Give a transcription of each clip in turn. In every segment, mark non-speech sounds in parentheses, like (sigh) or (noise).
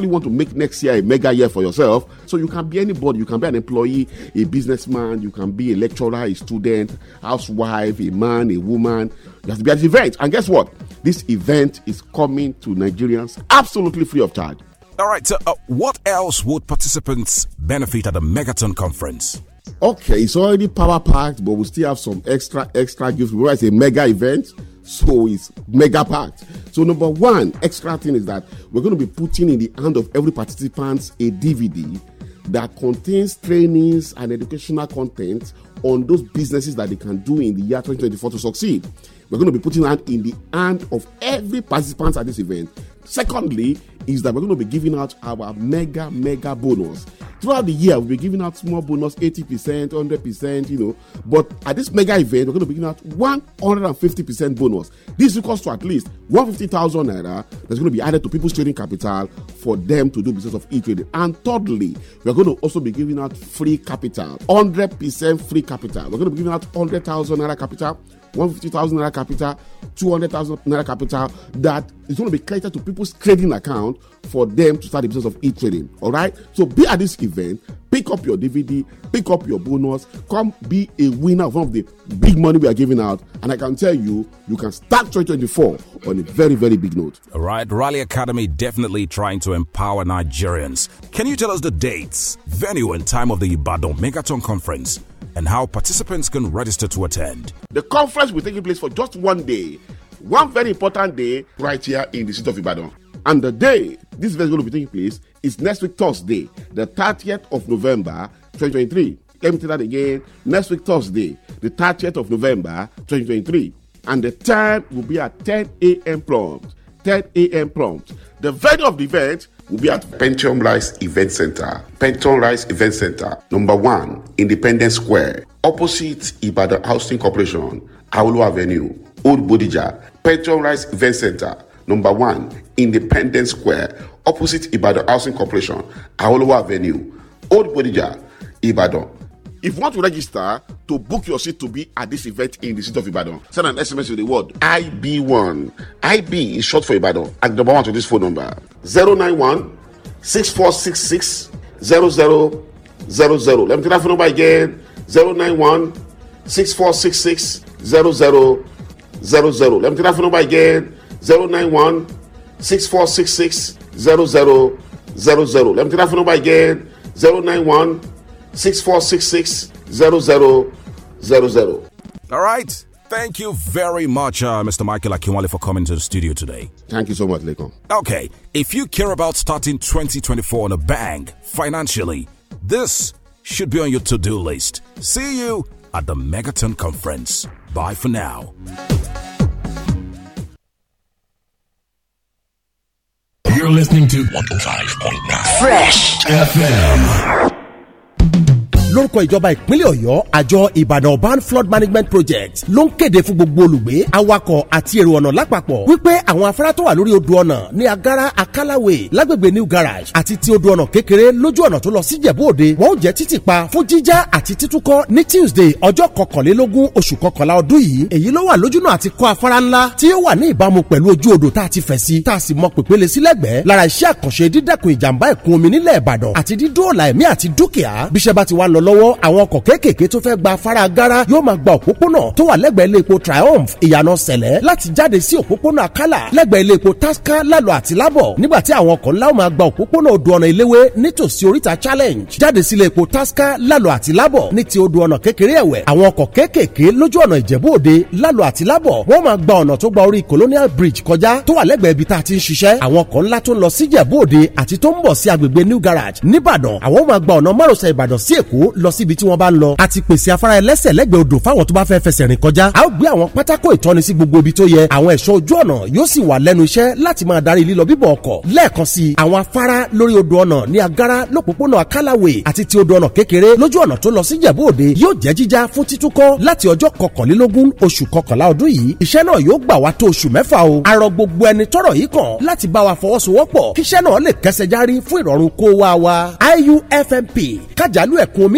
really want to make next year a mega year for yourself, so you can be anybody. You can be an employee, a businessman, you can be a lecturer, a student, housewife, a man, a woman. You have to be at the event. And guess what? This event is coming to Nigerians absolutely free of charge. All right, so uh, what else would participants benefit at the Megaton conference? Okay, it's already power packed, but we still have some extra extra gifts. We're it's a mega event so it's mega packed. So number one extra thing is that we're going to be putting in the hand of every participant a DVD that contains trainings and educational content on those businesses that they can do in the year 2024 to succeed. We're going to be putting that in the hand of every participant at this event. Secondly, is that we're going to be giving out our mega, mega bonus. Throughout the year, we'll be giving out small bonus 80%, 100%, you know. But at this mega event, we're going to be giving out 150% bonus. This will cost to at least 150,000 naira that's going to be added to people's trading capital for them to do business of e trading. And thirdly, we're going to also be giving out free capital 100% free capital. We're going to be giving out 100,000 naira capital. 150,000 naira capital, 200,000 naira capital that is going to be credited to people's trading account for them to start the business of e trading. All right. So be at this event, pick up your DVD, pick up your bonus, come be a winner of one of the big money we are giving out. And I can tell you, you can start 2024 on a very, very big note. All right. Raleigh Academy definitely trying to empower Nigerians. Can you tell us the dates, venue, and time of the Ibadan Megaton Conference? and how participants can register to attend. The conference will take place for just one day, one very important day right here in the city of Ibadan. And the day this event is going to be taking place is next week, Thursday, the 30th of November, 2023. Let me say that again. Next week, Thursday, the 30th of November, 2023. And the time will be at 10 a.m. prompt. 10 a.m. prompt. The venue of the event We'll be at Pentium Rise Event Center. Pentium Rise Event Center, number one, Independence Square, opposite Ibadan Housing Corporation, Aulu Avenue, Old Bodija. Pentium Rise Event Center, number one, Independence Square, opposite Ibadan Housing Corporation, Aulu Avenue, Old Bodija, Ibadan. If you want to register to book your seat to be at this event in the city of Ibadan, send an SMS with the word IB1. IB is short for Ibadan. And number one to this phone number 091 6466 0000. Let me take that phone number again 091 6466 0000. Let me take that phone number again 091 6466 0000. Let me take that phone number again 091 6466 All right. Thank you very much, uh, Mr. Michael Akimwale, for coming to the studio today. Thank you so much, Lekon. Okay, if you care about starting 2024 on a bang financially, this should be on your to do list. See you at the Megaton Conference. Bye for now. You're listening to 105.9 Fresh FM. lórúkọ ìjọba ìpínlẹ̀ ọ̀yọ́ àjọ ìbàdàn urban flood management project ló ń kéde fún gbogbo olùgbé awakọ̀ àti èrò ọ̀nà lápapọ̀ wípé àwọn afárá tó wà lórí odò ọ̀nà ní agara akalawe lágbègbè new garage àti ti odò ọ̀nà kékeré lójú ọ̀nà tó lọ sí jẹ̀bú òde wọn ó jẹ́ títì pa fún jíjá àti títúkọ́ ní tuesday ọjọ́ kọkànlélógún oṣù kọkànlá ọdún yìí èyí ló wà lójúnà àti kọ́ afárá ńlá tí ó wà ní ìbámu pẹ̀lú ojú odò tá a ti fẹ̀ sí tá a sì mọ pèpele sílẹ̀gbẹ́ lára iṣẹ́ àti dídóòlà lọ lọ́wọ́ àwọn ọkọ̀ kéékèèké tó fẹ́ gba afárá gara yóò máa gba òpópónà tó wà lẹ́gbẹ̀ẹ́ ilé epo Triumph ìyànà sẹ̀lẹ̀ láti jáde sí òpópónà Akálà lẹ́gbẹ̀ẹ́ ilé epo Tasca lálọ́ àti lábọ̀ nígbà tí àwọn ọkọ̀ ńlá ó máa gba òpópónà odò ọ̀nà ìléwé nítòsí oríta challenge jáde sí ilé epo Tasca lálọ́ àti lábọ̀ ní ti odò ọ̀nà kékeré ẹ̀wẹ̀ àwọn ọkọ̀ kéékèèké lójú ọ̀nà Ìjẹ̀bú Òde lálọ́ Colonial Bridge kọjá tó wà lẹ́gbẹ̀ẹ́ ibi tá a ti ń ṣiṣẹ́ àwọn ọkọ̀ ńlá New Garage níbàdàn àwọn máa gba ọ̀nà márosẹ̀ ọ̀hún lọ síbi tí wọ́n bá ń lọ àti pèsè afárá ẹlẹ́sẹ̀ lẹ́gbẹ̀ẹ́ odò fáwọn tó bá fẹ́ fẹsẹ̀ rìn kọjá a ó gbé àwọn pátákó ìtọ́ni sí gbogbo ibi tó yẹ àwọn ẹ̀ṣọ́ ojú ọ̀nà yóò sì wà lẹ́nu iṣẹ́ láti máa darí lílọ bíbọ̀ ọkọ̀ lẹ́ẹ̀kan sí àwọn afárá lórí odò ọ̀nà ní agara lópòpónà akálàwé àti ti odò ọ̀nà kékeré lójú ọ̀nà tó lọ sí jẹ̀bú òde yóò jẹ́ jíjá fún títúkọ́ láti ọjọ́ kọkànlélógún oṣù kọkànlá ọdún yìí iṣẹ́ náà yóò gbà wá tó oṣù mẹ́fà o arọ gbogbo ẹni tọ́rọ̀ yìí kàn láti bá wa fọwọ́sowọ́pọ̀ kíṣẹ́ náà lè kẹsẹ̀ járí fún ìrọ̀rùn kó wa wa IUFMP kájàlú ẹ̀kún omi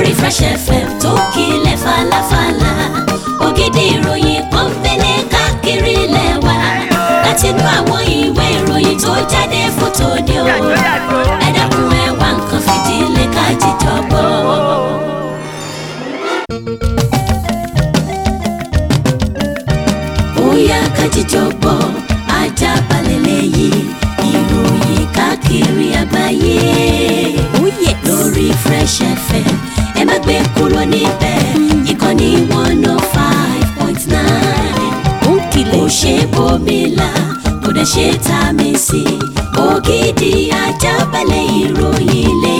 lórí Fresh FM tó kílẹ̀ falafala ògidì ìròyìn kan fẹlẹ̀ káàkiri ilẹ̀ wa láti inú àwọn ìwé ìròyìn tó jáde fótó ni o ẹ dákun ẹ wá nǹkan fìdílé ká bóyá ká jíjọ lẹ́yìn ìròyìn káàkiri àgbáyé oh lórí Fresh FM dúró níbẹ̀ ìkànnì one oh five point nine. ó kìlẹ̀ ó ṣe bòmílà kò dẹ̀ ṣe tá a mi ògidì ajábalẹ̀ ìròyìn lẹ́yìn.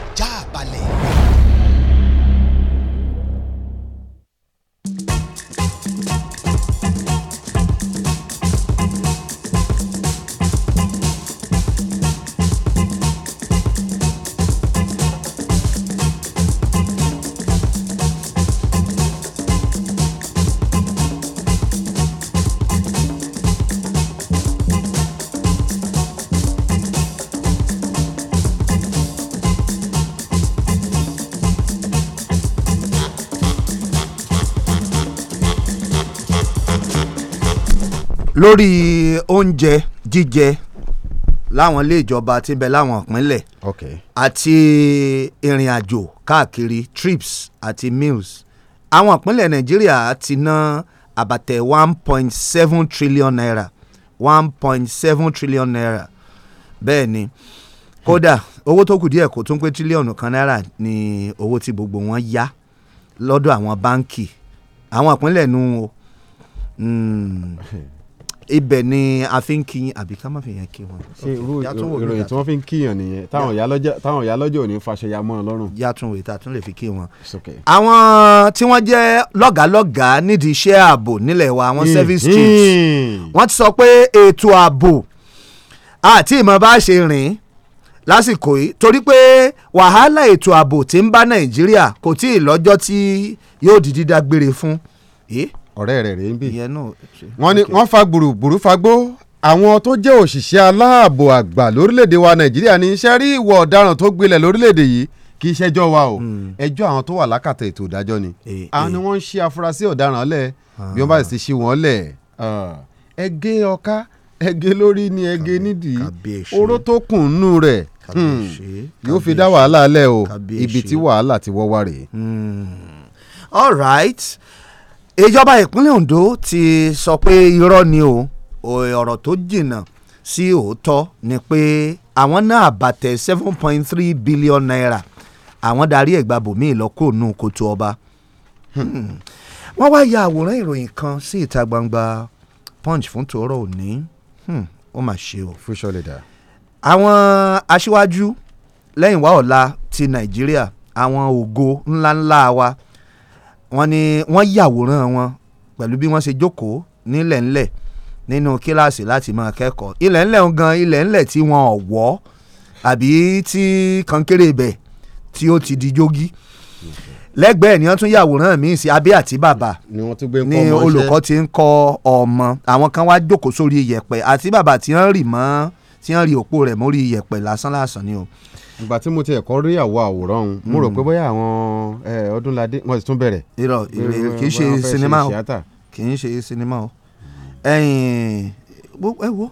lórí oúnjẹ jíjẹ láwọn ilé ìjọba tí ń bẹ láwọn ìpínlẹ̀ àti ìrìn àjò káàkiri trips àti meals àwọn ìpínlẹ̀ nàìjíríà ti ná àbàtẹ̀ one point seven trillion naira one point seven trillion naira bẹ́ẹ̀ ni kódà owó tó kù díẹ̀ kò tún pé tírílíọ̀nù kan náírà ni owó tí gbogbo wọn yá lọ́dọ̀ àwọn báńkì àwọn ìpínlẹ̀ nu o hmm. (laughs) ibẹ̀ ni a fi ń kiyan àbí ká má fi yẹn kí wọn. ṣe irú ìròyìn tí wọ́n fi ń kíyàn nìyẹn táwọn ìyálọ́jọ́ ò ní faṣẹyà mọ́ ọ lọ́rùn. yàtún wèé ta tún lè fi kí wọn. àwọn tí wọ́n jẹ́ lọ́gàálọ́gàá nídìí iṣẹ́ ààbò nílẹ̀ wa àwọn service mhm. chiefs wọ́n ti sọ pé ètò ààbò àti ìmọ̀ bá ṣe rìn lásìkò yìí torí pé wàhálà ètò ààbò tí ń bá nàìjíríà kò tí ì lọ́jọ́ tí yóò di dídágbére fún. Eh? ọ̀rẹ́ rẹ̀ rèé ń bì wọ́n ní wọ́n fa gbùrùgbùrù fagbó àwọn tó jẹ́ òṣìṣẹ́ aláàbò àgbà lórílẹ̀‐èdè wa nàìjíríà ní iṣẹ́ rí ìwọ ọ̀daràn tó gbilẹ̀ lórílẹ̀‐èdè yìí kì í ṣẹjọ́ wa o hmm. ẹjọ́ àwọn tó wà lákàtà ètò ìdájọ́ ni eh, eh. àwọn ni wọ́n ń ṣe afurasí ọ̀daràn lẹ̀ bí wọ́n bá ah. sì ṣe wọ́n lẹ̀ ah. ẹ gé ọká ẹ lórí ni ẹ gé nídìí oró tó kùn nù rẹ̀ hmm. yóò fi dá wàhálà lẹ̀ o ibi tí wàhálà ti wọ́ wá rèé. Hmm. all right ìjọba ìpínlẹ̀ Ondo ti sọ pé irọ́ ni o ọ̀rọ̀ tó jìnnà sí òótọ́ ni pé àwọn náà àbàtẹ̀ seven point three billion naira àwọn darí ẹ̀gbà bòmíì lọ kó nù kótó ọba hmm. wọ́n wá ya àwòrán ìròyìn kan sí ìta gbangba punch fún tòórọ́ òní hmm. ó mà ṣe o. fúnṣọ́ lè dà. àwọn aṣíwájú lẹ́yìnwá ọ̀la ti Nàìjíríà àwọn ògo ńláńlá wa. Hmm wọ́n ní wọ́n yàwòrán wọn pẹ̀lú bí wọ́n ṣe jókòó nílẹ̀ ńlẹ̀ nínú kíláàsì láti máa kẹ́kọ̀ọ́ ilẹ̀ ńlẹ̀ ń gan ilẹ̀ ńlẹ̀ tí wọ́n ò wọ́ àbí tí kankéré ibẹ̀ tí ó ti di jógí lẹ́gbẹ̀ẹ́ ni wọ́n tún yàwòrán mi sí abẹ́ àti bàbá ni olùkọ́ ti ń kọ́ ọmọ àwọn kan wá jókòó sórí iyẹ̀pẹ̀ àti bàbá tí wọ́n rì mọ́ tí wọ́n rì òpó rẹ̀ mórí iyẹ̀pẹ̀ lásán lásán ni o ìgbà tí mo ti ẹ̀kọ́ rí àwọ̀ àwòrán òun mo rò hmm. pé bóyá àwọn ọdúnladé wọn ti tún bẹ̀rẹ̀. irọ́ kì í ṣe sinimá o kì í ṣe sinimá o ẹ wo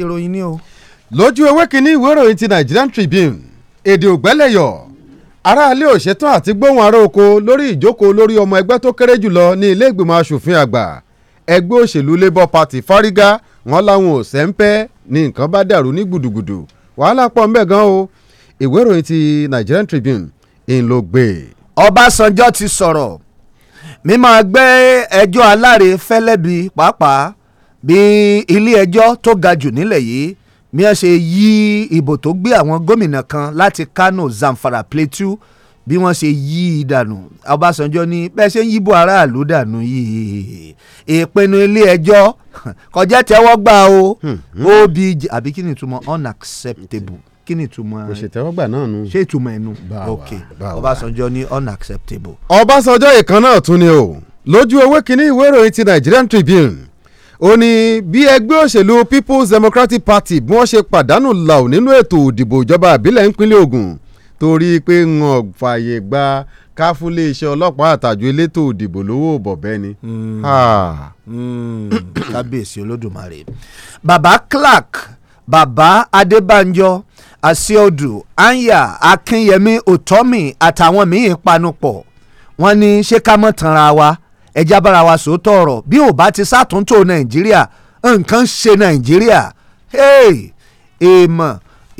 ìròyìn ni o. lójú ewé kínní ìwé ìròyìn ti Nigerian Tribune èdè ògbẹ́lẹ̀yọ̀ aráalé òṣetán àti gbóhùn ará oko lórí ìjókòó lórí ọmọ ẹgbẹ́ tó kéré jùlọ ní ilé ìgbìmọ̀ asòfin àgbà ẹgbẹ́ òṣèlú Labour Party fárígá wọn làwọn ò sẹ́ńpẹ́ ní nǹkan bá dàrú ní gbùdùgbùdù wàhálà pọ̀ ń bẹ̀ gan o ìwé ìròyìn ti Nigerian Tribune ń ló gbé. Ọbásanjọ́ ti sọ̀rọ̀ mímọ́ gbé ẹjọ́ aláre fẹ́lẹ́bi pàápàá bí ilé ẹjọ́ tó ga jù nílẹ̀ yìí mi ẹ ṣe yí ìbò tó gbé àwọn gómìnà kan láti Kano Zamfara Plateau bí wọ́n ṣe yí i dànù Ọbásanjọ́ ní bẹ́ẹ̀ ṣe ń yíbo aráàlú dànù yìí ìpinnu ilé ẹjọ́ (laughs) kọjá tẹ́wọ́ gbà o hmm, hmm. Obj àbí kí ni ìtumọ̀ unacceptable hmm. kí ni ìtumọ̀ kò ṣètẹ́wọ́gbà náà nu ṣé ìtumọ̀ ẹnu ok Ọbásanjọ́ ní unacceptable. Ọbásanjọ́ ìkan náà tún ni o lójú ewé kínní ìwé ìròyìn ti Nigerian Tribune ó ní bí ẹgbẹ́ òṣèlú People's Democratic Party bí wọ́n ṣe pàdánù làwọn nínú ètò òdìbò ìjọba àbílẹ̀ ìpínlẹ̀ ogun torí pé n ò fààyè gba káfúlé iṣẹ́ ọlọ́pàá àtàjọ elétò òdìbò lówó bọ̀bẹ́ ni. Hmm. Hmm. (coughs) kábíyèsí olódùmarè baba Clark baba Adébánjọ asiodu Anya Akínyẹmí Ọ̀tọ́mì àtàwọn míín panupọ̀ wọ́n ní ṣé ká mọ̀ tanra wa ẹja bára wa sòótọ́ ọ̀rọ̀ bí ò bá ti sàtúntò Nàìjíríà nǹkan ṣe Nàìjíríà èèmọ̀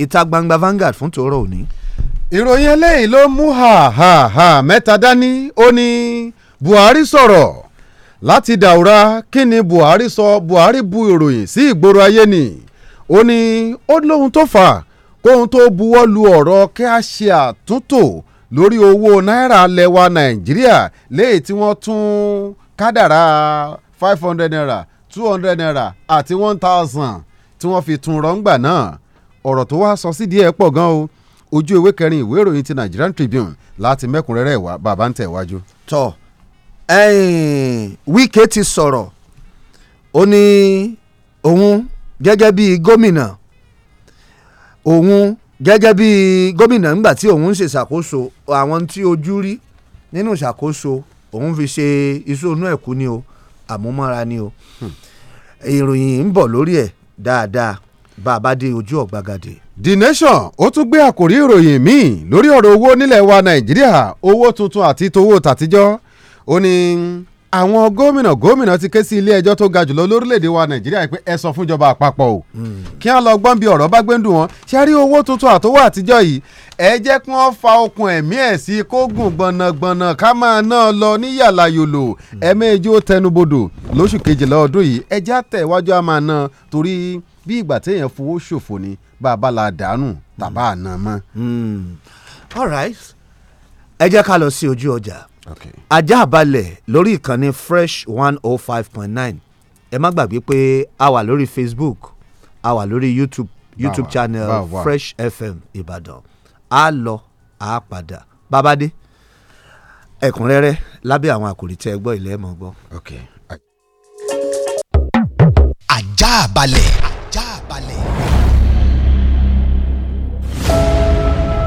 ìta gbangba Vanguard fún tòórọ́ òní ìròyìn eléyìí ló mú ha ha ha mẹ́ta dání ó ní Buhari sọ̀rọ̀ láti dàwúrà kí ni Buhari sọ Buhari bu ìròyìn sí ìgboro ayé ni ó ní ó lóhun tó fà kóhun tó buwọ́ lu ọ̀rọ̀ kí a ṣe àtúntò lórí owó náírà lẹwa nàìjíríà léyìí tí wọ́n tún kádàrá five hundred naira two hundred naira àti one thousand tí wọ́n fi tún rọ́ngbà náà ọ̀rọ̀ tó wá sọ sídìí ẹ̀ pọ̀ gan o ojú ewé kẹrin ìwé ìròyìn ti Nigerian Tribune láti mẹ́kúnrẹ́rẹ́ ìwà bàbá ń tẹ̀ wájú. tọ Wike ti sọ̀rọ̀ ó ní òun gẹ́gẹ́ bíi gómìnà òun gẹ́gẹ́ bíi gómìnà ńgbà tí òun ń ṣe ṣàkóso àwọn tí ojú rí nínú ìṣàkóso òun fi ṣe ìṣònú ẹ̀kú ni o àmúmọ́ra ni o hmm. ìròyìn ń bọ̀ lórí ẹ̀ dáadáa bá a bá dé ojú ọ̀gbagadè the nation ó tún gbé àkòrí ìròyìn míì lórí ọ̀rọ̀ owó nílẹ̀ wa nàìjíríà owó tuntun àti towó tàtijọ́ ó ní àwọn gómìnà gómìnà ti ké sí ilé ẹjọ́ tó ga jùlọ lórílẹ̀‐èdè wa nàìjíríà pé ẹ sọ fúnjọba àpapọ̀ o hmm. kí wọ́n lọ gbọ́n bí ọ̀rọ̀ bá gbẹ́ndùn wọn ṣe rí owó tuntun àtowó àtijọ́ yìí ẹ jẹ́ kí wọ́n fa okùn ẹ̀mí ẹ̀ sí kó gùn gbọ̀nàgbọ̀nà ká máa ná a lọ ní yàlà yòlò hmm. ẹ̀mẹ́jọ́ tẹnubodò lóṣù kejìlá ọdún yìí ẹ já tẹ̀ wájú á máa ná torí bí ìgbà téèyàn fowó ṣòfò ni bá a bá la dànù tàbá àná mọ́. Hmm. all right ẹ jẹ́ ká lọ sí ojú ọjà ajá balẹ̀ lórí ìkànnì fresh one oh five point nine ẹ má gbàgbé pé a wà lórí facebook a wà lórí youtube youtube channel fresh fm ìbàdàn a lọ a padà babade ẹ̀kúnrẹ́rẹ́ lábẹ́ àwọn àkòrí tẹ́ ẹ gbọ́ ilé ẹ mọ̀ gbọ́. ajá balẹ̀. ajá balẹ̀.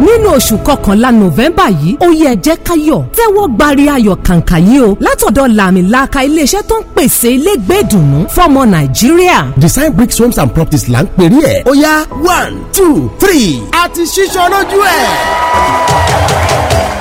nínú oṣù kọkànlá november yìí ó yẹ jẹ́ káyọ̀ tẹ́wọ́ gbari ayọ̀ kàǹkà yìí o látọ̀dọ̀ làmìlaka iléeṣẹ́ tó ń pèsè ilé gbé ìdùnnú nàìjíríà. design bricks homes and properties là ń pèrè ẹ̀ ó one two three àti ṣíṣọ́ lójú ẹ̀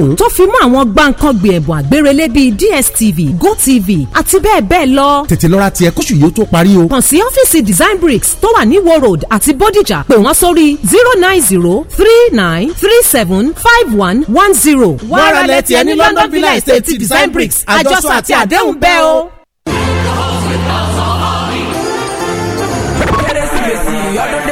márùn-ún tó fi mọ́ àwọn gbàǹkangbè ẹ̀bùn àgbérelé bíi DSTV GoTV àti bẹ́ẹ̀ bẹ́ẹ̀ lọ. tètè lọ ra tiẹ̀ kóṣù yóò tó parí o. kàn sí ọ́fíìsì Design Bricks tó wà ní Iwo Road àti Bódìjà pè wọ́n sórí zero nine zero three nine three seven five one one zero. wàá ra lẹ́tì ẹ London Villa Estate Design Bricks àjọṣọ àti àdéhùn bẹ́ẹ̀ o.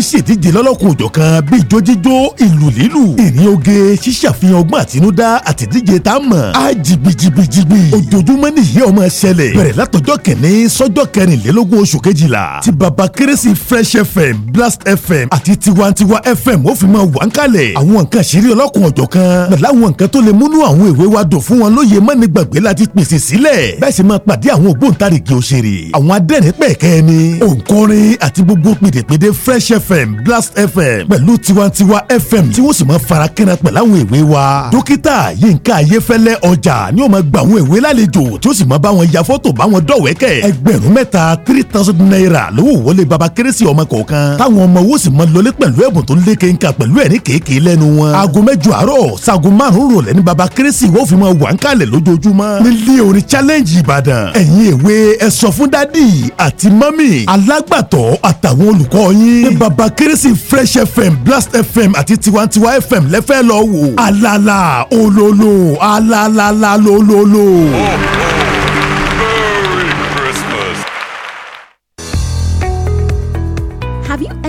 ṣe ṣèdíje lọ́lọ́kùn òjọ̀ kan bíi ijó jíjó ìlú lílù ìrìn oge ṣíṣàfihàn ọgbọ́n àtinúdá àtìdíje tá a mọ̀ á jìgbìjìgbìjìgbì ojoojúmọ́ nìyí ọmọ ṣẹlẹ̀ bẹ̀rẹ̀ látọjọ́ kẹ̀ní sọ́jọ́ kẹrìnlélógún oṣù kejìlá ti baba kérésì fresh fm blast fm àti tiwantiwa fm ó fi máa wà ń kalẹ̀ àwọn nǹkan ṣeré ọlọ́kùn òjọ̀ kan làwọn nǹkan tó lè múnú àwọn èwe wa dùn fún wọn lóye mọ́ni gbàgbé láti pèsè sílẹ̀ bẹ́ẹ̀ sì máa pàdé àwọn ògbóǹtarìgì òṣèré àwọn adẹ́rìn pẹ̀kẹ́ ni òǹkọrin àti gbogbo pèdèpèdè fresh fm blast fm pẹ̀lú tiwantiwa fm tí wọ́n sì máa fara kẹ́ra pẹ̀lú àwọn ìwé wa. dókítà yínká ayéfẹ́lẹ́ ọjà ni ó máa gba àwọn ìwé lálejò tí ó sì máa bá wọn ya fọ́tò bá wọn dọ̀wẹ́kẹ̀. ẹgbẹ̀rún mẹ́ta three thousand naira lówó wọlé baba kérésì ọmọ kọ̀ọ̀kan táwọn ọmọ owó sì máa lọlé pẹ̀lú ẹ̀bùn tó léke nǹkan pẹ̀lú ẹ̀rín kéèké lẹ́nu wọn. aago mẹ́jọ àárọ̀ sago márùn-ún rọ̀lẹ́ baba kérésì wọ́n fi máa wà ń kalẹ̀ lójoojúmọ́. challenge ìbàdàn ẹ̀yin èwe ẹ sọ fún dádì àti mọ́mì alágbàtọ́ àtàwọn baba kérésì fresh fm blast fm àti tiwantiwa fm lẹ́fẹ̀ẹ́ lọ wò alala olólo alalala lólólo. Oh, oh.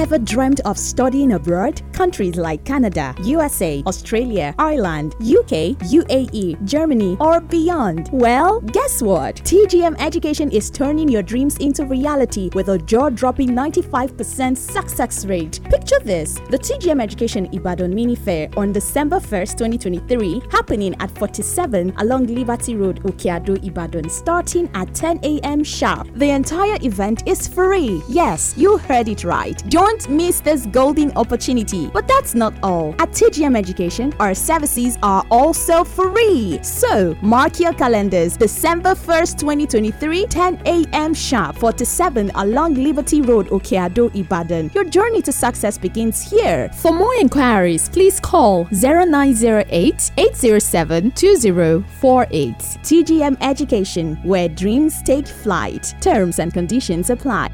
ever dreamt of studying abroad? Countries like Canada, USA, Australia, Ireland, UK, UAE, Germany, or beyond? Well, guess what? TGM Education is turning your dreams into reality with a jaw dropping 95% success rate. Picture this the TGM Education Ibadan Mini Fair on December 1st, 2023, happening at 47 along Liberty Road, Okeado, Ibadan, starting at 10 a.m. sharp. The entire event is free. Yes, you heard it right. Don't don't miss this golden opportunity. But that's not all. At TGM Education, our services are also free. So mark your calendars December 1st, 2023, 10 a.m. sharp, 47 along Liberty Road, Okeado, Ibadan. Your journey to success begins here. For more inquiries, please call 0908 807 2048. TGM Education, where dreams take flight. Terms and conditions apply.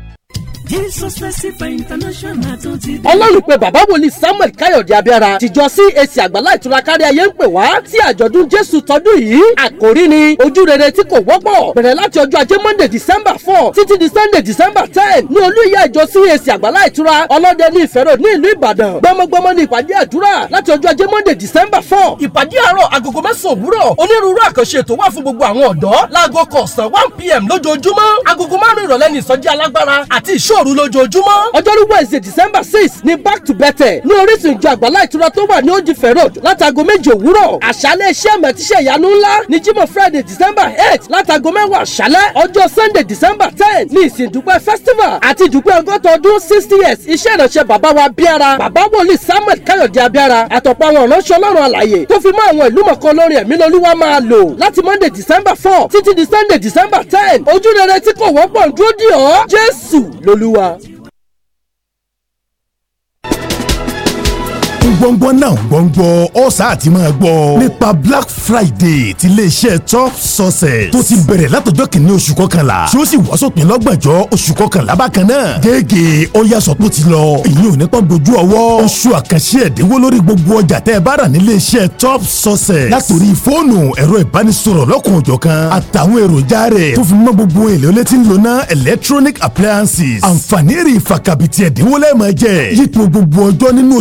Jesus Mercy International tó bàbá wòlíì Samuel Káyọ̀dé Abíára tìjọ CAC àgbàlá ìtura kárí ayé ń pè wá sí àjọ̀dún Jésù tọdún yìí àkòrí ni ojú rere tí kò wọ́pọ̀ bẹ̀rẹ̀ láti ọjọ́ ajé Monday December four títí di Sunday December ten ní olú ìyá ìjọ CAC àgbàlá ìtura ọlọ́dẹ ní ìfẹ́rò ní ìlú Ìbàdàn gbọmọgbọmọ ní ìpàdé àdúrà láti ọjọ́ ajé Monday December four ìpàdé àárọ̀ agogo mẹ́sàn-án òwúrọ̀ onírúurú àkànṣe ètò wà fún gbogbo àwọn pm lójoojúmọ́ agogo márùn-ún ìrọ̀lẹ́ ní ìsọjí alágbára òru lójoojúmọ́. ọjọ́rú wednesday december six ní back to better. ní orísun ìjọ àgbàlá ìtura tó wà ní ojúfẹ́ road látago méje òwúrọ̀ àṣálẹ́ iṣẹ́ àmọ̀tíṣẹ́ ìyanu ńlá ní jímọ̀ friday december eight látago mẹ́wàá àṣálẹ́ ọjọ́ sunday december ten ní ìsìn ìdúpẹ́ festival àti ìdúpẹ́ ọgọ́ta ọdún sixty years iṣẹ́ ìránṣẹ́ bàbá wa abíára bàbá wòlíì samuel káyọ̀dé abíára àtọ̀pọ̀ àwọn ọ̀ránṣẹ́ ọlọ́run àlàyé tó fi mọ́ àwọn ìlú mọ̀kan lórí ẹ̀mí lolúwa máa lò láti monday december four títí sunday december ten ojúrere tí kò wọ́pọ̀ ń dúró dì ọ́ jésù lolú lua. ngbọ̀ngbọ̀n náà ngbọ̀ngbọ̀ ọ̀sà àti máa gbọ́ nípa black friday ti iléeṣẹ́ top success tó ti bẹ̀rẹ̀ látọjọ́ kìíní oṣù kọkànlá tí ó sì wá sópin lọ́gbọ̀njọ́ oṣù kọkànlá bákan náà gègé ọ̀yàsọ̀ tó ti lọ èyí ò ní tán dojú ọwọ́ oṣù àkànṣe ẹ̀dínwó lórí gbogbo ọjà tẹ́ ẹ bá rà níléeṣẹ́ top success látòrí fóònù ẹ̀rọ ìbánisọ̀rọ̀ lọ́kùn òjọ̀kan àtàwọn èròjà rẹ̀ tó fi mọ́ gbogbo electronic appliances àǹfààní rè fàkàbìtì ẹ̀dínwó lẹ́ẹ̀mọ́ jẹ́ yípo gbogbo ọjọ́ nínú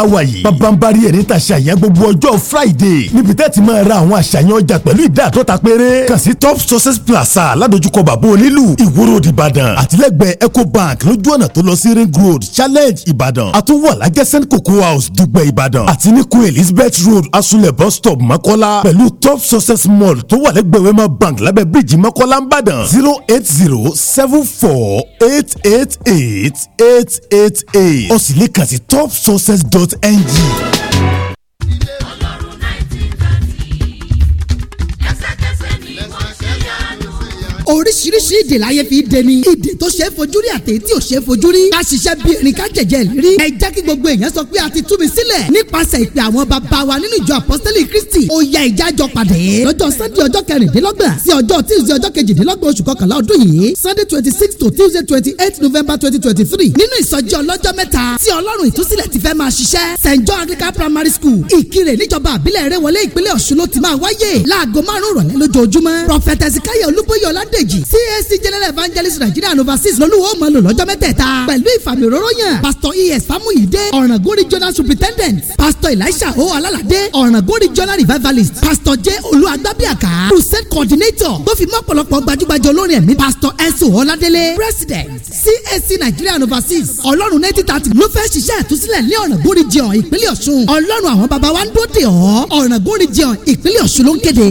tá a wà yìí babambari ẹ̀rí ta ṣàyàn gbogbo ọjọ́ friday níbi tẹ́ ti máa ra àwọn àṣàyàn ọjà pẹ̀lú ìdá àtọ́ta péré kàn sí top success plaza ládojúkọ bàbá onílù ìwúrò ìbàdàn àtìlẹ́gbẹ̀ẹ́ ecobank lójú ọ̀nà tó lọ sí ring road challenge ìbàdàn àtúwọ̀ alájẹsẹ́n cocoa house dùgbẹ̀ ìbàdàn àti ní elizabeth road asunlẹ̀ bus stop mọ́kọ́lá pẹ̀lú top success mall tó wà lẹ́gbẹ̀ẹ́ wema bank lábẹ́ bíríìjì mọ́kọ́lá ń bàdàn zero eight zero seven four eight eight eight eight eight eight ó sì lè topsuccess dot tot NG. oríṣiríṣi ìdè láyé fi dẹni ìdè tó ṣe é fojú rí àti tí ò ṣe é fojú rí ká ṣiṣẹ́ bí erin ká jẹ̀jẹ̀ rí ẹ jẹ́ kí gbogbo èèyàn sọ pé a ti tú mi sílẹ̀ nípasẹ̀ ìpè àwọn bàbá wa nínú ìjọ apọ́sítẹ́lì kristi ó ya ìjájọ pàdé lọ́jọ́ sunday ọjọ́ kẹrìndínlọ́gbọ̀n sí ọjọ́ tuesday ọjọ́ kejìdínlọ́gbọ̀n oṣù kọkànlá ọdún yìí sunday twenty six to tuesday twenty eight november twenty twenty three nínú ìsọjí ọlọ́jọ́ mẹ́ta tí ọlọ́run ìtúsílẹ̀ ti fẹ́ máa john anglican primary school ìkirè níjọba àbílẹ̀ rẹ̀ wọlé ìpínlẹ̀ ọ̀ṣun ló ti máa wáyé láago márùn-ún rọ̀lẹ́ lójoojúmọ́ prọfẹtẹsì káyọ̀ olúbóyè méjì CAC general evangelist nigeria and overseas lolúwo mọ lò lọ́jọ́ mẹ́tẹ̀ẹ̀ta pẹ̀lú ìfàmì òróró yàn pastor es famuyide ọ̀ràngún regional superintendent pastor elisha o alalade ọ̀ràngún regional revivalist pastor j olúwagbábíàká crusade coordinator tó fi mọ́ ọ̀pọ̀lọpọ̀ gbajúgbajà olórin ẹ̀mí pastor esu ọládélé president CSC nigeria and overseas ọlọ́run ninety thirty ló fẹ́ ṣiṣẹ́ àtúnṣílẹ̀ ní ọ̀ràngún region ìpínlẹ̀ ọ̀ṣun ọlọ́run àwọn baba wa ń dóde ọ̀ ọ̀ràngún region ìpínlẹ̀ ọ̀ṣun ló ń kéde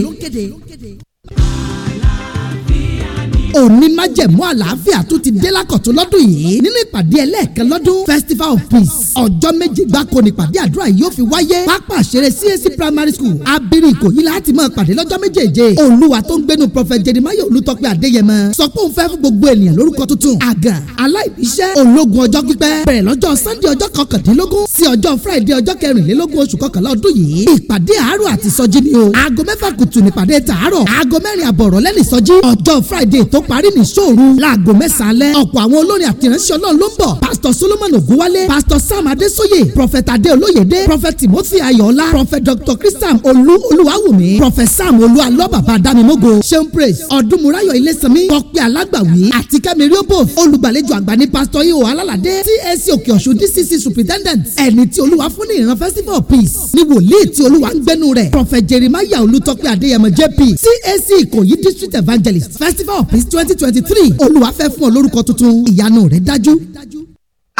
òní májẹ̀mú àlàáfíà tó ti dé lákọ̀tún lọ́dún yìí nínú ìpàdé ẹlẹ́ẹ̀kan lọ́dún festival of peace ọjọ́ méje gbáko ni ìpàdé àdúrà yìí yóò fi wáyé pápá àṣẹrẹ CAC primary school abiri ìkòyí láti máa pàdé lọ́jọ́ méjèèje olúwa tó ń gbénu prophet jeremiah olùtọ́pẹ́ adéyẹmọ sọ pé òun fẹ́ fún gbogbo ènìyàn lórúkọ tuntun àgàn aláìbíṣẹ́ ológun ọjọ́ pípẹ́ bẹ̀rẹ̀ lọ́jọ́ sunday ọjọ́ kọkàndínlógún sí ọjọ́ friday ọjọ́ kẹrìnlélógún oṣù kọkànlá ọdún yìí ìpàdé àárọ̀ àti ìsọjí ni o aago mẹ́fà kùtù nípàdé tààrọ̀ aago mẹ́rin àbọ̀rọ̀ lẹ́nìí ìsọjí ọjọ́ friday tó tó parí ní sóòru láago mẹ́sàn-án lẹ́ ọ̀pọ̀ àwọn olórin àtìránṣẹ́ ọlọ́run ló ń bọ̀ pásítọ̀ solomon ogunwale pásítọ̀ sam adésóyè prọfẹ̀t adé olóyèdé prọfẹ̀t timothy ayọ̀ọ́lá prọfẹ̀t dr christian olú olúwàwùmí prọfẹ̀t sam olú alọ́bàbà adámimógo seun praise ọ̀dúnmúráyọ̀ ilésanmi tọ́pẹ́ alágbàwí àti kẹ́mi riobof olùgbàlejò àgbà ní pásítọ̀ ihò alálàdé csc òkè ọ̀ṣun dcc superintendent ẹni tí olúwa fún ní ìran festival of peace ní wòlíì tí olúwa ń gbẹ́nu rẹ̀ prọfẹ̀t jeremiah olùtọ́pẹ́ adéyẹmọ jp csc ìkòyí district evangelist festival of peace twenty twenty three olúwa fẹ́ fún ọ lórúkọ tuntun ìyanu rẹ̀ dájú.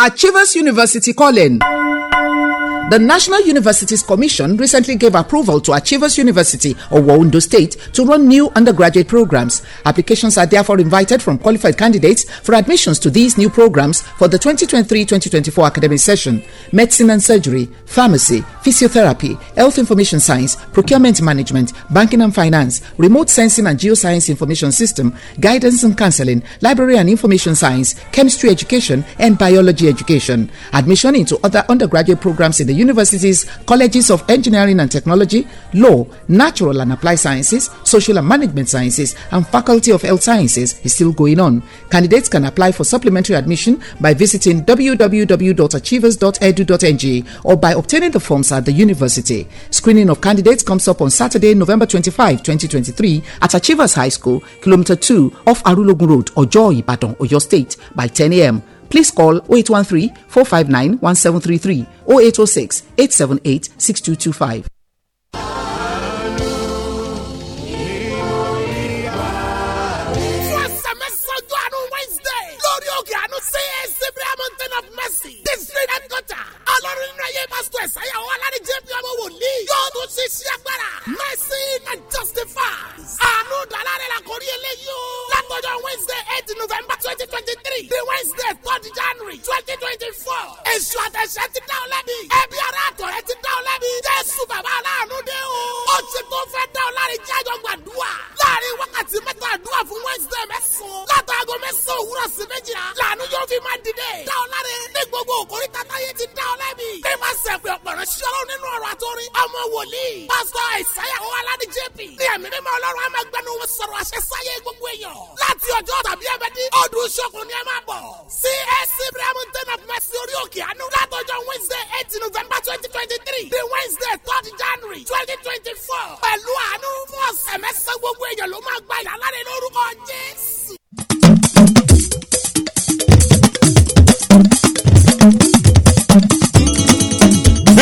Achievers University College. The National Universities Commission recently gave approval to Achievers University of Wawundo State to run new undergraduate programs. Applications are therefore invited from qualified candidates for admissions to these new programs for the 2023-2024 academic session. Medicine and surgery, pharmacy, physiotherapy, health information science, procurement management, banking and finance, remote sensing and geoscience information system, guidance and counseling, library and information science, chemistry education, and biology education. Admission into other undergraduate programs in the universities, colleges of engineering and technology, law, natural and applied sciences, social and management sciences, and faculty of health sciences is still going on. Candidates can apply for supplementary admission by visiting www.achievers.edu.ng or by obtaining the forms at the university. Screening of candidates comes up on Saturday, November 25, 2023 at Achievers High School, Kilometer 2 off Arulogun Road, Ojo, Ibadan, Oyo State by 10 a.m please call 0813 459 1733 0806 878 6225. wáyé pásítọ̀ ẹ̀sáyà wọn alárìíjẹ́ bí ọmọ wòlíì yóò tún ṣiṣẹ́ agbára mercy and justify àánú dàlárẹ̀ la kò rí eléyìí o látọjọ́ wednesday eight november twenty twenty three the wednesday third january twenty twenty four èṣù àtẹ̀ṣẹ́ ti dá ọ lẹ́bi ẹbí ara àtọ̀rẹ́ ti dá ọ lẹ́bi jésù bàbá aláàánú dé o ọlọ́run ṣe tó fẹ́ dá ọ láàrin jẹ́ gbàdúrà láàrin wákàtí mẹ́ta àdúrà fún wednesday mẹ́sàn-án látàgọ́ mẹ́sàn-án òwúrọ̀ sí méjìlá làánú yóò fi máa dìde dá ọ láàrin ní gbogbo òkòrí tata yé ti dá ọ lẹ́bi bí máa sẹ̀pẹ̀ ọ̀pọ̀rọ̀ sí ọlọ́run nínú ọ̀rọ̀ àtọ́rin ọmọ wòlíì pásítọ̀ àìsáyà owó aládé jp ní ẹ̀mí mímọ́ ọlọ́run á máa gbẹnu fọ̀ pẹ̀lú àánú fún ọ̀sẹ̀ mẹ́sàn-án gbogbo èèyàn ló máa gba ìdáláre lórúkọ Jésù.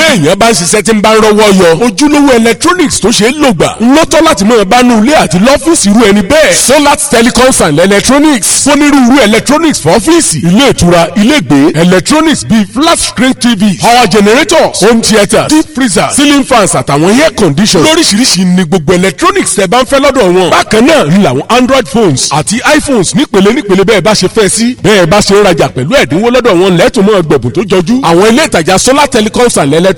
téèyàn bá ń ṣiṣẹ́ tí ń bá ń rọwọ́ yọ ojúlówó electronics tó ṣe é lò gbà lọ́tọ́ láti mọ̀ bá nu ilé àti lọ́fíìsì irú ẹni bẹ́ẹ̀ solar telecoms and electronics fonírúurú electronics for ọ́fíìsì ilé ìtura ilé electronics bíi flat screen tv power generators home theatres deep freezers ceiling fans àtàwọn air conditioners lóríṣiríṣi ni gbogbo electronics tẹ́ bá ń fẹ́ lọ́dọ̀ wọn bákan náà ń làwọn android phones àti iphones nípele nípele bẹ́ẹ̀ bá ṣe fẹ́ sí bẹ́ẹ̀ bá ṣe ń rajà pẹ̀lú ẹ̀dínwó lọ́dọ̀ wọn lẹ́tùmọ̀ gbẹ̀bùn tó jọjú àwọn ilé ìtajà solar telecoms and electronics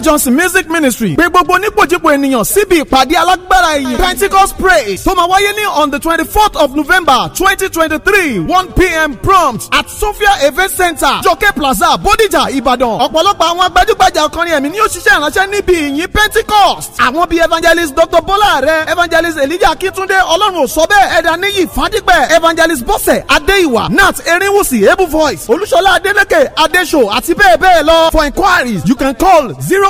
johnson music ministry pé gbogbo onípòjìpò ènìyàn síbi ìpàdé alágbára ìyìn pentecost praise tó máa wáyé ní on the twenty fourth of november twenty twenty three one pm prompt at sophia event center jọkẹ́ plaza Bodija Ibadan. ọ̀pọ̀lọpọ̀ àwọn gbajúgbajà ọkùnrin ẹ̀mí ni yóò ṣiṣẹ́ ìránṣẹ́ níbi ìyìn pentecost àwọn bíi evangelist dr bọ́lá rẹ̀ evangelist elijah akitunde ọlọ́run ò sọ bẹ́ẹ̀ ẹ̀dá níyì fadípẹ̀ evangelist bọ́sẹ̀ adéìwà nat erinwusi Able voice olúṣọlá adélèké adéṣò àti bẹ́ẹ̀ bẹ́ẹ̀ lọ for inquiries you can call zero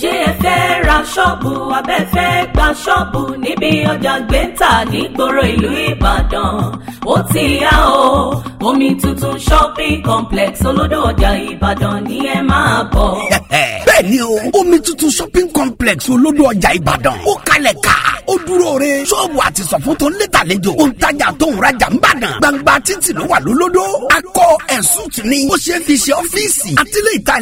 ṣé ẹ fẹ́ ra ṣọ́ọ̀bù abẹ́fẹ́ gba ṣọ́ọ̀bù níbi ọjà gbẹ́ntà nígboro ìlú Ìbàdàn ó ti yá o omi tuntun shopping complex olódò ọjà Ìbàdàn ni ẹ máa bọ̀. (laughs) bẹ́ẹ̀ ni o omi tuntun shopping complex olódò ọjà Ìbàdàn ó kalẹ̀ ká ó dúró re ṣọ́ọ̀bù àti sọ̀fún tó ń lé tàlejò ó ń tajà tó ń rajà ń bàdàn gbangba títì ló wà lólódó akọ ẹ̀sùn tì ní ó ṣe é fi ṣe ọ́fíìsì àtìlẹ́yìn tá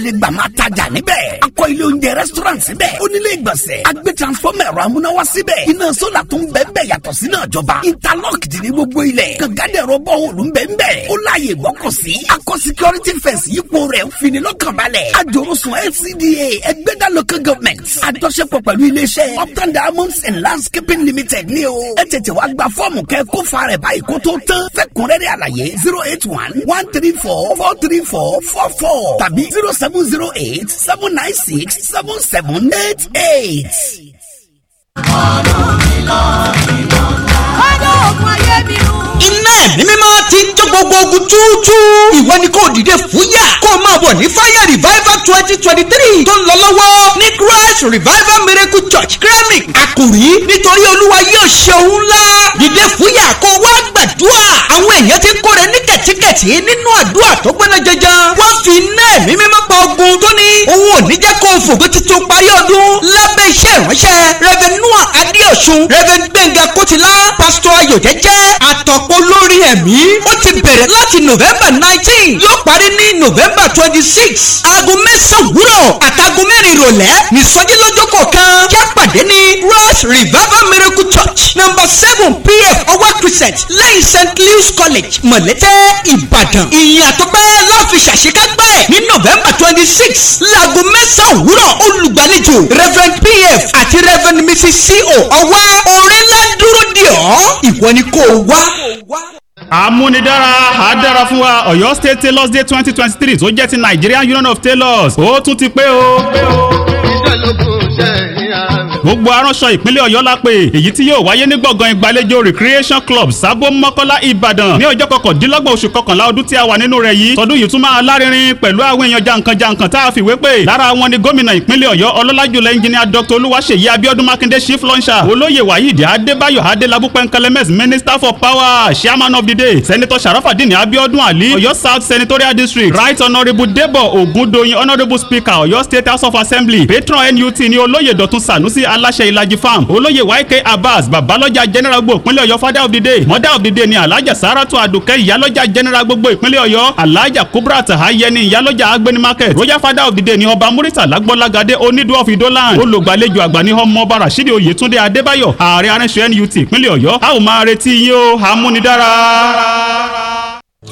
a níbẹ̀ akọ ilé oúnjẹ rẹ́st restaurant síbẹ̀ onílé ìgbọ̀nsẹ̀ agbé transformer ẹ̀rọ amúnáwá síbẹ̀ iná sólà tó ń bẹ́ẹ̀ yàtọ̀ sí náà jọba interlock dì ní gbogbo ilẹ̀ gàgádẹ̀rọ bọ́ọ̀lù ń bẹ́ẹ̀ bẹ́ẹ̀ ó láàyè gbọ́kọ̀sí akọ security fence yípo rẹ̀ ń fini lọ́kànbalẹ̀ àjòròsùn LCDA ẹgbẹ́dá local government àjọṣepọ̀ pẹ̀lú iléeṣẹ́ upton diamonds and landscaping limited ní o ẹ tètè wá gba fọ́ọ̀mù kẹ́ kó fa rẹ̀ báyìí kó tó tán fẹ́kùnrẹ́rẹ́ àlàyé zero eight one one three four four three four four four tàbí zero seven zero eight seven nine six seven seven oh eight eight. ọlọ́run ọlọ́run ayé mi rú. ẹ̀mí mímọ́ ti ń jó gbogbo ogun túútú. ìwọ ni kò dìde fúyà kó máa bọ̀ ní fire revival twenty twenty three tó ń lọ lọ́wọ́ ní christ revival miracle church kremik àkùrí nítorí olúwa yóò ṣe òun ńlá dìde fúyà kó o wá gbàdúrà àwọn èèyàn ti kó rẹ ní kẹ̀tíkẹ̀tí nínú àdúrà tó gbẹ́nà jẹjẹrẹ wọ́n fi iná ẹ̀mí mímọ́ pa ogun tó ní òun ò ní jẹ́ kó o tuntun parí ọdún lábẹ́ iṣẹ́ ìránṣẹ́ revenue adéọ̀sùn revenue gbẹ̀ngà kòtìlá pásítọ̀ ayọ̀ àtọ̀pọ̀ lórí lórí ẹ̀mí ó ti bẹ̀rẹ̀ láti november nineteen yóò parí ní november twenty six aago mẹ́sàn-án wúrọ̀ àtàgọ́ mẹ́rin ìrọ̀lẹ́ nìsọjí lọ́jọ́ kọ̀ọ̀kan kí á pàdé ní ross revival miracle church number seven pf ọwọ́ crescent lẹ́yìn st louis college mọ̀lẹ́tẹ̀ ìbàdàn ìyìn àtọ́pẹ́ láfi ṣàṣekágbẹ́ ní november twenty six laago mẹ́sàn-án òwúrọ̀ olùgbàlejò reverend pf àti reverend mrs co ọwọ́ orin ńlá dúró dì ọ́ ìwọ ni kò wá àmúnidára àdára fún wa Ọ̀yọ́ State Tailors Day twenty twenty three tó jẹ́ ti Nigerian Union of Tailors ó tún ti pé o gbogbo aránṣọ ìpínlẹ̀ ọ̀yọ́ la pè èyí tí yóò wáyé ní gbọ̀ngàn ìgbàlejò recreation club sábó mọ́kọ́lá ìbàdàn ní ọjọ́ kọkàndínlọ́gbọ̀n oṣù kọkànlá ọdún tí a wà nínú rẹ̀ yìí tọdún yìí tún máa lárinrin pẹ̀lú àwọn èèyàn jàǹkànjàǹkàn tá a fìwé pé lára wọn ni gómìnà ìpínlẹ̀ ọ̀yọ́ ọlọ́lájúlẹ̀ engineer dr olúwaṣèyí abiodun makinde chief launcher olóyè wahid adébáyò adélábù pẹ́ńkẹ́lẹ́mẹ́s minister for power chairman of the day senator sharafadini abiodun ali ọ̀yọ́ south senatorial district right honourable debo ogundoyin honourable speaker ọ̀yọ́ state house of assembly patron nut ni olóyè dọ̀tun sanusi aláṣẹ ìlàjì farm olóyè yk abbas babalọ́jà general gbogbo ìpínlẹ̀ ọ̀yọ́ father of the day mother of the day ni alájà saratu adùkẹ́ ìyálọ́jà general gbogbo ìpínlẹ̀ ọ̀yọ́ alaja kubrat ayẹni ìyálọ́jà agbeni market royal father of the day ni ọba murita lagbọ́lagadé onídùú of idoland olùgbàlejò àgbà ní ọmọọba rasidi oyetunde adébáyọ̀ ààrẹ aránṣẹ́ nut ìpínlẹ̀ ọ̀yọ́ a ò máa retí yín o àmúnidára.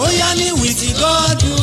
ó yá ní wìtí gọ́ọ̀dù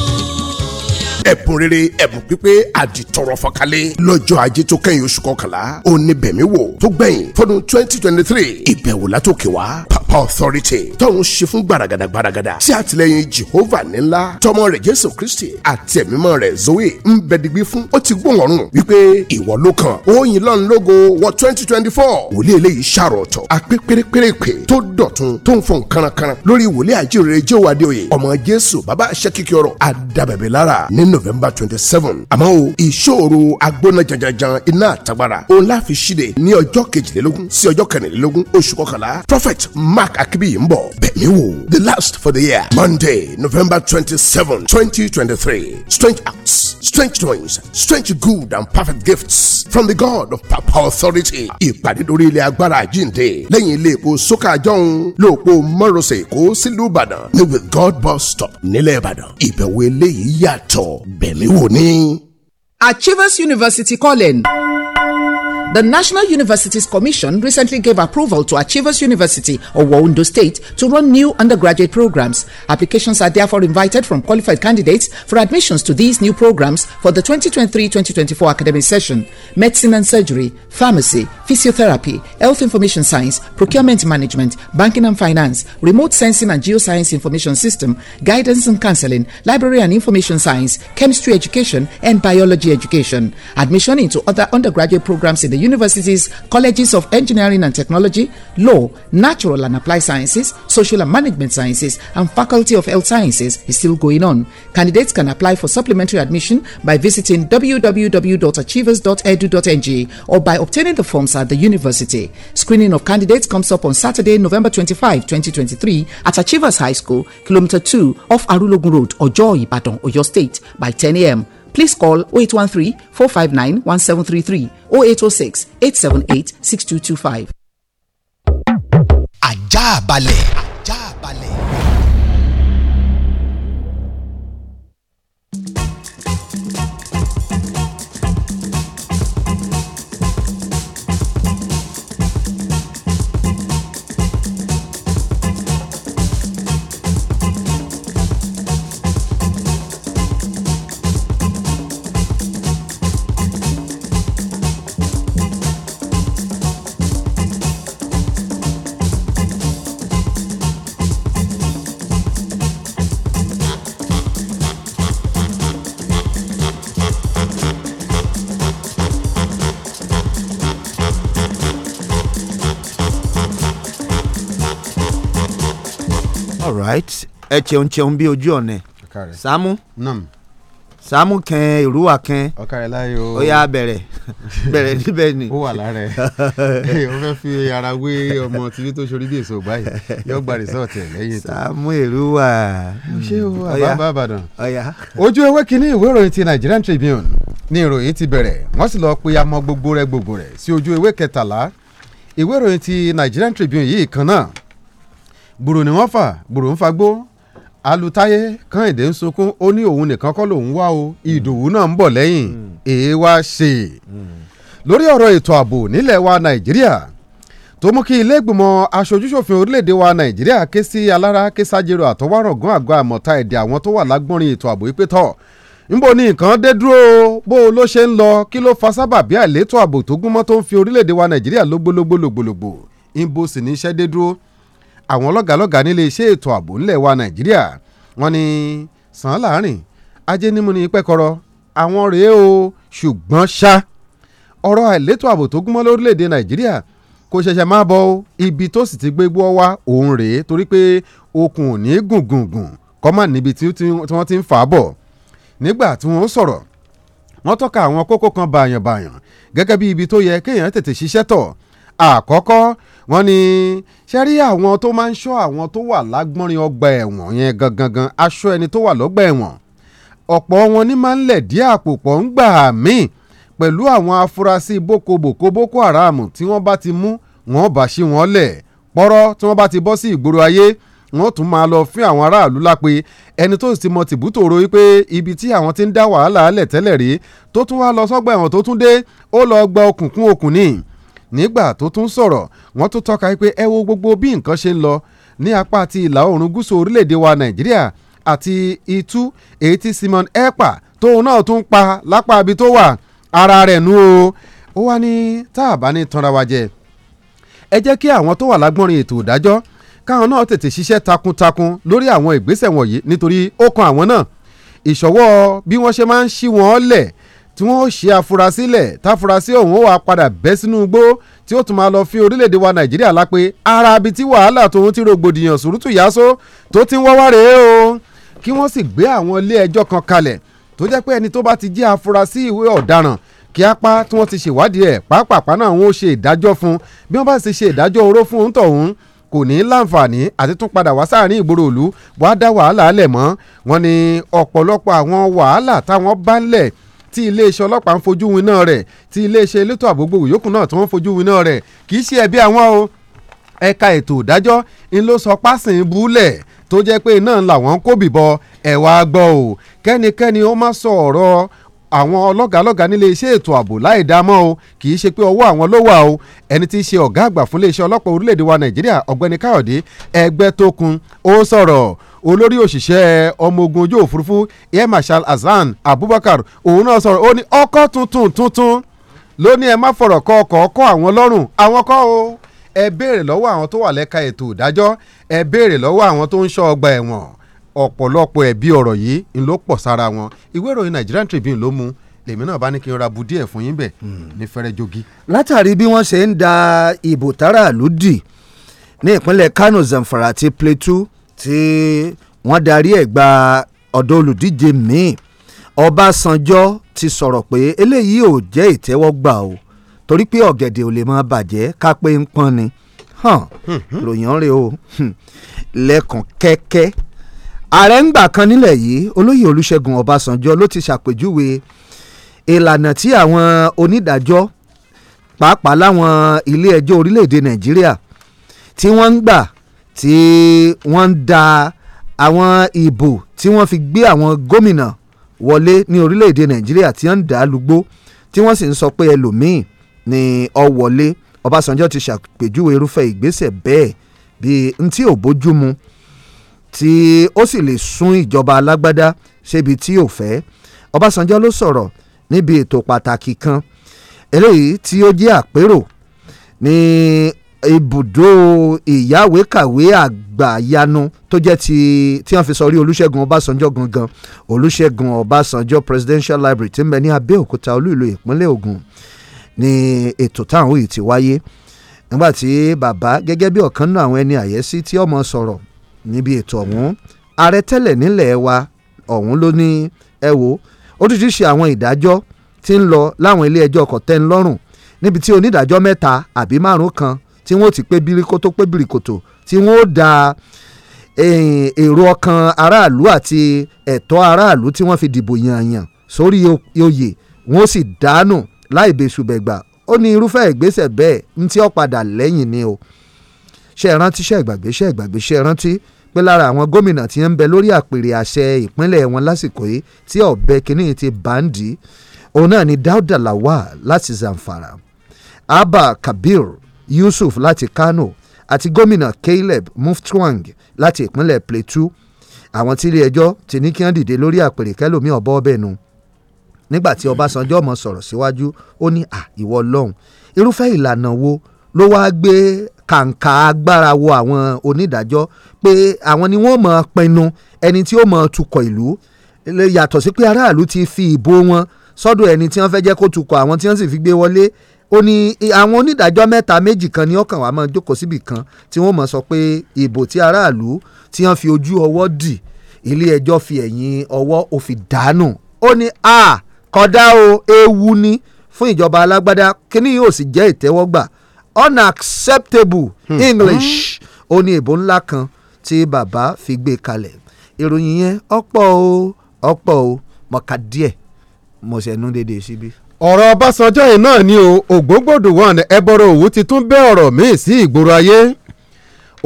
ẹ̀bùn rere ẹ̀bùn pípé àdìtọ̀rọ̀ fọ́kalẹ̀ lọ́jọ́ ajé tó kẹ́yìn oṣù kọkànlá oníbẹ̀míwò tó gbẹ̀yìn fọdún twenty twenty three ìbẹ̀wò látòkè wá papa authority tọ́run ṣe fún gbaragada gbaragada sí àtìlẹ́yìn jehovah nílá tọmọ rẹ̀ jésù kristi àti ẹ̀mímọ́ rẹ̀ zoe ń bẹ digbí fún ó ti gbóhùn wípé ìwọ ló kàn oyin lọ́n lógo wọ twenty twenty four wòlé eléyìí ṣàròtọ̀ apẹ́ pérépérépé tó dọ̀tun tó ń fọn kánakánná lórí wòlé àjíire jẹ́wọ́ adéoyè ọmọ jésù bàbá àṣẹ november twenty seven àmọ́ o ìṣòro agbóná janjanjan iná àtagbára òun la fi ṣíde ní ọjọ́ kejìlélógún sí ọjọ́ kẹrìnlélógún oṣù kọkànlá prophet mark Akibi ń bọ̀ bẹ̀mí wo the last for the year monday november twenty seven twenty twenty three strange acts strange joints, strange good and perfect gifts from the god of power authority ìpàdé lórí ilẹ̀ agbára àjíǹde lẹ́yìn ilé epo sókà àjọhún lóòpó mọ́rọ̀sẹ̀ èkó sílùú ìbàdàn ní with god bus stop nílẹ̀ ìbàdàn ìbẹ̀wò eléyìí yàtọ̀ bẹ̀mí wò ni. Achievers University Colin. The National Universities Commission recently gave approval to Achievers University of Wawundo State to run new undergraduate programs. Applications are therefore invited from qualified candidates for admissions to these new programs for the 2023-2024 academic session. Medicine and surgery, pharmacy, physiotherapy, health information science, procurement management, banking and finance, remote sensing and geoscience information system, guidance and counseling, library and information science, chemistry education, and biology education. Admission into other undergraduate programs in the universities, colleges of engineering and technology, law, natural and applied sciences, social and management sciences, and faculty of health sciences is still going on. Candidates can apply for supplementary admission by visiting www.achievers.edu.ng or by obtaining the forms at the university. Screening of candidates comes up on Saturday, November 25, 2023 at Achievers High School, Kilometer 2 off Arulogun Road, Ojo, Ibadan, Oyo State by 10 a.m please call 0813 459 1733 0806 878 6225. Ajabale. Ajabale. right ẹ cheun cheun bí ojú Samu Sàámú Sàámú kẹn ìrúwà kẹn ó yá bẹ̀rẹ̀ (laughs) bẹ̀rẹ̀ níbẹ̀ ni. ó wà lára ẹ (laughs) ó fẹ́ fi ara wé ọmọ tìbí tó ṣorí bí èso báyìí yóò gba rìsọ́ọ̀tì ẹ̀ lẹ́yìn tó. Sàámú ìrúwà. ṣé o àbábá àbàdàn ojú ewé kínní ìwé ìròyìn ti Nigerian Tribune ni ìròyìn ti bẹ̀rẹ̀ wọ́n sì lọ́ọ́ pe amọ gbogbo rẹ̀ gbogbo rẹ̀ sí ojú ewé kẹtàlá ìwé ìròyìn ti Nigerian Tribune yìí kan náà gbòòrò ni wọ́n fà gbòòrò ń fagbó alùtáyé kànìdé ń sunkún ó ní òun nìkan kọ́ lòun wá o ìdòwú náà ń bọ̀ lẹ́yìn hmm. èé wá ṣe hmm. lórí ọ̀rọ̀ ètò ààbò nílẹ̀ wa nàìjíríà tó mú kí ilé ìgbìmọ̀ aṣojúṣòfin orílẹ̀-èdè wa nàìjíríà ké sí alára ké sájèrò àtọwárọ̀gán àgọ́ àmọ̀ta èdè àwọn tó wà lágbọ́nrin ètò ààbò ìpè tọ̀ nbọ ni nǹkan dé dúró bó ló ṣe ń lọ kí ló fa sábàbí àìlétò ààbò tó gúnmọ́ tó ń fi orílẹ̀-èdè wa nàìjíríà lógbólógbó lògbòlògbò nbọ sì ní iṣẹ́ dé dúró àwọn lọ́gàlọ́gà nílé iṣẹ́ ètò ààbò ńlẹ̀ wa nàìjíríà wọ́n ní sàn láàrin ajé nímú ni pẹ́kọ̀rọ̀ àwọn rèé o ṣùgbọ́n ṣá ọ̀rọ̀ àìlétò ààbò tó gúnmọ́ lórílẹ̀‐èdè nàìjíríà kò ṣẹ̀ṣẹ̀ máa bọ̀ ibi tó sì ti gbé gbọ́ wá òun rèé torí pé okùn ò ní gùngùngùn kọ́ mà níbi tí wọ́n ti ń fà á bọ̀ nígbà tí wọ́n sọ̀rọ̀ wọ́n tọ́ka àwọn kókó kan bàyànbàyàn gẹ́gẹ́ bí ibi tó yẹ kéèyàn tètè ṣiṣẹ́ tọ̀ àkọ́kọ́ wọ́n ní ṣe rí àwọn tó máa ń ṣọ́ àwọn tó wà lágbọ́nrin ọgbà ẹ̀wọ̀n yẹn gangan aṣọ ẹni tó wà lọ́gbà ẹ̀wọ̀n ọ̀pọ̀ wọn ní máa ń lẹ̀dí àpò pọ̀ ń gbà míì pẹ̀lú àwọn afurasí bókobòkó boko haram tí wọ́n bá ti mú wọn bá ṣí wọn lẹ̀ pọ́rọ́ tí wọ́n bá ti bọ́ sí ìgboro ayé wọ́n tún máa lọ fún àwọn aráàlú lápè ẹni tó sì mọ tìbútòrò wípé ibi tí àwọn ti ń dá wàhálà lẹ̀ tẹ́lẹ̀ rí tó tún wá lọ sọ́gbà ẹ̀wọ̀n tó tún dé ó lọ gba okùn okùn níì nígbà tó tún sọ̀rọ̀ wọ́n tún tọ́ka pé ẹ wo gbogbo bí nǹkan ṣe ń lọ ní apá ti ìlà oòrùn gúúsù orílẹ̀-èdè wa nàìjíríà àti itú èyí tí simon Epa tóun náà tún pa lápá ibi tó wà ara rẹ̀ nu o ó wá ní tá a bá ní tanra wa jẹ ẹ jẹ́ kí àwọn tó wà lágbọ́nrin ètò ìdájọ́ káwọn náà tètè ṣiṣẹ́ takuntakun lórí àwọn ìgbésẹ̀ wọ̀nyí nítorí ó kan àwọn náà ìṣọwọ́ bí wọ́n ṣe máa ń ṣí wọn lẹ̀ tí wọ́n ó ṣe àfúrásí lẹ̀ táfúrásí ọ̀hún ó wàá padà bẹ́ sínú igbó tí ó tún máa lọ fi orílẹ̀-èdè wa nàìjíríà lápé ara ibi tí wàhálà tòun ti rògbòdìyàn sùrùtù yáso tó ti ń wáwá rèé o kí wọ́n sì gbé àwọn ilé ẹjọ́ kan kalẹ̀ tó jẹ́ pé ẹni tó bá ti jẹ́ àfúrásí ìwé ọ̀daràn kí apá tí wọ́n ti ṣèwádìí ẹ̀ pàápàá náà wọ́n ó ṣe ìdájọ́ fún bí wọ́n bá sì ṣe ìdájọ́ oró fún òun tọ̀hún kò ní láǹfààní àti tún padà wá sáàrin ìgboro òlu wàá dá wàhálà lẹ̀ mọ́ wọn ni ọ̀pọ̀lọpọ̀ àwọn wàhálà táwọn bá ń lẹ̀ tí iléeṣẹ́ ọlọ́pàá ń fojú winá rẹ̀ tí iléeṣẹ́ elétò àbógbò yòókù náà tí ń fojú winá rẹ̀ kì í ṣe ẹ̀bi àwọn o ẹ̀ka ètò ìdájọ́ ń ló sọ pásìn búlẹ̀ tó jẹ́ pé náà làwọn kó bìbọ ẹ̀wà gbọ́ o kẹ́nikẹ́ni ó má sọ ọ̀rọ̀ àwọn ọlọ́gàálọ́gàá nílé iṣẹ́ ètò ààbò láì dámọ́ o kì í ṣe pé ọwọ́ àwọn ló wà o ẹni tí í ṣe ọ̀gá àgbà fún iléeṣẹ́ ọlọ́pàá orílẹ̀-èdè wa nàìjíríà ọ̀gbẹ́ni káyọ̀dé ẹgbẹ́ tókun ó sọ̀rọ̀ olórí òṣìṣẹ́ ọmọ ogun ojú òfurufú air marshal hasan abubakar òun náà sọ̀rọ̀ ó ní ọkọ̀ tuntun tuntun ló ní ẹ má fọ̀rọ̀ kọ ọkọ̀ kọ́ àwọn lọ́rùn àwọn kọ́ o ẹ béèrè lọ́wọ́ àwọn tó wà lẹ́ka ètò ìdájọ́ ẹ béèrè lọ́wọ́ àwọn tó ń ṣọ́ ọgbà ẹ̀wọ̀n ọ̀pọ̀lọpọ̀ ẹ̀bi ọ̀rọ̀ yìí ń ló pọ̀ sára wọn ìwé ìròyìn Nigerian Tribune ló mú lèmi náà bá ní kí n ra bu díẹ̀ fún yín bẹ̀ hmm. ní fẹ́rẹ́ jogi. látàrí bí wọ́n ṣe ń da ìbò tára lódì ní ìpínlẹ̀ Kano Zamfara àti Plateau tí wọ́n darí ẹ̀ gba ọ̀dọ̀ olùdíje míì Ọbásanjọ́ ti sọ̀rọ̀ pé eléyìí ò jẹ́ ìtẹ́wọ́gbà o torí pé ọ̀gẹ̀dẹ̀ ò lè máa bàjẹ́ ká pé ń pọ́n ni mhm. ròyìn rè o lẹ́kàn kẹ́kẹ́ ààrẹ ńgbà kan nílẹ̀ yìí olóyè Olúṣẹ́gun Ọbásanjọ́ ló ti ṣàpèjúwe ìlànà tí àwọn onídàájọ́ pàápàá láwọn ilé ẹjọ́ orílẹ̀-èdè Nàìjíríà tí wọ́n ń gbà tí wọ́n ń da àwọn ìbò tí wọ́n fi gbé àwọn gómìnà wọlé ní orílẹ̀-èdè nàìjíríà tí wọ́n ń dà á lùgbó tí wọ́n sì ń sọ pé ẹlòmíì ni ó wọlé ọbásanjọ́ ti ṣàpèjúwe irúfẹ́ ìgbésẹ̀ bẹ́ẹ̀ bíi ntí ò bójú mu tí ó sì lè sún ìjọba alágbádá ṣébi tí ò fẹ́ ọbásanjọ́ ló sọ̀rọ̀ níbi ètò pàtàkì kan eléyìí tí ó jẹ́ àpérò ní ibùdó ìyáwèékàwé àgbàyanu tó jẹ́ ti tí wọ́n fi sọ rí olúṣẹ́gun ọbásanjọ́ gangan olúṣẹ́gun ọbásanjọ́ presidential library tí ń bẹ ní abẹ́òkúta olú ìlú ìpínlẹ̀ ògùn ní ètò táwọn yìí ti wáyé nígbà tí bàbá gẹ́gẹ́ bí ọ̀kan náà àwọn ẹni àyẹ́sí tí ọmọ sọ̀rọ̀ níbi ètò ọ̀hún ààrẹ tẹ́lẹ̀ nílẹ̀ wa ọ̀hún ló ní ẹ wo oríṣiríṣi àwọn ìdájọ́ tí ń lọ láwọn ilé ẹjọ́ kọ̀tẹ́nlọ́rùn níbi tí onídàájọ́ mẹ́ta àbí márùn kan tí wọ́n ti pé bíríkótó pé bíríkótó tí wọ́n ó da eh, èrò ọkàn aráàlú àti ẹ̀tọ́ aráàlú tí wọ́n fi dìbò yànyàn sórí oyè wọ́n sì dánù láì bẹ́sùbẹ̀gbà ó ní irúfẹ́ ìgbésẹ̀ bẹ́ẹ̀ ń tí ó padà lẹ́yìn ni o ṣe é rántí ṣe é gbàgbé ṣe é gbàgbé ṣe é rántí pé lára àwọn gómìnà tí ń bẹ lórí àpèrè àṣẹ ìpínlẹ̀ wọn lásìkò yìí tí ọ̀bẹ kínní ti bàǹdì òun náà ni Dáúdà Lawal láti Zamfara Abba Kabir Yusuf láti Kano àti gómìnà Caleb Mutfwang láti ìpínlẹ̀ Plateau àwọn tí ilé ẹjọ́ ti ní kí wọ́n dìde lórí àpèrè kẹlòmí ọ̀bọ ọbẹ̀ nu nígbà tí Ọbásanjọ́ mọ̀ sọ̀rọ̀ síwájú ó ní à ìwọ lọ́hùn irúfẹ́ ìlànà wo ló wáá gbé kàǹkà agbára wo àwọn onídàájọ́ pé àwọn ni wọ́n máa pinnu ẹni tí ó máa tukọ̀ ìlú yàtọ̀ sí pé aráàlú ti fi ìbò wọn sọ́dọ̀ ẹni tí wọ́n fẹ́ jẹ́ kó tukọ̀ àwọn tí wọ́n sì fi gbé wọlé ó ní àwọn onídàájọ́ mẹ́ta méjì kan ní ọkàn wa máa jókòó síbì kan tí wọ́n mọ̀ sọ pé ìbò tí aráàlú tí wọ́n fi ojú ọwọ́ dì ilé ẹjọ́ fi ẹ̀yìn ọwọ́ ó fi dànù ó ní a kódà o ewu ni fún ìjọba alágbádá kíní yóò sì jẹ́ ìtẹ́wọ́gbà unacceptable hmm. English ó ní ìbò ńlá kan tí bàbá fi gbé kalẹ̀ ìròyìn yẹn ọ̀pọ̀ o ọ̀pọ̀ o mọ̀ká díẹ̀ mọ̀ṣẹ̀nú dédé síbí ọ̀rọ̀ ọbásanjọ́ yìí náà ni ògbóngbòdò wọn ẹbọrọ òwú ti tún bẹ́ ọ̀rọ̀ míì sí ìgboro ayé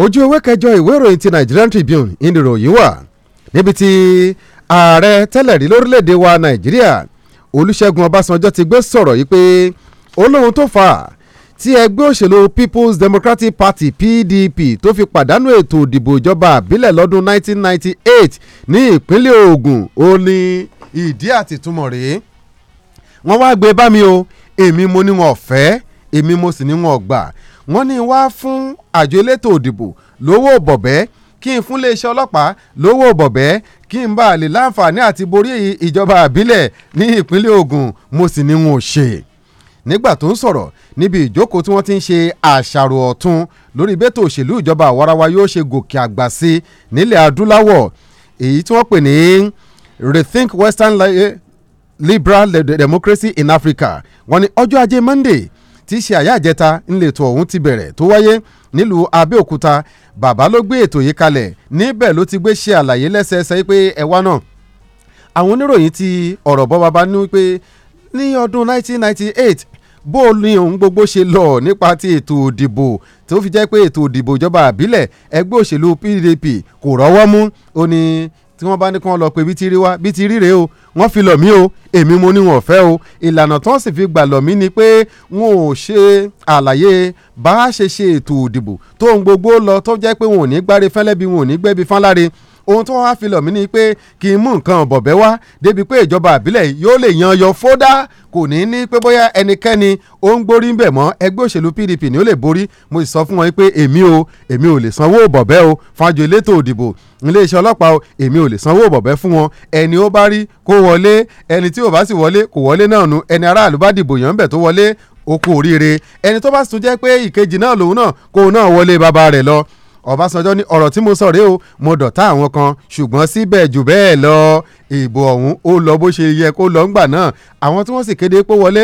ojú ewé kẹjọ ìwé ìròyìn ti Nigerian Tribune ìnìròyìn wà níbi tí ààrẹ tẹ́lẹ̀ rí lórílẹ̀‐èdè wa Nàìjíríà Olúṣẹ́gun Ọbásanjọ́ ti gbé sọ̀rọ̀ yìí pé ó lóhun tó fà á tí ẹgbẹ́ òṣèlú People's Democratic Party PDP tó fi pàdánù ètò ìdìbò ìjọba àbílẹ̀ lọ́dún 1998 ní ìpínlẹ̀ ogun ó ní ìdí àtìtúmọ̀ rèé wọ́n wá gbé bá mi o èmi mo ní wọn ọ̀fẹ́ èmi mo sì ní wọn ọ̀gbà wọ́n ní wá fún àjọ elétò òdìbò lówó bọ̀bẹ́ kí n fún iléeṣẹ́ ọlọ́pàá lówó bọ̀bẹ́ kí n bá lè láǹfààní àti borí ìjọba àbílẹ̀ ní ìpínlẹ̀ Ògùn mo sì ní wọn ò ṣe nígbà tó ń sọ̀rọ̀ níbi ìjókòó tí wọ́n ti ń ṣe àṣàrò ọ̀tun lórí bẹ́tò òṣèlú ìjọba àwarawa yóò ṣe gòkè àgbà sí nílẹ̀ adúláwọ̀ èyí tí wọ́n pè ní rethink western liberal democracy in africa wọ́n ní ọjọ́ ajé monday tí í ṣe àyájẹta ńlẹ̀tọ̀ ọ̀hún ti bẹ̀rẹ̀ tó wáyé nílùú abẹ́òkúta bàbá ló gbé ètò yìí kalẹ̀ níbẹ̀ ló ti gbé ṣe àlàyé lẹ́sẹẹsẹ pé ẹ̀wá náà àwọn oníròyìn ti ọ̀rọ̀ bọ́ bàbá ní pé ní ọdún 1998 bó o ní ohun gbogbo ṣe lọ nípa ti ètò òdìbò tó fi jẹ́ pé ètò òdìbò ìjọba àbílẹ̀ ẹgbẹ́ òṣèlú pdp kò rọ́wọ́ mú ó ní tí wọ́n bá ní kí wọ́n lọ pé bí ti rí wá bí ti rí rèé o wọ́n fi lọ̀ mí o èmi mo ní wọn ò fẹ́ o ìlànà tó ń sì fi gbà lọ̀ mí ni pé wọn ò ṣe àlàyé bá a ṣe ṣe ètò òdìbò tó ń gbogbo lọ tó jẹ́ pé wọn ò ní gbáre fẹ́lẹ́ bí wọn ò ní gbẹ́bí fánláre ohun tí wọ́n wá fi lọ̀ mí ni pé kí n mú nǹkan bọ̀bẹ́ wá débi pé ìjọba àbílẹ̀ yóò lè yan yọ fódà kò ní ní pé bóyá ẹnikẹ́ni ó ń gbórí ń bẹ̀ mọ́ ẹgbẹ́ òṣèlú PDP ni ó lè borí mo sì sọ fún wọn pé èmi o èmi ò lè sanwó bọ̀bẹ́ o fájọ elétò òdìbò iléeṣẹ́ ọlọ́pàá o èmi ò lè sanwó bọ̀bẹ́ fún wọn ẹni ó bá rí kó wọlé ẹni tí ò bá sì wọlé kò wọlé náà nu ẹni aráàlú bá dìbò yàn ń bẹ̀ tó wọlé ó ẹni tó bá sì tún jẹ́ pé ìkejì náà lòun náà kó náà wọlé bàbá rẹ̀ lọ Ọbásanjọ́ ní ọ̀rọ̀ tí mo sọ rèé o mo dọ̀tá àwọn kan ṣùgbọ́n síbẹ̀ jù bẹ́ẹ̀ lọ ìbò ọ̀hún ó lọ bó ṣe yẹ kó lọ ńgbà náà àwọn tí wọ́n sì kéde pé wọlé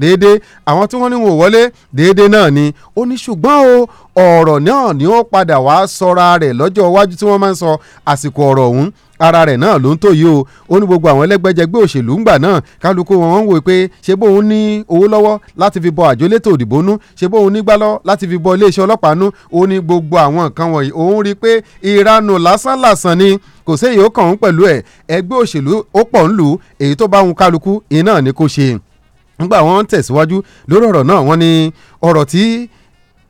déédé àwọn tí wọ́n ní wọn ò wọlé déédé náà ni ó ní ṣùgbọ́n o ọ̀rọ̀ náà ni ó padà wá sọra rẹ̀ lọ́jọ́ iwájú tí wọ́n máa ń sọ àsìkò ọ̀rọ̀ ọ̀hún ara rẹ̀ náà ló ń tó yìí o ó ní gbogbo àwọn ẹlẹ́gbẹ́jẹgbẹ́ òṣèlú ńgbà náà kálukú wọn ń wò pé ṣé bóun ní owó lọ́wọ́ láti fi bọ àjọlétò òdìbò nú ṣé bóun nígbà lọ láti fi bọ iléeṣẹ́ ọlọ́pàá nú ó ní gbogbo àwọn nǹkan wọ̀nyí òun rí i pé ìranù lásánlàsàn ni kò séyìí ó kàn ń pẹ̀lú ẹ̀ ẹgbẹ́ òṣèlú ó pọ̀ ń lù èyí tó bá wọn kálukú iná ni kò ṣe nígbà wọn tẹ̀síwájú lórí ọ̀rọ̀ náà wọ́n ní ọ̀rọ̀ tí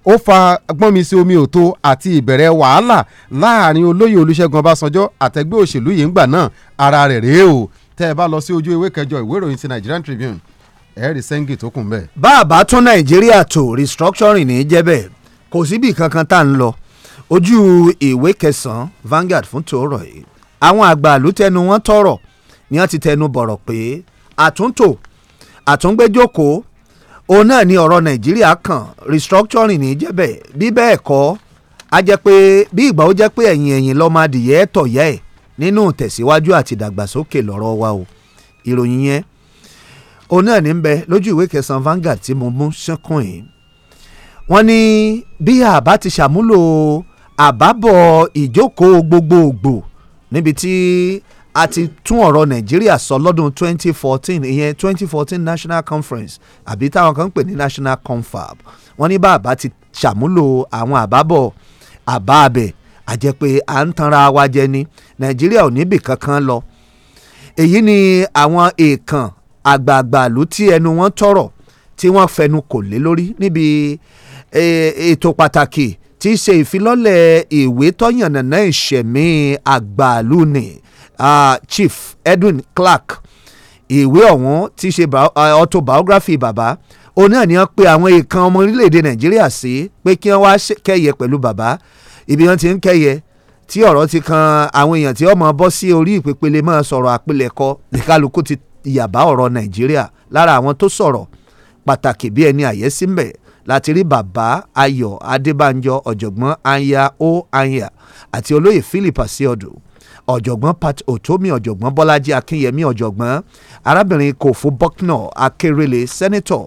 ó fa gbọ́nmisí omi òtó àti ìbẹ̀rẹ̀ wàhálà láàrin olóyè olúṣẹ́gun ọbásanjọ́ àtẹgbẹ́ òṣèlú yìí ń gbà náà ara rẹ̀ rèé o tẹ́ ẹ bá lọ sí ojú ewé kẹjọ ìwé ìròyìn ti Nigerian Tribune ẹ̀ẹ́rì sẹ́ńgì tó kùn bẹ́ẹ̀. bá a bá tún nàìjíríà tó restructuring ní jẹ́ bẹ́ẹ̀ kò síbi kankan tá à ń lọ ojú ìwé kẹsàn-án Vanguard fún tòórọ̀ yìí àwọn àgbàlú tẹnu wọn tọrọ ni wọn ti tẹnu bọ̀rọ̀ pé àtúntò àtúngbẹ́jọ́kọ̀ọ́ òun náà ni ọ̀rọ̀ nàìjíríà kan restructuring ní jẹ́ bẹ́ẹ̀ bí bẹ́ẹ̀ kọ́ a jẹ́ pé bí ìgbà ó jẹ́ pé ẹ̀yìn ẹ̀yìn lọ́mọ adìyẹ tọ̀yẹ́ ẹ̀ nínú tẹ̀síwájú àti ìdàgbàsókè lọ́rọ̀ wa o ìròyìn yẹn òun náà ní bẹ lójú ìwé kẹsàn-án Vanguard tí mo mú ṣẹ́kùn yìí wọ́n ní bí àbá ti ṣàmúlò àbábọ̀ ìjókòó gbogbogbò níbi tí a ti tún ọ̀rọ̀ nàìjíríà sọ lọ́dún 2014 ìyẹn 2014 national conference àbí táwọn kan ń pè ní national confab wọ́n ní bàbá ti ṣàmúlò àwọn àbábọ̀ àbá abẹ̀ àjẹ́ pé à ń tanra wa jẹ ni nàìjíríà ò níbì kankan lọ èyí ni àwọn èèkàn àgbààgbà ìlú tí ẹnu wọn tọrọ tí wọ́n fẹnu kò lé lórí níbi e, ètò pàtàkì tí í ṣe ìfilọ́lẹ̀ ìwé tọ́yànnàná ìṣẹ̀mí àgbàlú ni uh, Chief Edwin Clark ìwé ọ̀hún ti ṣe autobiography Baba. òun náà ni wọ́n pe àwọn èèkàn ọmọ orílẹ̀-èdè Nàìjíríà sí pé kí wọ́n wá kẹ́yẹ pẹ̀lú bàbá ibi wọn ti ń kẹ́yẹ tí ọ̀rọ̀ ti kan àwọn èèyàn tí ọmọ bọ́ sí orí ìpèpele máa sọ̀rọ̀ àpilẹ̀kọ nìkálukú ti yàbá ọ̀rọ̀ Nàìjíríà lára àwọn tó sọ̀rọ̀ pàtàkì bí ẹni àyẹ́sí mbẹ̀ láti rí bàbá Ayọ̀ Adébánjọ ọ̀jọ̀gbọ́n Anya O Anya àti olóyè Philip Asiodun ọ̀jọ̀gbọ́n Pat Otomi ọ̀jọ̀gbọ́n Bọ́lájí Akínyẹmí ọ̀jọ̀gbọ́n arábìnrin Kòfó Bucknor Akérèlé sẹ́nẹ́tọ̀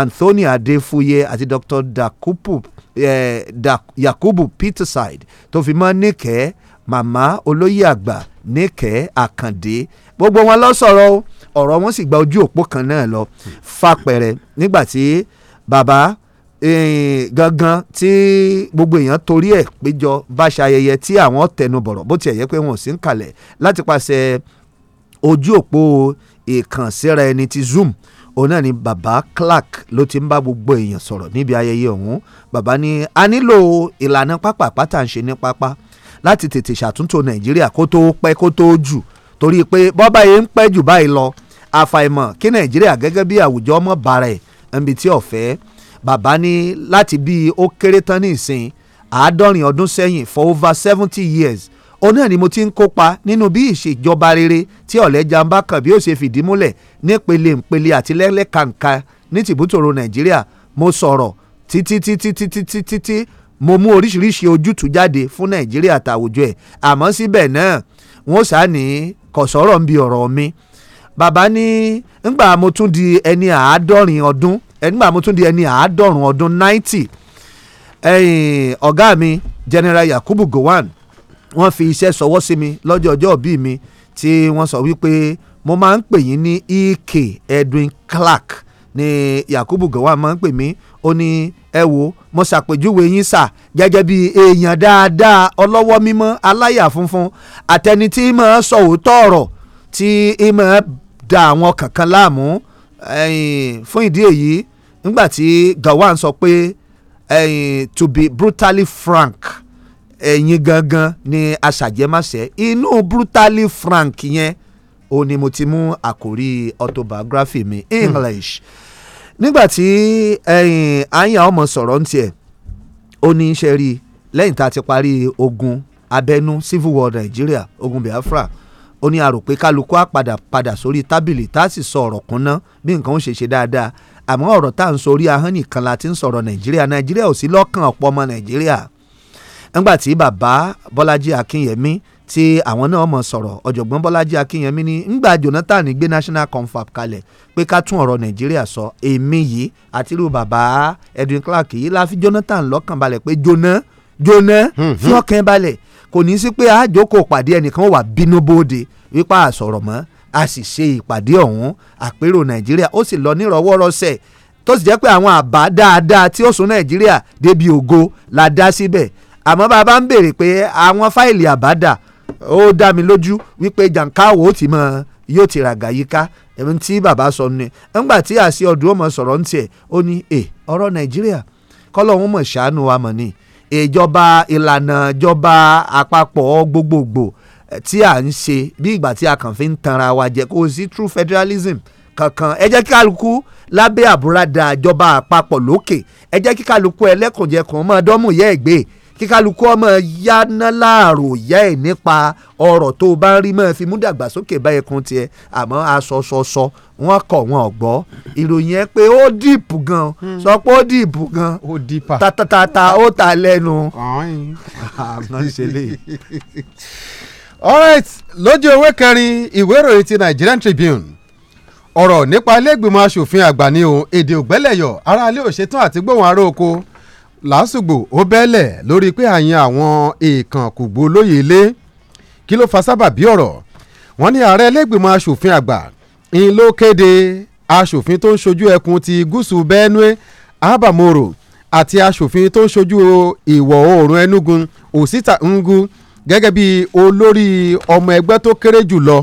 Anthony Adéfúyé àti Dr. Dakubu, Yakubu Peterside tó fi mọ́ níkẹ́ màmá olóyè àgbà níkẹ́ àkàndé gbogbo wọn lọ sọ̀rọ̀ o ọ̀rọ̀ wọn sì gba ojú òpó kan náà lọ fapẹ̀rẹ̀ nígbà bàbá Eh, gangan tí gbogbo èèyàn torí ẹ̀ péjọ bá ṣayẹyẹ tí àwọn tẹnu bọ̀rọ̀ bó tiẹ̀ yẹ pé wọn ò sí ń kalẹ̀ láti pàṣẹ ojú òpó ìkànsíra ẹni ti zoom òun náà ni baba Clark ló ti ń bá gbogbo èèyàn sọ̀rọ̀ níbi ayẹyẹ ọ̀hún baba ni a nílò ìlànà pápá pátá ń ṣe ní pápá láti tètè ṣàtúntò Nàìjíríà kó tó pẹ́ kó tó jù torí pé bọ́bá yẹn ń pẹ́ jù báyìí lọ àfàìmọ̀ kí Nàìjíríà gẹ́gẹ́ bí àwùjọ ọmọ bàrẹ̀ ẹ̀ǹbi tí ọ̀fẹ́ bàbá ní láti bíi ó kéré tán ní ìsìn àádọ́rin ọdún sẹ́yìn for over seventy years òun náà ni mo ti ń kópa nínú bí ìṣèjọba rere tí ọ̀lẹ́jà ń bá kàn bí ó ṣe fìdí múlẹ̀ nípele ìpele àti lẹ́lẹ́kàǹkà ní tìbútòrò nàìjíríà mo sọ̀rọ̀ títítítítítítí mo mú oríṣiríṣi ojútùú jáde fún nàìjíríà tàwùjọ ẹ̀ àmọ́ síbẹ̀ náà wọ́n sá ní kọ̀sọ́rọ̀ ń bi ọ̀rọ̀ mi bàbá ní ngbà mo tún di ẹni àádọ́rin ọdún ẹnìgbà mo tún di ẹni àádọ́rùn ọdún ninety ọ̀gá mi general yakubu gowon wọ́n fi iṣẹ́ sọwọ́ sí mi lọ́jọ́ ọjọ́ ìbí mi tí wọ́n sọ wípé mo máa ń pè yín ní ek edwin clark ni yakubu gowon máa ń pè mí ó ní ẹ wo mo ṣàpèjúwe yín sà gẹ́gẹ́ bí èèyàn dáadáa ọlọ́wọ́ mímọ́ aláyà funfun àtẹni tí máa sọ òótọ́ ọ̀rọ̀ tí máa da àwọn kankan láàmú fún ìdí èyí nígbà tí Gowon sọ pé to be brutally frank ẹ̀yin gangan ni aṣàjẹmàṣẹ́ inú brutally frank yẹn ó ní mo ti mú àkórí autobiography mi English nígbà tí àyàn ọmọ sọ̀rọ̀ ń tiẹ̀ ó ní í ṣe rí lẹ́yìn tá a ti parí ogun abẹ́nú civil war Nàìjíríà ogun Biafra ó ní a rò pé kálukú á padà padà sórí tábìlì tá a sì sọ ọ̀rọ̀ kan ná bí nǹkan ó ṣe ṣe dáadáa àmọ́ ọ̀rọ̀ tá à ń sọ orí ahọ́n nìkan la ti ń sọ̀rọ̀ nàìjíríà nàìjíríà ò sí lọ́kàn ọ̀pọ̀ ọmọ nàìjíríà ńgbà tí bàbá bọ́lájí akínyẹmí tí àwọn náà mọ̀ sọ̀rọ̀ ọ̀jọ̀gbọ́n bọ́lájí akínyẹmí ní ńgbà jonathan gbé national confab kalẹ̀ pé ká tún ọ̀rọ̀ nàìjíríà sọ èmi yìí àti irú bàbá edwin clark yìí la fi jonathan lọ́kàn balẹ̀ pé jona jona hmm, hmm. fi ọkàn balẹ̀ kò ní sí pé àjòkò pàdé ẹnìkan wà bínú bóde wípé àsọ̀rọ̀ mọ́ a sì ṣe ìpàdé ọ̀hún àpérò nàìjíríà ó sì lọ nírọ̀wọ́rọ̀sẹ̀ tó sì jẹ́ pé àwọn àbá dáadáa tí ó sún nàìjíríà débi ògo la dá síbẹ̀ àmọ́ bá a bá ń béèrè pé àwọn fáìlì àbádà ó dá mi lójú wípé jàǹkáwò ó ti mọ yóò ti ràgà yíká ẹ̀mí tí bàbá sọ ni ńgbà tí àṣẹ ọ̀dùnmọ̀ sọ̀rọ̀ ń tiẹ̀ ó ní ẹ̀ ọ̀rọ̀ nàìjíríà kọ́lọ́hún mọ̀ ṣàánú wa mọ̀ ni ìjọba ìlànà ìjọba àpapọ̀ gbogbogbò eh, tí à ń ṣe bí ìgbà tí a kàn fi ń tanra wa jẹ kò sí true federalism kankan ẹ jẹ́ kí kálukú lábẹ́ àbúradà ìjọba àpapọ̀ lókè ẹ jẹ́ kí kálukú ẹlẹ́kùnjẹkùn mọ́ ọdọ́mù yẹ́ kí kálukú ọmọ yáná láàrò yá ẹ̀ nípa ọ̀rọ̀ tó bá ń rí mọ́ fi mú dàgbàsókè bá ẹkùn tiẹ̀ àmọ́ asọ̀sọ̀sọ wọn kọ̀ wọn ọ̀gbọ́ ìròyìn ẹ pé ó dìpù gan hmm. sọ pé ó dìpù gan tatatata ó ta lẹ́nu àwọn (laughs) ah, alright lójú ewé kẹrin ìwé ìròyìn ti Nigerian Tribune ọ̀rọ̀ nípa ilé ìgbìmọ̀ asòfin àgbà ni o èdè ògbẹ́lẹ̀yọ̀ aráalé òṣètò àti gbóhùn ará oko làásùgbò ó bẹ́lẹ̀ lórí pé àyàn àwọn èèkànkùgbò olóyè ilé kí ló fa sábàbí ọ̀rọ̀ wọ́n ní ààrẹ ẹlẹ́gbìmọ̀ asòfin àgbà ń ló kéde asòfin tó ń ṣojú ẹkùn ti gúúsù benue abba moro àti asòfin tó ń ṣojú ìwọ̀ oòrùn enugu osita ngu gẹ́gẹ́ bí olórí ọmọ ẹgbẹ́ tó kéré jùlọ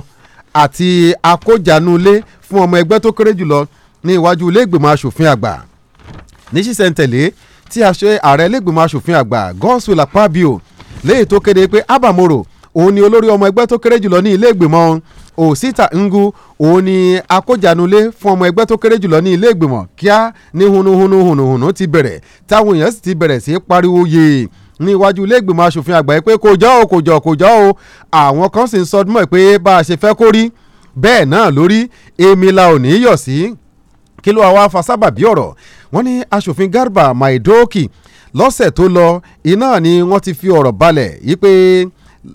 àti akójanulé fún ọmọ ẹgbẹ́ tó kéré jùlọ ní iwájú ilé asòfin àgbà ní sísẹ̀ntẹ̀lé tí a ṣe ààrẹ lẹ́gbìmọ̀ asòfin àgbà Godswill Akpabio léyìí tó kéde pé Abba Moro òun ni olórí ọmọ ẹgbẹ́ tó kéré jùlọ ní ilé ìgbìmọ̀ Osita Ngu òun ni akójanulé fún ọmọ ẹgbẹ́ tó kéré jùlọ ní ilé ìgbìmọ̀ kíá ní hunuhunuhunuhunu ti bẹ̀rẹ̀ táwọn èèyàn sì ti bẹ̀rẹ̀ sí pariwo yèè ní iwájú ilé ìgbìmọ̀ asòfin àgbà pé kò jọ́ o kò jọ́ kò jọ́ o àwọn kan sì ń sọdúnmọ́ pé bá a ṣe fẹ́ kó rí bẹ́ẹ̀ náà lórí èmi la ò ní í yọ̀ sí kí ló wá fa sábàbí ọ̀rọ̀ wọ́n ní aṣòfin Garba Maidoki lọ́sẹ̀ tó lọ iná ni wọ́n ti fi ọ̀rọ̀ balẹ̀ yí pé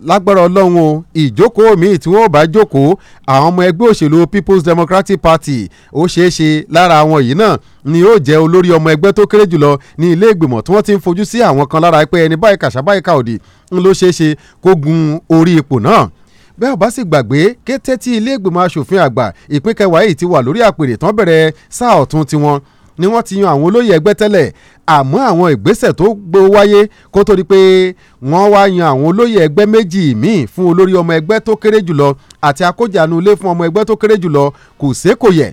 lágbára ọlọ́run o ìjókòó míì tí wọ́n bá jókòó àwọn ọmọ ẹgbẹ́ òṣèlú People's Democratic Party ó ṣeé ṣe lára àwọn yìí náà ni yóò jẹ́ olórí ọmọ ẹgbẹ́ tó kéré jùlọ ní ilé ìgbìmọ̀ tí wọ́n ti ń fojú sí àwọn kan lára pé ẹni báyìí kàṣà báyìí káòdì ń ló ṣeé ṣe kó gun orí ipò náà bẹ́ẹ̀ bá sì gbàgbé kété tí ilé ìgbìmọ̀ asòfin àgbà ìpín yìí ti wà lórí àpèrè tán bẹ̀rẹ̀ sáà ọ̀tún tiwọn ni wọ́n ti yan àwọn olóyè ẹgbẹ́ tẹ́lẹ̀ àmọ́ àwọn ìgbésẹ̀ tó gbó wáyé kó tó di pé wọ́n wá yan àwọn olóyè ẹgbẹ́ méjì míì fún olórí ọmọ ẹgbẹ́ tó kéré jùlọ àti akójànú ilé fún ọmọ ẹgbẹ́ tó kéré jùlọ kò sékòyẹ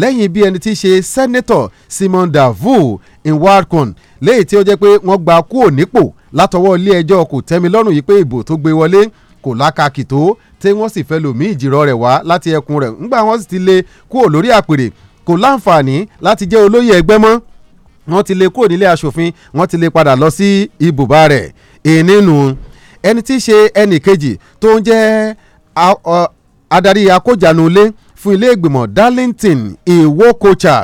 lẹ́yìn bí ẹni tí í ṣe sẹ́nẹ́tọ̀ Simon Davou Nwankwo léyìí tí ó jẹ́ pé wọ́n gba kúò nípò látọwọ́ ilé ẹjọ́ kò tẹ́mi yìí pé ìbò tó gbé wọlé kò lákàkì tó tí wọ́n sì fẹ́ lòmí ìjìrọ̀ rẹ̀ wá láti ẹkùn rẹ̀ ńgbà wọ́n sì ti lé kúò lórí àpèrè kò láǹfààní láti jẹ́ olóyè ẹgbẹ́ mọ́ wọ́n ti lè kúrò nílé asòfin wọ́n ti lè padà lọ sí ibùba rẹ̀ ìnínú ẹni tí í ṣe ẹnì kejì tó ń jẹ́ adarí akójanulé fún ilé ìgbìmọ̀ Darlington Iwokocha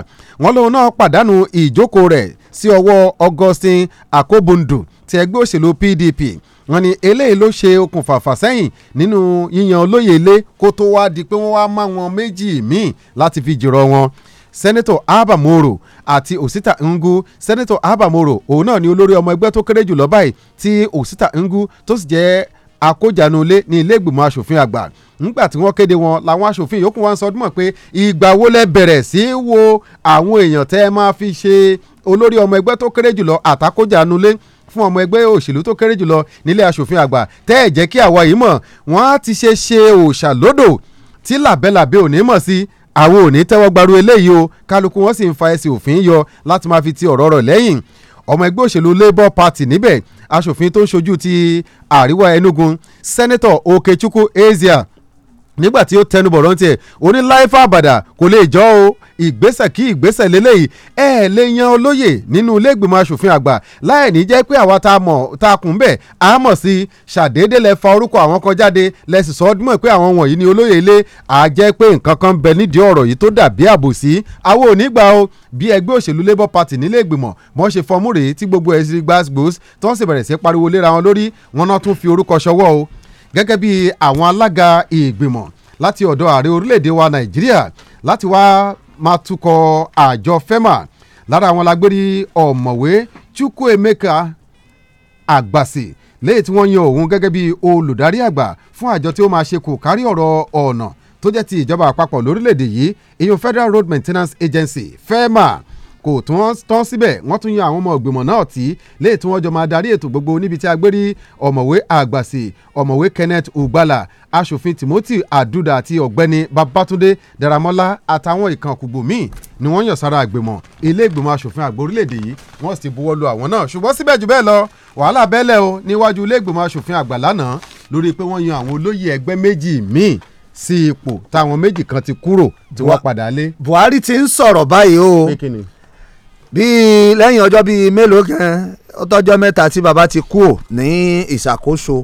wọ́n lòun náà pàdánù ìjókòó rẹ̀ sí ọwọ́ Augustine Akobundu ti ẹgbẹ́ òṣèlú PDP wọ́n ní eléyìí ló ṣe okùnfà fàsẹ́yìn nínú yíyan olóyè ilé kó tó wá di pé wọ́n wá máa wọn méjì míì láti fi jùrọ̀ wọn sẹ́nẹ́tọ̀ Abba Moro àti Osita Ngu sẹ́nẹ́tọ̀ Abba Moro òun náà ni olórí ọmọ ẹgbẹ́ tó kéré jùlọ báyìí tí Osita Ngu tó sì jẹ́ akójanulé ní ilé ìgbìmọ̀ asòfin àgbà nígbà tí wọ́n kéde wọn làwọn asòfin yòókù wọn sọ ọdúnmọ̀ pé ìgbà wo lẹ bẹ̀rẹ̀ sí í wo àwọn èèyàn tẹ́ ẹ máa fi ṣe olórí ọmọ ẹgbẹ́ tó kéré jùlọ àtàkójanulé fún ọmọ ẹgbẹ́ òṣèlú tó kéré jùlọ nílé asòfin àgbà tẹ́ ẹ̀ jẹ́ kí àwa yìí mọ̀ wọ́n á ti ṣe ṣe òòṣà lódò tí làbẹ́làbẹ́ ò mọ̀ sí àwọn ò ní tẹ́wọ́ gbaru eléyìí o kálukú wọn sì ń fa ẹsẹ̀ òfin yọ láti máa fi ti ọ̀rọ̀ rọ̀ lẹ́yìn ọmọ ẹgbẹ́ òṣèlú labour party níbẹ̀ aṣòfin tó ń ṣojú ti àríwá enugu sẹ́nẹ́tọ̀ okechukwu ezia nígbà tí ó tẹnubọ̀ rántí ẹ̀ ó ní láìfà àbàdà kò lè jọ́ o ìgbésẹ̀ kí ìgbésẹ̀ lélẹ́yìí ẹ ẹ̀ lè yan olóyè nínú iléègbìmọ̀ asòfin àgbà láì ní jẹ́ pé àwa tá a mọ̀ tá a kùn bẹ́ẹ̀ a mọ̀ sí i ṣàdédé lẹ fa orúkọ àwọn kan jáde lẹ sì sọ ọdún mọ̀ pé àwọn wọ̀nyí ni olóyè ilé a jẹ́ pé nǹkan kan bẹ nídìí ọ̀rọ̀ yìí tó dàbí àbòsí àwọn ò ní gbà o bí ẹgbẹ́ òṣèlú labour party nílé ìgbìmọ̀ mọ̀ ṣe fọmú rèé tí gbogbo ẹ̀ sí gbàgbós tó ń sì bẹ̀rẹ̀ sí pariwo léra wọn lórí wọn náà tún fi orúkọ ṣọwọ́ o gẹ́gẹ́ bí àwọn alága ìgbìmọ̀ láti ọ̀dọ̀ ààrẹ orílẹ̀-èdè wa nàìjíríà láti wá máa tukọ̀ àjọ FEMA lára àwọn lágbérí ọ̀mọ̀wé Chukwuemeka Àgbàsì lẹ́yìn tí wọ́n yan òun gẹ́gẹ́ bí olùdarí àgbà fún àjọ tí ó máa ṣe kò kárí ọ̀rọ̀ ọ̀nà tó jẹ́ ti ìjọba àpapọ̀ lórílẹ̀‐èdè yìí ìyún Federal Road Maintenance Agency FEMA kò tún wọ́n tán síbẹ̀ wọ́n tún yan àwọn ọmọ ìgbìmọ̀ náà tí léè tí wọ́n jọ máa darí ètò gbogbo níbi tí a gbé rí ọ̀mọ̀wé àgbàsì ọ̀mọ̀wé Kenneth Ugbala aṣòfin Timothy Aduda àti ọ̀gbẹ́ni Babatunde Daramọ́lá àtàwọn ìkànkùgbò míì ni wọ́n yàn sára àgbìmọ̀ ilé ìgbìmọ̀ aṣòfin àgbà orílẹ̀-èdè yìí wọ́n sì buwọ́ lu àwọn náà ṣùgbọ́n síbẹ̀ jù bẹ́ẹ̀ lọ wàhálà bẹ́lẹ̀ o níwájú ilé ìgbìmọ̀ aṣòfin àgbà lánàá lórí pé wọ́n yan àwọn olóyè ẹgbẹ́ méjì míì sí ipò táwọn méjì kan ti kúrò tí wọ́n padà lé. Buhari ti ń sọ̀rọ̀ báyìí o bíi lẹ́yìn ọjọ́ bíi mélòó kan ọtọ́jọ́ mẹ́ta tí baba ti kú ò ní ìṣàkóso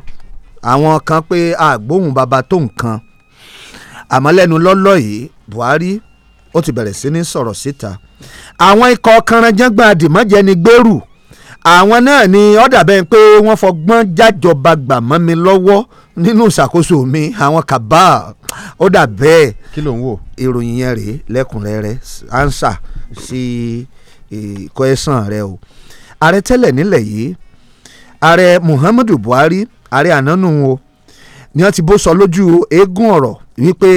àwọn kan pé àgbóhùn baba tó nǹkan àmọ́ lẹ́nu lọ́lọ́ yìí Buhari ó ti bẹ̀rẹ̀ sí ní sọ̀rọ̀ síta àwọn ikọ̀ kanranjẹ́gbọ̀n àdìmọ́jẹni gbèrú àwọn náà ni ó dàbẹ́ pé wọ́n fọgbọ́n jájọba gbà mọ́ mi lọ́wọ́ nínú ìṣàkóso mi àwọn kabal ó dàbẹ́ kí ló ń wò ìròyìn yẹn rèé lẹ́kùnrẹ́rẹ́ ansa sí. Si ìkọ́ ẹ̀sán rẹ o ààrẹ tẹ́lẹ̀ nílẹ̀ yìí ààrẹ Muhammadu Buhari ààrẹ ànánú o ni wọ́n ti bó sọ lójú eégún ọ̀rọ̀ wípé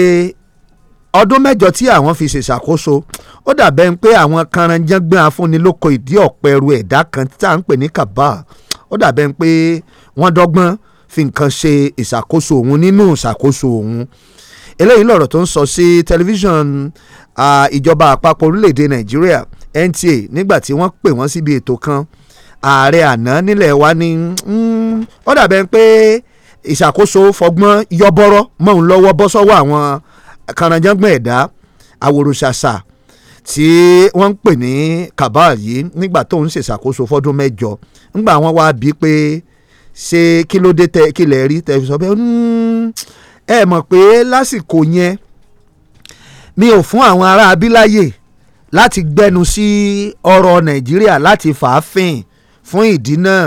ọdún mẹ́jọ tí àwọn fi ṣèṣàkóso ó dàbẹ́ ń pé àwọn karanjangbọ́n afúnilóko ìdí ọ̀pẹ ẹrù ẹ̀dá kan tá à ń pè ní kabal ó dàbẹ́ ń pé wọ́n dọ́gbọ́n fi nǹkan ṣe ìṣàkóso òun nínú ìṣàkóso òun eléyìí lọ̀rọ̀ tó ń sọ sí tẹlifíṣàn ìjọba àpapọ̀ orílẹ̀-èdè Nàìjíríà NTA nígbà tí wọ́n pè wọ́n síbi ètò kan ààrẹ àná nílẹ̀ wa ni ó dàbẹ̀ pé ìṣàkóso fọgbọ́n yọbọ́rọ́ mọ́ òun lọ́wọ́ bọ́ sọ́wọ́ àwọn kànáńjàngbọ̀n ẹ̀dá àwòrán-ṣàṣà tí wọ́n ń pè ní Kabal yìí nígbà tó ń ṣèṣàkóso fọ́dún mẹ́jọ nígbà wọ́n wá bí pé ṣé kí ló dé tẹ kí lè rí tẹ sọ pé ẹ mọ̀ pé lásìkò yẹn mi ò fún àwọn ará abíláyè láti gbẹnu sí ọ̀rọ̀ nàìjíríà láti fàáfin fún ìdí náà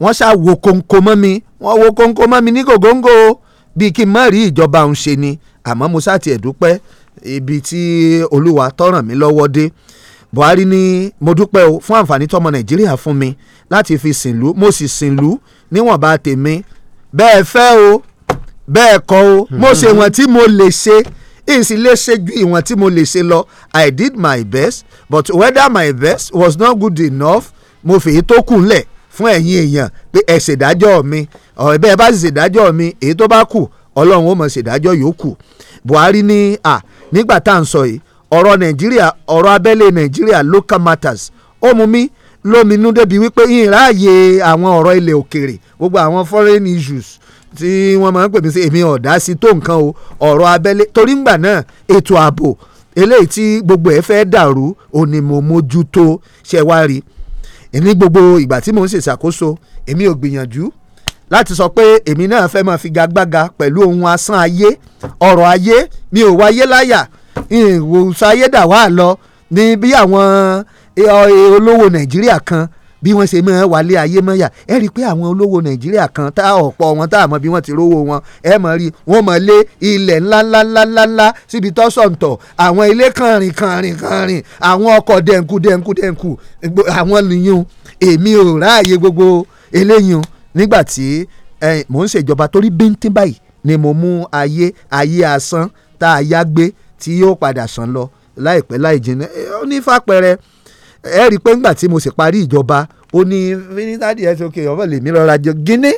wọ́n ṣáà wo kóńkó mọ́ mi wọ́n wo kóńkó mọ́ mi ní gògóńgò bíi kí n má rí ìjọba òun ṣe ni àmọ́ mo sá tiẹ̀ dúpẹ́ ibi tí olúwa tọ́ràn mi lọ́wọ́ dé buhari ni mo dúpẹ́ o fún àǹfààní tọmọ nàìjíríà fún mi láti fi sìnlú mo sì sìnlú níwọ̀nba tèmi bẹ́ẹ̀ fẹ́ o bẹ́ẹ̀ kọ̀ o mo hmm. ṣe wọ̀n tí mo lè ṣe èsì lè ṣe ju ìwọ̀n tí mo lè ṣe lọ I did my best but whether my best was not good enough mo fèyí tó kù ńlẹ̀ fún ẹ̀yin èèyàn pé ẹ ṣèdájọ́ mi ọ̀rọ̀ bẹ́ẹ̀ bá ṣèdájọ́ mi èyí tó bá kù ọlọ́run ó mọ̀ ṣèdájọ́ yòókù Buhari ní à nígbà tá à ń sọ yìí ọ̀rọ̀ Nàìjíríà ọ̀rọ̀ abẹ́lé Nàìjíríà local matters ó mú mi lóminú débi wípé ìhìn ráàyè àwọn ọ̀rọ̀ ilẹ̀ òkèrè gbogbo àwọn foreign issues tí wọ́n máa ń pè mí sí èmi ọ̀dá sí tó nǹkan o ọ̀rọ̀ abẹ́lé torí ngbà náà ètò ààbò eléyìí tí gbogbo ẹ̀ fẹ́ dàrú òní mo mójútó ṣe wá rí ní gbogbo ìgbà tí mò ń ṣèṣàkóso èmi ò gbìyànjú láti sọ pé èmi náà fẹ́ máa figagbága pẹ̀lú ohun asán ayé ọ̀rọ̀ ayé mi ò wáyé láyà ìwòsàn ayé dà wá lọ ní bí àwọn olówó Nàìjíríà kan bí wọ́n ṣe mọ́ wálé ayé mọ́yà ẹ rí i pé àwọn olówó nàìjíríà kan tá ọ̀pọ̀ wọn tá àmọ́ bí wọ́n ti rówó wọn ẹ mọ̀ rí wọ́n mọ̀ lé ilẹ̀ ńláńláńláńlá síbi tọ́sọ̀ǹtọ̀ àwọn ilé kànrin kànrin kànrin àwọn ọkọ̀ dẹ̀nkù dẹ̀nkù dẹ̀nkù àwọn nìyẹn èmi ò ráàyè gbogbo eléyìí nígbà tí mò ń ṣèjọba torí bíntín báyìí ni mo mú ayé ayé asán tá a yá gbé tí yóò padà sàn lọ láìpẹ́ láì ó ní fàpẹ́rẹ́ ẹ rí i pé ńgbà tí mo sì parí ìjọba ó ní mínítàdì ẹ sókè ọmọ lèmi lọ́ra jẹ gíní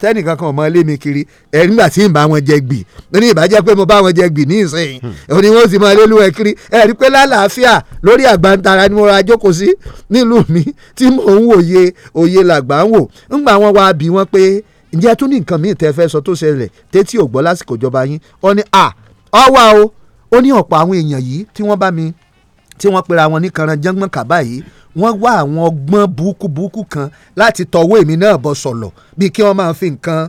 tẹ́nìkan kan ọmọ ilé mi kiri ẹ nígbà tí ń bá wọn jẹ gbì ní ìbàjẹ́ pé mo bá wọn jẹ gbì ní ìsìn ò hmm. ní wọ́n sì máa lélúwẹ̀ ẹ rí i pé lálàáfíà lórí àgbàntara ni mo ra jókòó sí nílùú mi tí mò ń wòye òye làgbà ń wò ńgbà wọn wá bí wọn pé ǹjẹ́ tún ní nǹkan míì tẹ́ fẹ́ sọ tó ṣẹlẹ̀ tétí ò lásìkò ìjọba yín ó ní à ọ wá o ó ní ọ̀pọ̀ àwọn èèyàn yìí tí wọ́n bá mi tí wọ́n pera wọn ní kanranjẹ́gbọ́n kàbá yìí wọ́n wá àwọn ọgbọ́n burúkú burúkú kan láti tọwọ́ èmi náà bọ́ sọ̀lọ̀ bíi kí wọ́n máa fi nǹkan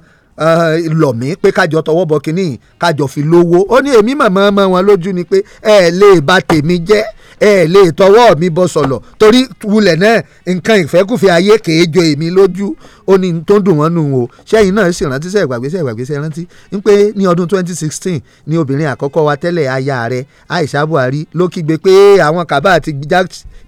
eh, lọ̀ mí pé kájọ tọwọ́ bọ kínní kájọ fi lówó ó ní èmi màmá ọmọ wọn lójú ni pé ẹ lè bà tèmi jẹ́ ẹ lè tọwọ́ mi bọ́ sọ̀lọ̀ torí wulẹ̀ náà nǹkan ìfẹ́kùfẹ́ ayé kèé jo èmi lójú ó ní tó dùn wọ́n nù o sẹ́yìn náà sì rántí sẹ́ ìgbàgbé sẹ́ ìgbàgbé sẹ́ rántí ń pé ní ọdún 2016 ni obìnrin àkọ́kọ́ wa tẹ́lẹ̀ aya rẹ Aisha Buhari ló kígbe pé àwọn kaba àti já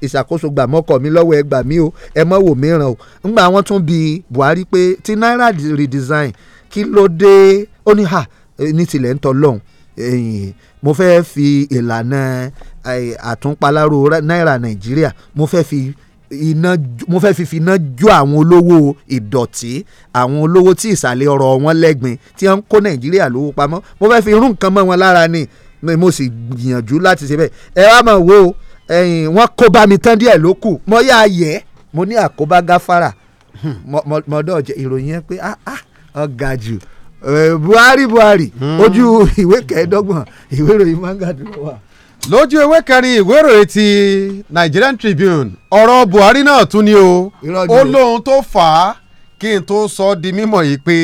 ìṣàkóso gbà mọ́kọ̀ mi lọ́wọ́ ẹ gbà mí o ẹ mọ́ wò míràn o ńgbà wọ́n tún bi Buhari pé ti Naira redesign kí ló dé ó ní ha ní tilẹ̀ ń tọ́ lọ́hùn mo fẹ́ fi ìlànà àtúnpaláró náírà nàìjíríà mo fẹ́ fi iná mo fẹ́ fi finá jó àwọn olówó ìdọ̀tí àwọn olówó tí ìsàlẹ̀ ọ̀rọ̀ wọn lẹ́gbin tí wọ́n ń kó nàìjíríà lówó pamọ́ mo fẹ́ fi irú nǹkan mọ́ wọn lára ni mo sì gbìyànjú láti ṣe bẹ́ẹ̀ ẹ wá mọ̀ wo wọ́n kó bá mi tán díẹ̀ ló kù mo yá ayẹ́ mo ní àkóbá gáfárà mọ̀ọ́dọ̀ jẹ́ ìròyìn yẹn pé ah ah ọ̀gá jù Buhari Buhari hmm. ojú ìwé kẹẹ̀ẹ́dọ́gbọ̀n ìwé ìròyìn mangadu wà lójú ewé kẹrin ìwé ìròyìn ti Nigerian Tribune ọ̀rọ̀ Buhari náà tún ni o ó lóhun tó fà á kí n tó sọ di mímọ̀ yìí pé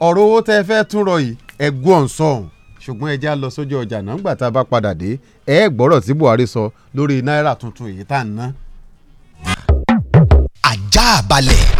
ọ̀rọ̀ owó tẹ́ fẹ́ tún rọ yìí ẹ̀gbọ́n ọ̀hún sọ̀hún ṣùgbọ́n ẹja lọ sójú ọjà náà ńgbà tá a bá padà dé ẹ gbọ́rọ̀ tí Buhari sọ lórí náírà tuntun èyí tá à ná. ajá balẹ̀.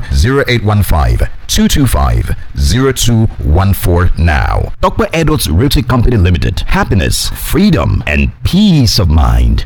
0815 225 0214 now. Dr. Edwards Realty Company Limited. Happiness, freedom, and peace of mind.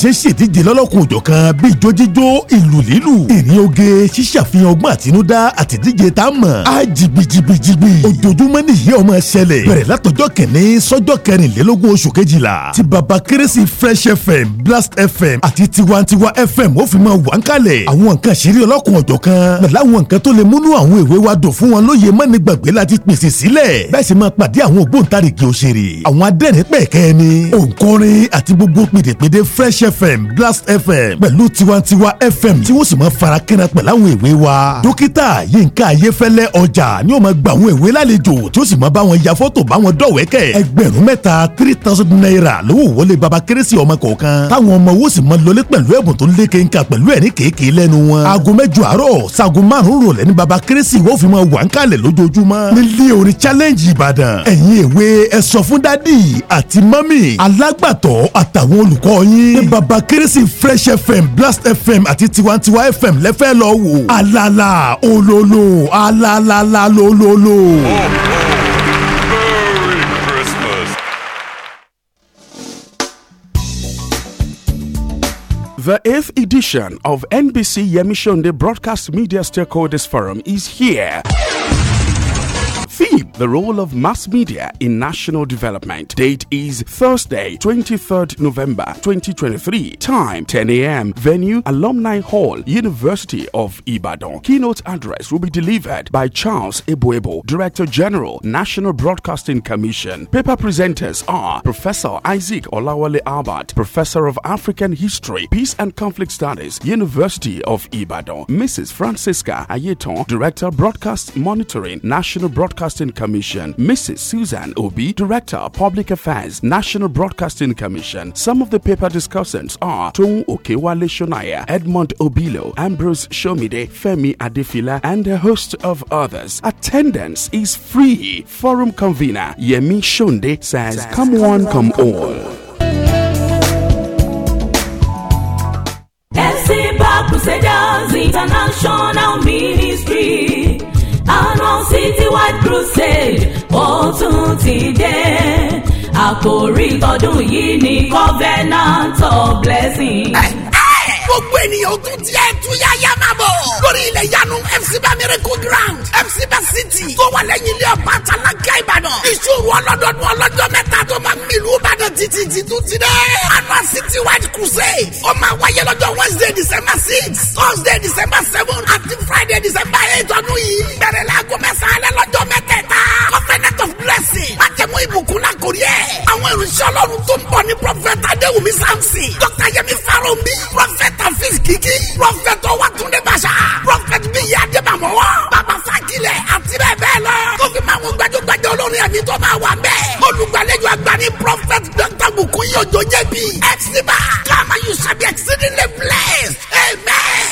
ṣe ṣèdíje lọ́lọ́kùn òjọ̀ kan bíi ijó jíjó ìlú lílù ìrìn oge ṣíṣàfihàn ọgbọ́n àtinúdá àtìdíje tá a mọ̀ á jìgbìjìgbìjìgbì ojoojúmọ́ nìyí ọmọ ṣẹlẹ̀ bẹ̀rẹ̀ látọjọ́ kẹ̀ní sọ́jọ́ kẹrìnlélógún oṣù kejìlá ti baba kérésì fresh fm blast fm àti tiwantiwa fm ó fi máa wà ń kalẹ̀ àwọn nǹkan ṣeré ọlọ́kùn ọ̀jọ̀ kan pẹ̀lú àwọn nǹkan tó lè múnú àwọn èwe wa dùn fún wọn lóye mọ́ni gbàgbé láti pèsè sílẹ̀ bẹ́ẹ̀ sì máa pàdé àwọn ògbóǹtarìgì fresh fm blast fm pẹ̀lú tiwantiwa fm tí wọ́n sì máa fara kẹ́ra pẹ̀lú àwọn ìwé wa. dókítà yínká ayéfẹ́lẹ́ ọjà ni ó máa gba àwọn ìwé lálejò tí ó sì máa bá wọn ya fọ́tò bá wọn dọ̀wẹ́kẹ̀. ẹgbẹ̀rún mẹ́ta three thousand naira lówó wọlé baba kérésì ọmọ kọ̀ọ̀kan táwọn ọmọ owó sì máa lọlé pẹ̀lú ẹ̀bùn tó lé kéńkà pẹ̀lú ẹ̀ ní kéèké lẹ́nu wọn. aago mẹ́jọ àárọ̀ sago márùn-ún rọ̀lẹ́ ní baba kérésì wọ́n fi máa wà ń kalẹ̀ challenge ìbàdàn ẹ̀yin èwe ẹ sọ fún dádì àti mọ́mì alágbàtọ́ àtàwọn baba kérésì fresh fm blast fm àti tiwantiwa fm lẹ́fẹ́ lọ wò alala ololo alalala lololo. The eighth edition of NBC Yemishonde Broadcast Media Stakeholders Forum is here. the role of mass media in national development. Date is Thursday, 23rd November 2023. Time 10 a.m. Venue Alumni Hall, University of Ibadan. Keynote address will be delivered by Charles Ebuebo, Director General, National Broadcasting Commission. Paper presenters are Professor Isaac Olawale Albert, Professor of African History, Peace and Conflict Studies, University of Ibadan. Mrs. Francisca Ayeton, Director Broadcast Monitoring, National Broadcasting Commission. Commission, Mrs. Susan Obi, Director of Public Affairs, National Broadcasting Commission. Some of the paper discussants are Tong Okewale Shonaya, Edmond Obilo, Ambrose Shomide, Femi Adefila, and a host of others. Attendance is free. Forum convener Yemi Shonde says, says Come, one, on, come, all. crusade ó tún ti dé àkòrí tọdún yìí ni covenant of blessing gbogbo ènìyàn tún tiẹ̀ tún yá yá máa bọ̀. lórí ilẹ̀ yanu fc bá miracle ground fc bá city tó wà lẹ́yìn ilé ọba àtàlágà ìbàdàn. ìṣòro ọlọ́dọọdún ọlọ́jọ́ mẹ́ta tó máa ń mílùú ìbàdàn títí títún ti dẹ́. annual city wide crusade ó máa wáyé lọ́jọ́ wednesday december six thursday december seven àti friday december eight ọdún yìí. bẹ̀rẹ̀ láago mẹ́sàn-án alẹ́ lọ́jọ́ mẹ́tẹ̀ẹ̀ta. covenant of blessing májẹ̀mú ìbùkún lákòrí ẹ̀. àwọn ìrìnsẹ̀ ọlọ́run tó ń bọ̀ ní prophet adéwùmí samson dr prophet Hafiz Kiki. Prọfẹ̀tì Owátúndé Bàṣà. Prọfẹ̀tì Bíyì Adébàmọ́wọ́. Bàbá Fákilẹ̀ àti bẹ́ẹ̀ bẹ́ẹ̀ lọ. Tó fi máa mú gbajúgbajà olórin ẹ̀mí tó máa wà bẹ́ẹ̀. Olùgbàlejò àgbà ní Prọfẹ̀tì Dr. Bukunyi Ojo Jẹ̀bi. Ẹ̀sìnbà. Kàmá you sabi exceedingly blessed. Amen.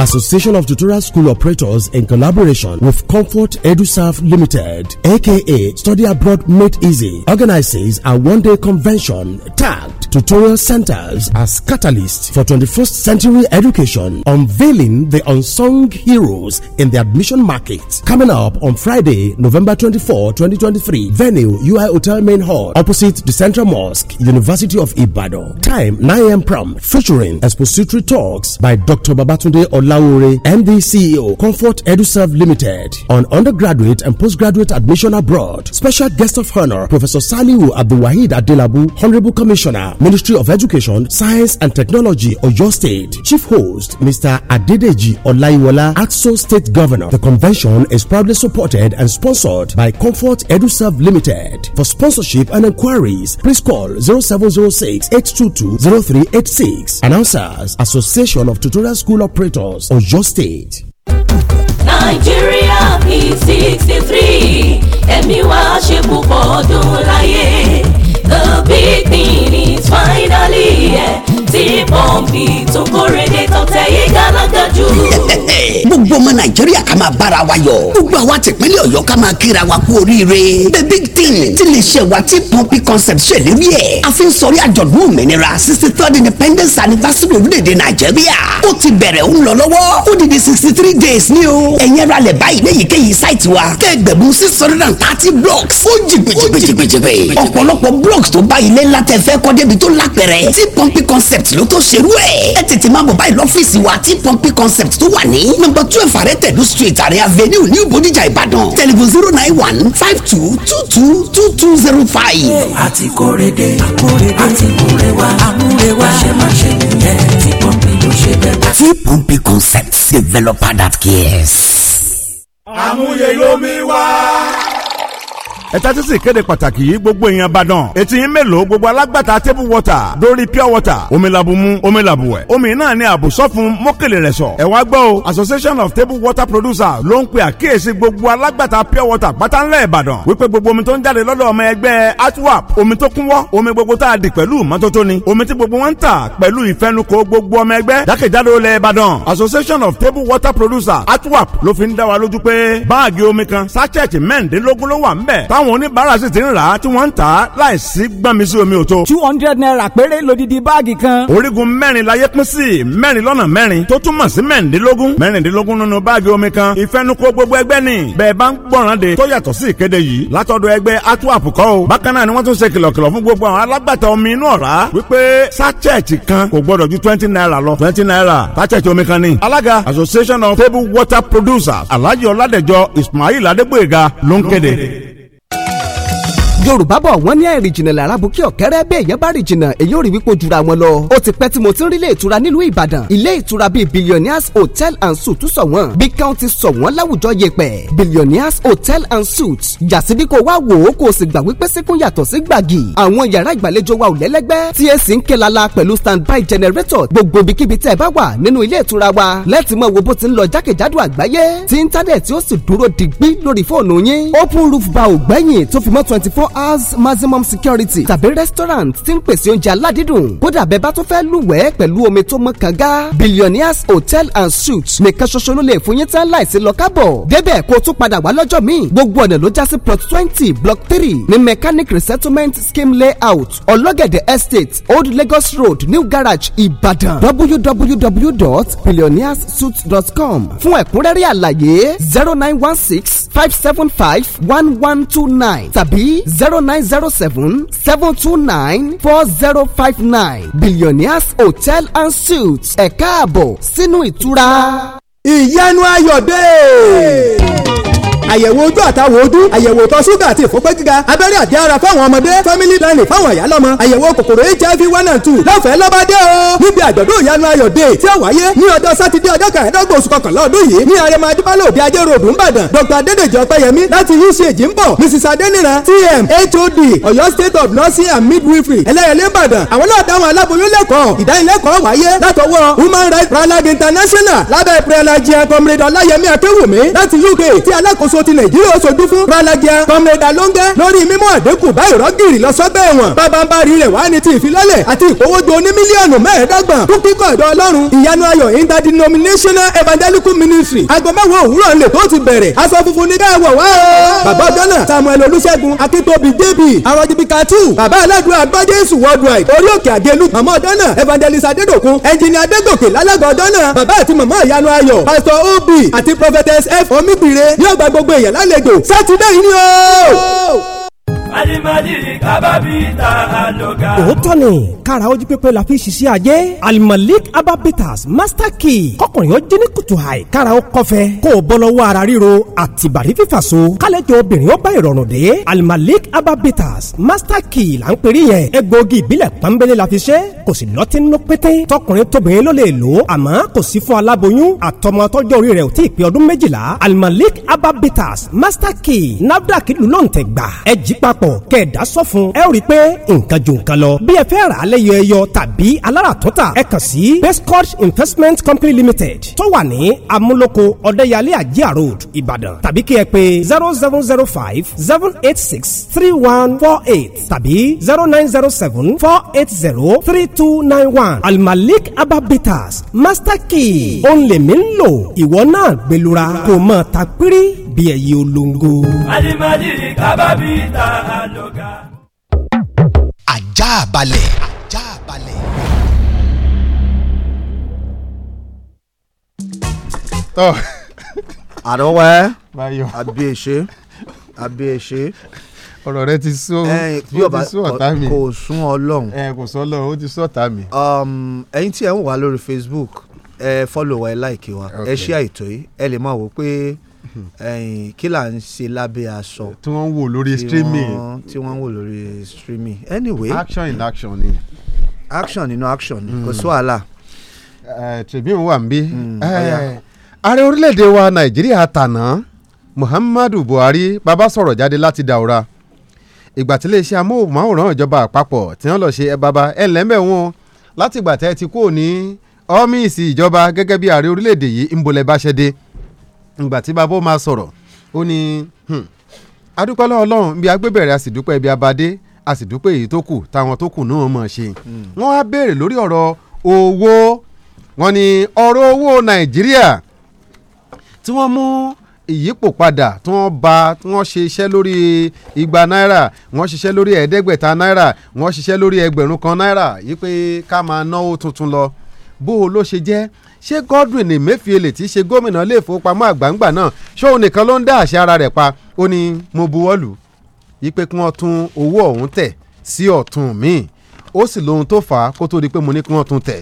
Association of Tutorial School Operators in collaboration with Comfort EduServe Limited, aka Study Abroad Made Easy, organizes a one day convention tagged Tutorial Centers as Catalysts for 21st Century Education, unveiling the unsung heroes in the admission market. Coming up on Friday, November 24, 2023, venue UI Hotel Main Hall, opposite the Central Mosque, University of Ibadan. Time 9 a.m. prompt, featuring expository talks by Dr. Babatunde Ol Olaure, MD CEO, Comfort EduServe Limited, on undergraduate and postgraduate admission abroad. Special guest of honor, Professor Saliu Abdulwahid Adelabu, Honorable Commissioner, Ministry of Education, Science and Technology, Oyo State. Chief host, Mr. Adedeji Olaiwola, AXO State Governor. The convention is proudly supported and sponsored by Comfort EduServe Limited. For sponsorship and inquiries, please call 0706 822 0386. Announcers, Association of Tutorial School Operators. Lagos, Oyo State. Nàìjíríà P sixty three ẹ̀mí wa ṣe púpọ̀ ọdún láyé The big thing is finally here. Tí pọ́ǹpì tó kórè dé tọ̀tẹ̀ yìí gàlágà jù. Gbogbo ọmọ Nàìjíríà ká máa bára wa yọ̀. Gbogbo àwa tìpínlẹ̀ Ọ̀yọ́ ká máa kíra wa kú oríire. The big thing ti lè ṣe wa tí pọ́ǹpì concept ṣèlérí ẹ̀. A fi ń sọrí àjọ̀dún òmìnira sixty third independence anniversary orílẹ̀-èdè Nàìjíríà. Ó ti bẹ̀rẹ̀ ó ń lọ lọ́wọ́. Ó di di sixty three days ní o. Ẹ̀yẹ́ ra lẹ̀ báyìí léyìíkéyìí sáìtì wa. Kẹ́gbẹ̀bùn six hundred and thirty blocks. Ó jìgbìjìgbìjìgbìjì blocks tó bá ilé ńlá tẹ́ fẹ́ kọ́ débi tó lápẹ̀rẹ̀ tí pọ́ńpì concept ló tó ṣerú ẹ̀ ẹ tètè máa bọ̀ báyìí lọ́fíìsì wa tí pọ́ńpì concept tó wà ní nọ́mbà twelve àrẹ tẹ̀lú street àrẹ avenue new Bódìjà Ìbàdàn tẹlifon zero nine one five two two two two two zero five. àti kórede àkórede àti múrewa àmúrewa ṣe máa ṣe nìyẹn tí pọ́ńpì ló ṣe bẹ́ẹ̀. tí pọ́ńpì concept developer that cares. àmúyẹ lómi wá ẹ̀ta tí sì kéde pàtàkì yìí gbogbo èèyàn Ìbàdàn ètí yín mélòó gbogbo alágbàtà table water lórí pure water omi labumu omi labuwẹ̀ omi náà ni àbùsọ fún mọ́kèlè rẹ̀ sọ. ẹ wá gbọ́ o association of table water producers ló ń pe àkíyèsí gbogbo alágbàtà pure water pátánlẹ̀ Ìbàdàn wípé gbogbo omi tó ń jáde lọ́dọ̀ ọmọ ẹgbẹ́ atwap omi tó kúnwọ́ omi gbogbo tá a dì pẹ̀lú mọ́tótó ni omi tí gbogbo wọn ń tà pẹ̀lú ìfẹnukò association of table water producers atwap ló fi ń dá wa lójú pé báàgì omi kan sachet báwọn oníbàárà sì ti ń rà á tí wọ́n ń tà á láìsí gbọ́nmi sí omi òtó. two hundred naira péré lodidi báàgì kan. orígun mẹ́rin la yẹ pín sí mẹ́rin lọ́nà mẹ́rin tó túmọ̀ sí mẹ́rìndínlógún mẹ́rìndínlógún nínú báàgì omi kan ìfẹnukò gbogbo ẹgbẹ́ ni bẹ́ẹ̀ bá ń gbọ́ràn de tó yàtọ̀ sí ìkéde yìí látọ̀dọ̀ ẹgbẹ́ atuapu kọ́ o bákan náà ni wọ́n tún ṣe kìlọ̀kìlọ̀ fún gbogbo àwọn alágbàtà omi inú ọ̀rá wípé sachet kan kò twenty naira lọ twenty naira sachet omi kan ni. association of table water producers alhaji ọládẹjọ ismail adégbòyega ló ń yorùbá bọ̀ wọ́n ní àìrìnjìnà làràbù kí ọ̀kẹ́rẹ́ bí èèyàn bá rìnjìnà èyí ò rí wípé jura wọn lọ. ó ti pẹ́ tí mo ti ń rí ìtura nílùú ìbàdàn ilé ìtura bíi billionaires hotel and suites sọ wọ́n bí káwọn sọ wọ́n láwùjọ yẹpẹ̀ billionaires hotel and suites yàsíbí kò wá wò ó kò sì gbà wípé síkún yàtọ̀ sí gbàgì àwọn yàrá ìgbàlejò wa ò lẹ́lẹ́gbẹ́ tí èsì ń ké lala pẹ̀lú standby generator gbogbo ibikíbi tẹ́ ẹ bá wà nínú ilé ìtura wa lẹ́tì mọ́ wo bó ti ń lọ jákèjádò àgbáyé tí íńtánẹ̀tì ó sì dúró digbí lórí fóònù yín open roof bar ò gbẹ́yìn tó fi mọ́ twenty four house maximum security tàbí restaurant tí ń pèsè oúnjẹ aládídùn kódà bẹ́ẹ̀ bá tún fẹ́ lúwẹ̀ẹ́ pẹ̀lú omi tó mọ́ kànga billionaires hotel and suites nìkan ṣoṣo ló lè fún yín tán láìsí lọ kábọ̀ débẹ̀ kó o tún padà wá lọ́jọ́ míì gbogbo ọ̀nà ló já sí plot twenty block three ní mechanic resettlement scheme layout ọlọ́gẹ̀dẹ̀ estate old lagos road new garage ìbàdàn www.billionairessuites.com fún ẹ̀kúnrẹ́rẹ́ àlàyé zero nine one six five seven five one one two nine tàbí zero zero nine zero seven seven two nine four zero five nine billionaires hotel and suites ẹ̀ka àbọ̀ sínú ìtura. ìyanu ayọ̀dẹ̀ àyẹ̀wò ojú àtàwọ̀ ojú àyẹ̀wò ìtọ̀ ṣúgà àti ìfúnpẹ́ gíga abẹ́rẹ́ àti ara fáwọn ọmọdé family planning fáwọn ìyálọ́mọ àyẹ̀wò kòkòrò hiv one and two lọ́fẹ̀ẹ́ lọ́bàdé o níbi àjọ̀dún ìyanu ayọ̀ dé tí ó wáyé ní ọjọ́ sátidé ọjọ́ kẹẹ̀ẹ́dọ́gbọ̀n oṣù kọkànlá ọdún yìí ní arẹmọ adébálò òbí ajé ròdù ńbàdàn dr adédèjì ọpẹ́yẹmí láti uch ń bọ̀ mrs adéníran tm hod ọ̀yọ́ state of nursing and midwifery ẹlẹ́yẹlé ńbàdàn àwọn náà dáhùn aláboyún lẹ́kọ̀ọ́ ìdánilẹ́kọ̀ọ́ wáyé látọwọ́ human rights pralad international lábẹ́ pralad jẹ́ comrade ọláyẹmí akéwùmí láti uk tí alákòóso ti nàìjíríà ṣojú fún rálẹ́jẹ kọ́mẹ́dà lóńgẹ́ lórí mímú àdínkù bá ìrọ́gìrì lọ sọ́gbẹ́ ẹ̀wọ̀n rẹ̀ wá ní ti ìfilọ́lẹ̀ àti ìkówójọ oní mílíọ̀nù mẹ́ẹ̀ẹ́dọ́gbọ̀n fún kíkọ́ ọ̀dọ́ ọlọ́run ìyanu ayọ̀ interdenominational evangelical ministry aago òwúrọ̀ ń lè tó ti bẹ̀rẹ̀ aṣọ funfun ní káàwọ̀ wá o. bàbá ọjọ́ samuel olùṣègùn akíntóbi jb arọ́jibí gbogbo èèyàn lálejò sátidé yìí ni o alimaliri kababita aloga. òótọ́ ni kára ojú pépé la fi ṣiṣẹ́ ajé alimalik ababitas master key kọkùnrin ó jẹ́ ní kùtù àì kára ó kọfẹ́ kó o bọ́ lọ́wọ́ ara ríro àtibàrí fífà so kálẹ̀jọ obìnrin ó bá ìrọ̀rùn dé alimalik ababitas master key là ń pèrè yẹn egbòogi ìbílẹ̀ pọ́nbélé la fi ṣe kò sì lọ́tí nínú pété tọkùnrin tóbìnrin ló lè lò àmọ́ kò sí fún aláboyún àtọmọ tọjọ́ orí rẹ̀ ò tí ì pé ọdún méjìlá alimalik ababitas master key nafdac lulọ̀ǹtẹ̀ gbà pọ̀n kẹ̀ẹ́dá sọ́fun ẹ rí i pé nǹkan ju nǹkan lọ. bí ẹ fẹ́ rà á lẹ́yọ ẹyọ tàbí aláràtúntà ẹ kàn sí bestcourt investment company limited tó wà ní amúlòkó ọ̀dẹ́yàlé àjíà road ìbàdàn tàbí kí ẹ pé zero seven zero five seven eight six three one four eight tàbí zero nine zero seven four eight zero three two nine one almalik ababitas master key òun lèmi ń lò ìwọ náà gbẹlura kò mọ̀ ta bí ẹyẹ olóńgó. àdìmọ́dìrì kábàbí ta àlọ́gà. ajá balẹ̀. ajá balẹ̀. tọ́. àdánwẹ́ àbí èṣe àbí èṣe ọ̀rọ̀ rẹ ti sún ọ̀tá mi kò sún ọlọ́run kò sún ọlọ́run ó ti sún ọ̀tá mi. Um, ẹ̀yin tí ẹ ń wà lórí Facebook ẹ fọ́lọ̀ wa ẹ láìkí wa ẹ ṣí àìtó yìí ẹ lè máa wò pé kí là ń ṣe lábẹ́ aṣọ. tí wọ́n ń wò lórí streaming. tí wọ́n ń wò lórí streaming. anyway action in action ni. action nínú action kò hmm. sí wàhálà. tribune wà ń hmm, ààrẹ orílẹ̀-èdè wa nàìjíríà tàná muhammadu buhari bàbá sọ̀rọ̀ jáde láti Daura ìgbà tí iléeṣẹ́ amóhùnmáwòrán ìjọba àpapọ̀ tí wọ́n lọ ṣe ẹ bàbá ẹ lẹ́mẹ̀ wọn láti ìgbà tẹ́ ẹ ti kúrò ní ọ́míìsì ìjọba gẹ́gẹ́ bí ààrẹ orílẹ̀-èdè yìí ń bolẹ̀ bá ṣe dé ìgbà tí bàbá ó máa sọ̀rọ̀ ó ní hmm, adúpẹ́ lọ́wọ́ ọlọ́run bí agbébẹ̀rẹ̀ a sì dúpẹ́ bí abadé a sì dúpẹ́ èyí tó kù táwọn tó kù náà mọ̀ ṣe hmm. wọ́n á béèrè lórí ọ̀rọ̀ owó wọn ni ọ̀rọ̀ owó nàìjíríà tí wọ́n mú ìyípo padà tí wọ́n bá wọ́n ṣiṣẹ́ lórí igba náírà wọ́n ṣiṣẹ́ lórí ẹ̀ẹ́dẹ́gbẹ̀ta náírà wọ́n ṣiṣẹ́ lórí ẹgbẹ̀rún kan náírà yí pé ká máa náwó tuntun lọ bó o ló ṣe jẹ́ ṣé Godwin Emefiele tí í ṣe gómìnà ilé ìfowópamọ́ àgbàǹgbà náà ṣóun nìkan ló ń dá àṣẹ ara rẹ̀ pa ó ní mo buwọ́lù yí pé kí wọ́n tún owó ọ̀hún tẹ̀ sí ọ̀tún míì ó sì lóhun tó fà á kó tó di pé mo ní kí wọ́n tún tẹ̀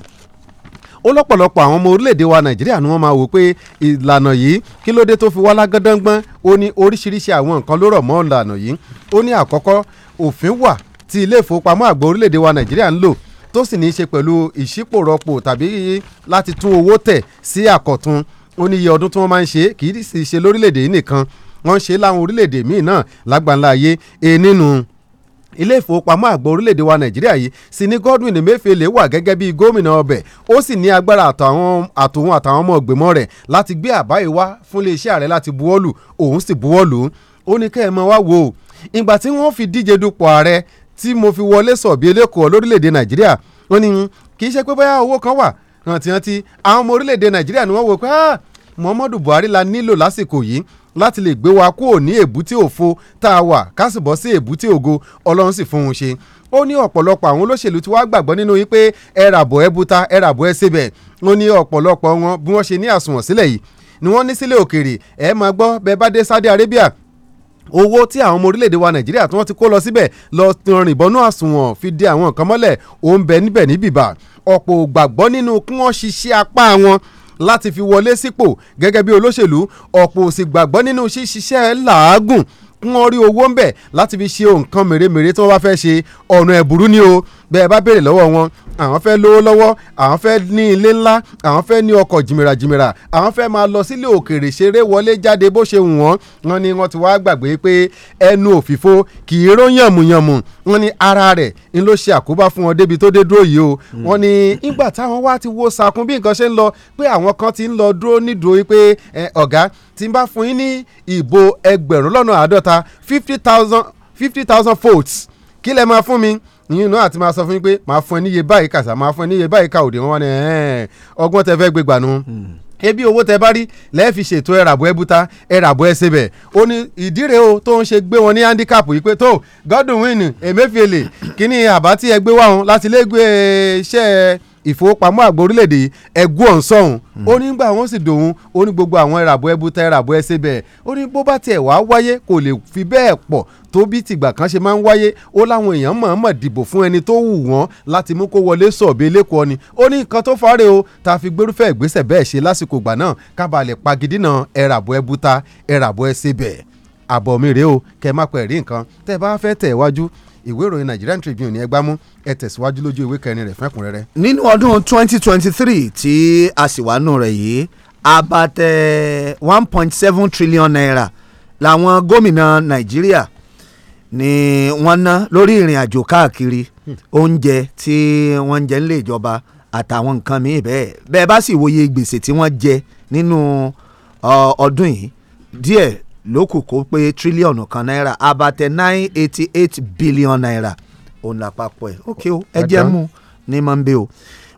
ó lọ́pọ̀lọpọ̀ àwọn ọmọ orílẹ̀-èdè wa nàìjíríà ni wọ́n máa wò pé ìlànà yìí kí ló dé tó fi wá lágádángbọ́n ó ní oríṣiríṣi àwọn nǹkan ló rọ̀ mọ́ ìlànà yìí ó ní àkọ́kọ́ òfin wà tí ilé ìfowópamọ́ àgbà orílẹ̀-èdè wa nàìjíríà ń lò tó sì ní í ṣe pẹ̀lú ìṣípòrọ́pò tàbí láti tún owó tẹ̀ sí àkọ̀tun ó ní iye ọdún tí wọ́n máa ń ṣe kì í sì ṣe lórílẹ̀‐èdè yìí nìkan wọ́n ń ṣe láwọn orílẹ̀‐èdè míì náà lágbàńlá ayé e nínú ilé ìfowópamọ́ àgbà orílẹ̀-èdè wa nàìjíríà yìí sì ní godwin emefiele wà gẹ́gẹ́ bí gómìnà ọbẹ̀ ó sì ní agbára àtòun àtàwọn ọmọ ìgbìmọ̀ rẹ̀ láti gbé àbá yìí wá fún iléeṣẹ́ ààrẹ láti buwọ́lù òun sì buwọ́lù ó ní kẹ́ ẹ mọ wá wò ìgbà tí wọ́n fi díje dupò ààrẹ tí mo fi wọlé sọ bí eléko lórílẹ̀‐èdè nàìjíríà wọ́n ní kì í ṣe pé bóyá owó kan wà rántí-rántí àwọn ọmọ orílẹ̀‐èdè nàìjíríà ni wọ́n wò pé muhammadu buhari la nílò lásìkò yìí láti lè gbé wa kúrò ní èbúté òfo tá a wà ká sí èbúté ògo ọlọ́run sì fún un ṣe ó ní ọ̀pọ̀lọpọ̀ àwọn olóṣèlú tí wàá gbàgbọ́ nínú yìí pé ẹ ràbọ̀ ẹ buta ẹ ràbọ̀ ẹ sebẹ̀ ó ní ọ̀pọ̀lọpọ̀ wọn bí wọ́n ṣe ní àsùnwọ̀n sílẹ̀ yìí ni wọ́n ní sílẹ̀ òkèèrè ẹ máa gbọ́ bẹ́ẹ̀ bá dé Saudi Arabia owó tí àwọn ọmọ orílẹ̀-èdè wa nàìjíríà tí wọ́n ti kó lọ síbẹ̀ lọ rìn bọ́nú àsùnwọ̀n fi de àwọn nǹkan mọ́lẹ̀ òun bẹ níbẹ̀ níbìbà ọ̀pọ̀ ò gbàgbọ́ nínú kí wọ́n ṣiṣẹ́ apá wọn láti fi wọlé sípò gẹ́gẹ́ bí olóṣèlú ọ̀pọ̀ ò sì gbàgbọ́ nínú ṣíṣiṣẹ́ làágùn kí wọ́n rí owó ń bẹ̀ láti fi ṣe nǹkan mèremère tí wọ́n bá fẹ́ ṣe ọ̀nà ẹ̀bùrú ni o bẹ́ẹ̀ bá béèrè lọ́wọ́ wọn àwọn fẹ́ lówó lọ́wọ́ àwọn fẹ́ ní ilé ńlá àwọn fẹ́ ní ọkọ̀ jìmìràjìmìrà àwọn fẹ́ máa lọ sílé òkèèrè ṣeré wọlé jáde bó ṣe wù wọ́n wọn ni wọ́n ti wá gbàgbé pé ẹnu òfìfo kì í ró yànmùyànmù wọn ni ara rẹ̀ ń ló ṣe àkóbá fún wọn débi tó dé dúró yìí o hmm. wọn ni ìgbà táwọn wá ti wo sàkún bí nǹkan ṣe ń lọ pé àwọn kan ti ń lọ dúró nídùú pé ọ̀gá tí bá fún yín ní ìbò ẹgbẹ̀rún lọ́nà àádọ́ta fifty thousand fifty thousand votes kí lẹ máa fún mi yín inú àti máa sọ fún yín pé máa fún ẹ níye báyìí kàṣà máa fún ẹ níye báyìí káòdì wọn ni ọgbọ́n tẹ fẹ́ gbé gbà nù hmm. ebi owó tẹ bá rí lẹ́ẹ̀fi ṣètò ẹ̀ràbọ̀ ẹ̀bùta ẹ̀ràbọ̀ ẹ̀ṣẹ̀ bẹ̀ ó ní ìdíre o tó ń ṣe gbé wọn ní handicap yìí pé tó Godwin Emefiele kíní àbá tí ẹ gbé wá wọn láti lé gbé eh, iṣẹ́ ìfowópamọ́ àgbà orílẹ̀-èdè ẹ̀gún ọ̀nsọ̀hún hmm. ó ní gbà wọ́n sì dòun ó ní gbogbo àwọn ẹ̀ràbọ̀ ẹ̀bù ta ẹ̀ràbọ̀ ẹ̀ṣẹ̀ bẹ́ẹ̀ ó ní bó bá tiẹ̀ wá wáyé kò lè fi bẹ́ẹ̀ pọ̀ tó bí tìgbà kan ṣe máa ń wáyé ó láwọn èèyàn mọ̀ọ́mọ̀ dìbò fún ẹni tó wù wọ́n láti mú kó wọlé sọ̀bẹ lẹ́kọ̀ọ́ ni ó ní nǹkan tó fárẹ̀ o ta fi gbérúfẹ́ ìgbésẹ̀ bẹ́ẹ̀ ṣe lásìkò ìgbà náà kábàlẹ̀ pagidínà ẹ̀ràbọ̀ ẹ̀bù ẹ̀ràbọ̀ ẹ̀ṣẹ̀ bẹ́ẹ̀ àbọ̀ mi rèé o kẹ́ má pẹ̀ nǹkan tẹ́ bá fẹ́ tẹ̀ wájú ìwé ìròyìn Nigerian Tribune ní ẹgbàá mú ẹ tẹ̀síwájú lójú ìwé kẹrin rẹ̀ fẹ́kùnrẹ́rẹ́. nínú ọdún 2023 tí a sì wà nù rẹ̀ yìí abatẹ 1.7 trillion naira làwọn gómìnà Nàìjíríà ni wọ́n ná lórí ìrìn àjò káàkiri hmm. oúnjẹ tí wọ́n ń jẹ nílé ìjọba àtàwọn nǹkan míì bẹ́ẹ̀ bẹ́ẹ̀ bá sì wòye gbèsè tí wọ́n jẹ nínú ọdún yìí díẹ̀ lókù kó pé tírílíọ̀nù kan náírà abatẹ nine eighty eight billion naira òun lápapọ̀ ẹ̀ ok o ẹ jẹ́ mú ní mọ́ńbé o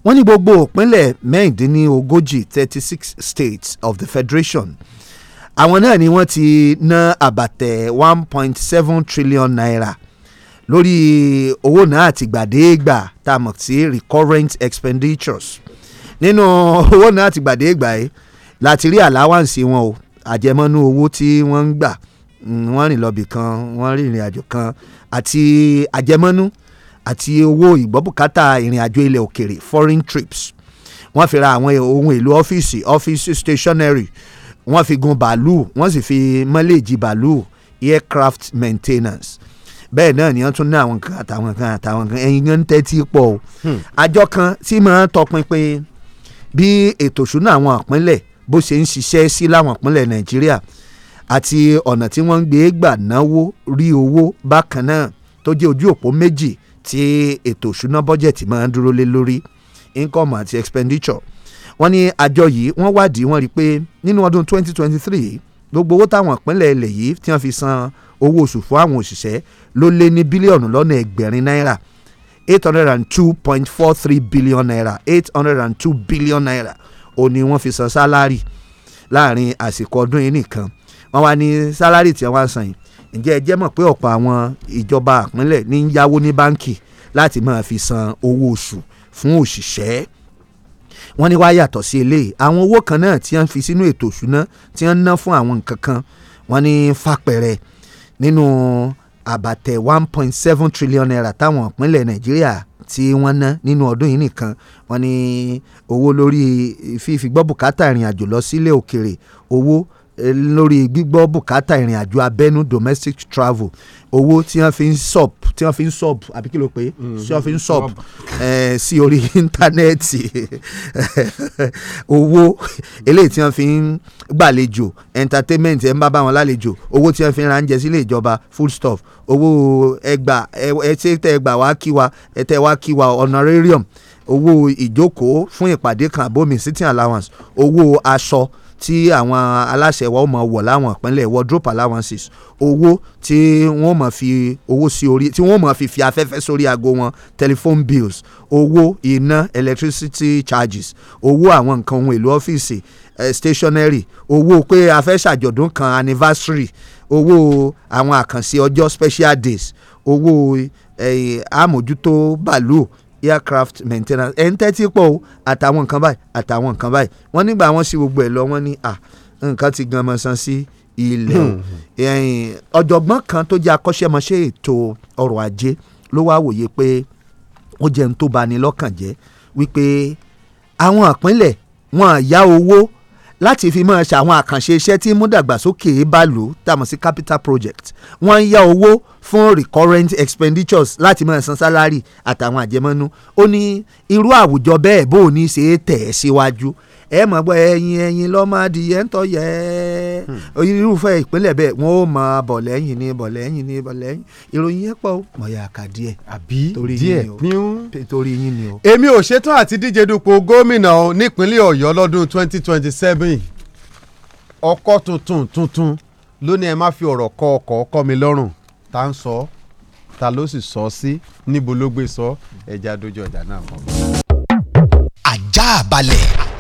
wọ́n ní gbogbo ìpínlẹ̀ mẹ́rìndínlógójì thirty six states of the federation àwọn náà ni wọ́n ti ná àbàtẹ̀ one point seven trillion naira lórí owó náà àtìgbàdégbà tá a mọ̀ sí recurrent expenditures nínú owó náà àtìgbàdégbà yìí láti rí àláwáǹsì wọn o àjẹmọ́nú owó tí wọ́n ń gbà mm, wọ́n rìn lọ́bì kan wọ́n rìn ìrìn àjò kan àti àjẹmọ́nú àti owó ìgbọ́bùkátà ìrìn àjò ilẹ̀ òkèrè foreign trips wọ́n fi ra àwọn ohun èlò ọ́fíìsì ọ́fíìsì stationery wọ́n fi gun bàálù wọ́n sì fi mọ́lẹ́ẹ̀jì bàálù aircraft maintenance bẹ́ẹ̀ náà ni wọ́n tún ní àwọn kan àtàwọn kan àtàwọn kan ẹ̀yin gan tẹ́tí pọ̀ o hmm. àjọ kan tí máa ń tọpinpin bí ètò ìṣúná àwọn ìpínlẹ̀ bó ṣe ń ṣiṣẹ́ sí láwọn ìpínlẹ̀ nàìjíríà àti ọ̀nà tí wọ́n ń gbé gbà náwó rí owó bákan náà tó jẹ́ ojú òpó méjì tí ètò ìṣúná bọ́jẹ̀tì máa ń dúró lé lórí income àti expenditure wọ́n ní àjọ yìí wọ́n wádìí wọ́n rí i pé nínú ọdún 2023 gbogbo owó táwọn ìpínlẹ̀ ilẹ̀ yìí tí wọ́n fi san owó oṣù fún àwọn òṣìṣẹ́ ló lé ní bílíọ̀nù lọ́nà ẹgbẹ̀rin náírà eight hundred and two point four three billion naira eight hundred and two billion naira ó ní wọ́n fi san sálárì láàrin àsìkò ọdún yìí nìkan wọ́n wá ní sálárì tí wọ́n á san yìí ǹjẹ́ ẹ jẹ́ mọ̀ pé ọ̀pọ̀ àwọn ìjọba àpínlẹ̀ ní ń yáwó ní báǹkì láti máa fi san owó oṣù fún òṣìṣẹ́ wọ́n ní wá yàtọ̀ sí eléyìí àwọn owó kan náà tí wọ́n fi sínú ètò ìṣúná tí wọ́n ná fún àwọn nǹkan kan wọ́n ní fapẹ̀rẹ̀ nínú àbàtẹ̀ one point seven trillion naira táwọn ìpínlẹ̀ Nàìjíríà tí wọ́n ná nínú ọdún yìí nìkan wọ́n ní owó lórí fífi gbọ́ bùkátà ìrìn àjò lọ sílé òkèrè owó Eh, lórí gbígbọ́ bùkátà ìrìn àjò abẹ́nú domestic travel owó tí wọ́n fi ń sub tí wọ́n fi ń sub àbí kí ló pé mm, tí wọ́n fi ń sub eh, sí orí (laughs) íńtánẹ́ẹ̀tì owó eléyìí tí wọ́n fi ń gbàlejò entertainment ẹ̀ ń bá bá wọn lálejò owó tí wọ́n fi ń ránjẹ sílé ìjọba full stop owó ẹgbà ẹ ṣe tẹ ẹgbà wá kí wa ẹ tẹ wá kí wa honorarium owó ìjókòó fún ìpàdé kan àbómi sitting allowance owó aṣọ tí àwọn aláṣẹ wa ó mọ̀ wọ̀ láwọn ìpínlẹ̀ wardrobe allowances owó tí wọ́n mọ̀ fi owó sí orí tí wọ́n mọ̀ fi fi afẹ́fẹ́ sórí aago wọn telephone bills owó iná electricity charges owó àwọn nǹkan ohun èlò ọ́fíìsì eh, stationery owó pé a fẹ́ ṣàjọ̀dún kan anniversary owó àwọn àkànṣe ọjọ́ special days owó àmójútó eh, bàálù aircraft maintenance ẹ̀ ń tẹ́tí pọ̀ o àtàwọn nǹkan báyìí àtàwọn nǹkan báyìí wọ́n nígbà wọ́n sí gbogbo ẹ̀ lọ wọ́n ní à nǹkan ti gan mọ́ san sí ilẹ̀ o (laughs) hmm. ọ̀jọ̀gbọ́n kan tó jẹ́ akọ́ṣẹ́mọṣẹ́ ètò ọrọ̀ ajé ló wá wòye pé ó jẹun tó bani lọ́kàn jẹ́ wípé àwọn ìpínlẹ̀ wọn à owó láti fi máa ṣe àwọn àkànṣe iṣẹ́ tí múdàgbàsókè bá lò tàmọ̀ sí capital project wọ́n ń yá owó fún recurrent expenditures láti máa san sálárì àtàwọn àjẹmọ́nú ó ní irú àwùjọ bẹ́ẹ̀ bó o ní ṣe é tẹ̀ ẹ́ síwájú. Si ẹ mọ̀ gbọ́ ẹyin ẹyin lọ́mọ adìyẹ ń tọ́yẹ hmm. irúfẹ́ ìpínlẹ̀ bẹ́ẹ̀ wọ́n ó máa bọ̀ lẹ́yìn ni bọ̀ lẹ́yìn ni bọ̀ lẹ́yìn ìròyìn yẹn pọ̀ mọ̀yà àkà díẹ̀ àbí díẹ̀ píún torí yín ni o. èmi ò ṣetán àti díje dupò gómìnà nípínlẹ̀ ọ̀yọ́ lọ́dún twenty twenty seven ọkọ̀ tuntun tuntun lónìí ẹ má fi ọ̀rọ̀ kọ ọkọ̀ ọkọ mi lọ́rùn ta ń sọ ta ló sì sọ sí níbo ló gbé sọ ẹja dojú ọjà náà kọ. àjà balẹ̀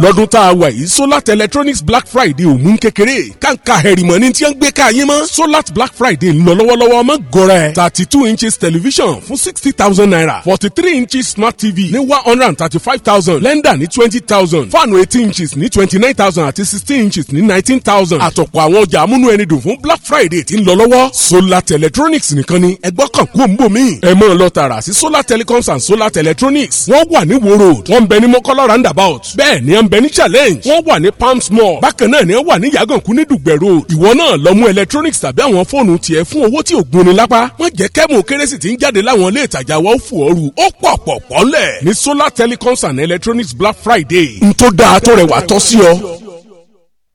lọ́dún tá a wà yìí solat electronics black friday ò mú kékeré kàńkà hẹ̀rìmọ̀ ni tí wọ́n gbé káyé mọ́ solat black friday ń lọ lọ́wọ́lọ́wọ́ ọmọ gọ́rẹ́ thirty two inches television fún sixty thousand naira forty three inches smart tv ní one hundred and thirty five thousand blender ní twenty thousand fáànù eighteen inches ní twenty nine thousand àti sixteen inches ní nineteen thousand àtọ̀pọ̀ àwọn ọjà amúnú ẹni dùn fún black friday tí ń lọ lọ́wọ́ solat electronics nìkan ni ẹgbọ́ kan kú òǹbò mi ẹ mọ̀ lọ tààrà sí solar telecoms and solar electronics wọ́n wà ní wo road wọ́n ń bẹ ní mọ́kọ́lá roundabout bẹ́ẹ̀ ni ń challenge wọ́n wà ní palms mall bákan náà ni wọ́n wà ní yàgànkú ní dùgbẹ̀ road ìwọ náà lọ mú electronics tàbí àwọn fóònù tiẹ̀ fún owó tí ò gbóni lápá wọ́n jẹ́ kẹ́mù kérésì tí ń jáde láwọn ilé ìtajà wa ó fò ooru ó pọ̀ pọ̀ pọ́lẹ̀ ní solar telecoms and electronics black friday n tó dáa tó rẹwà tọ́ sí ọ.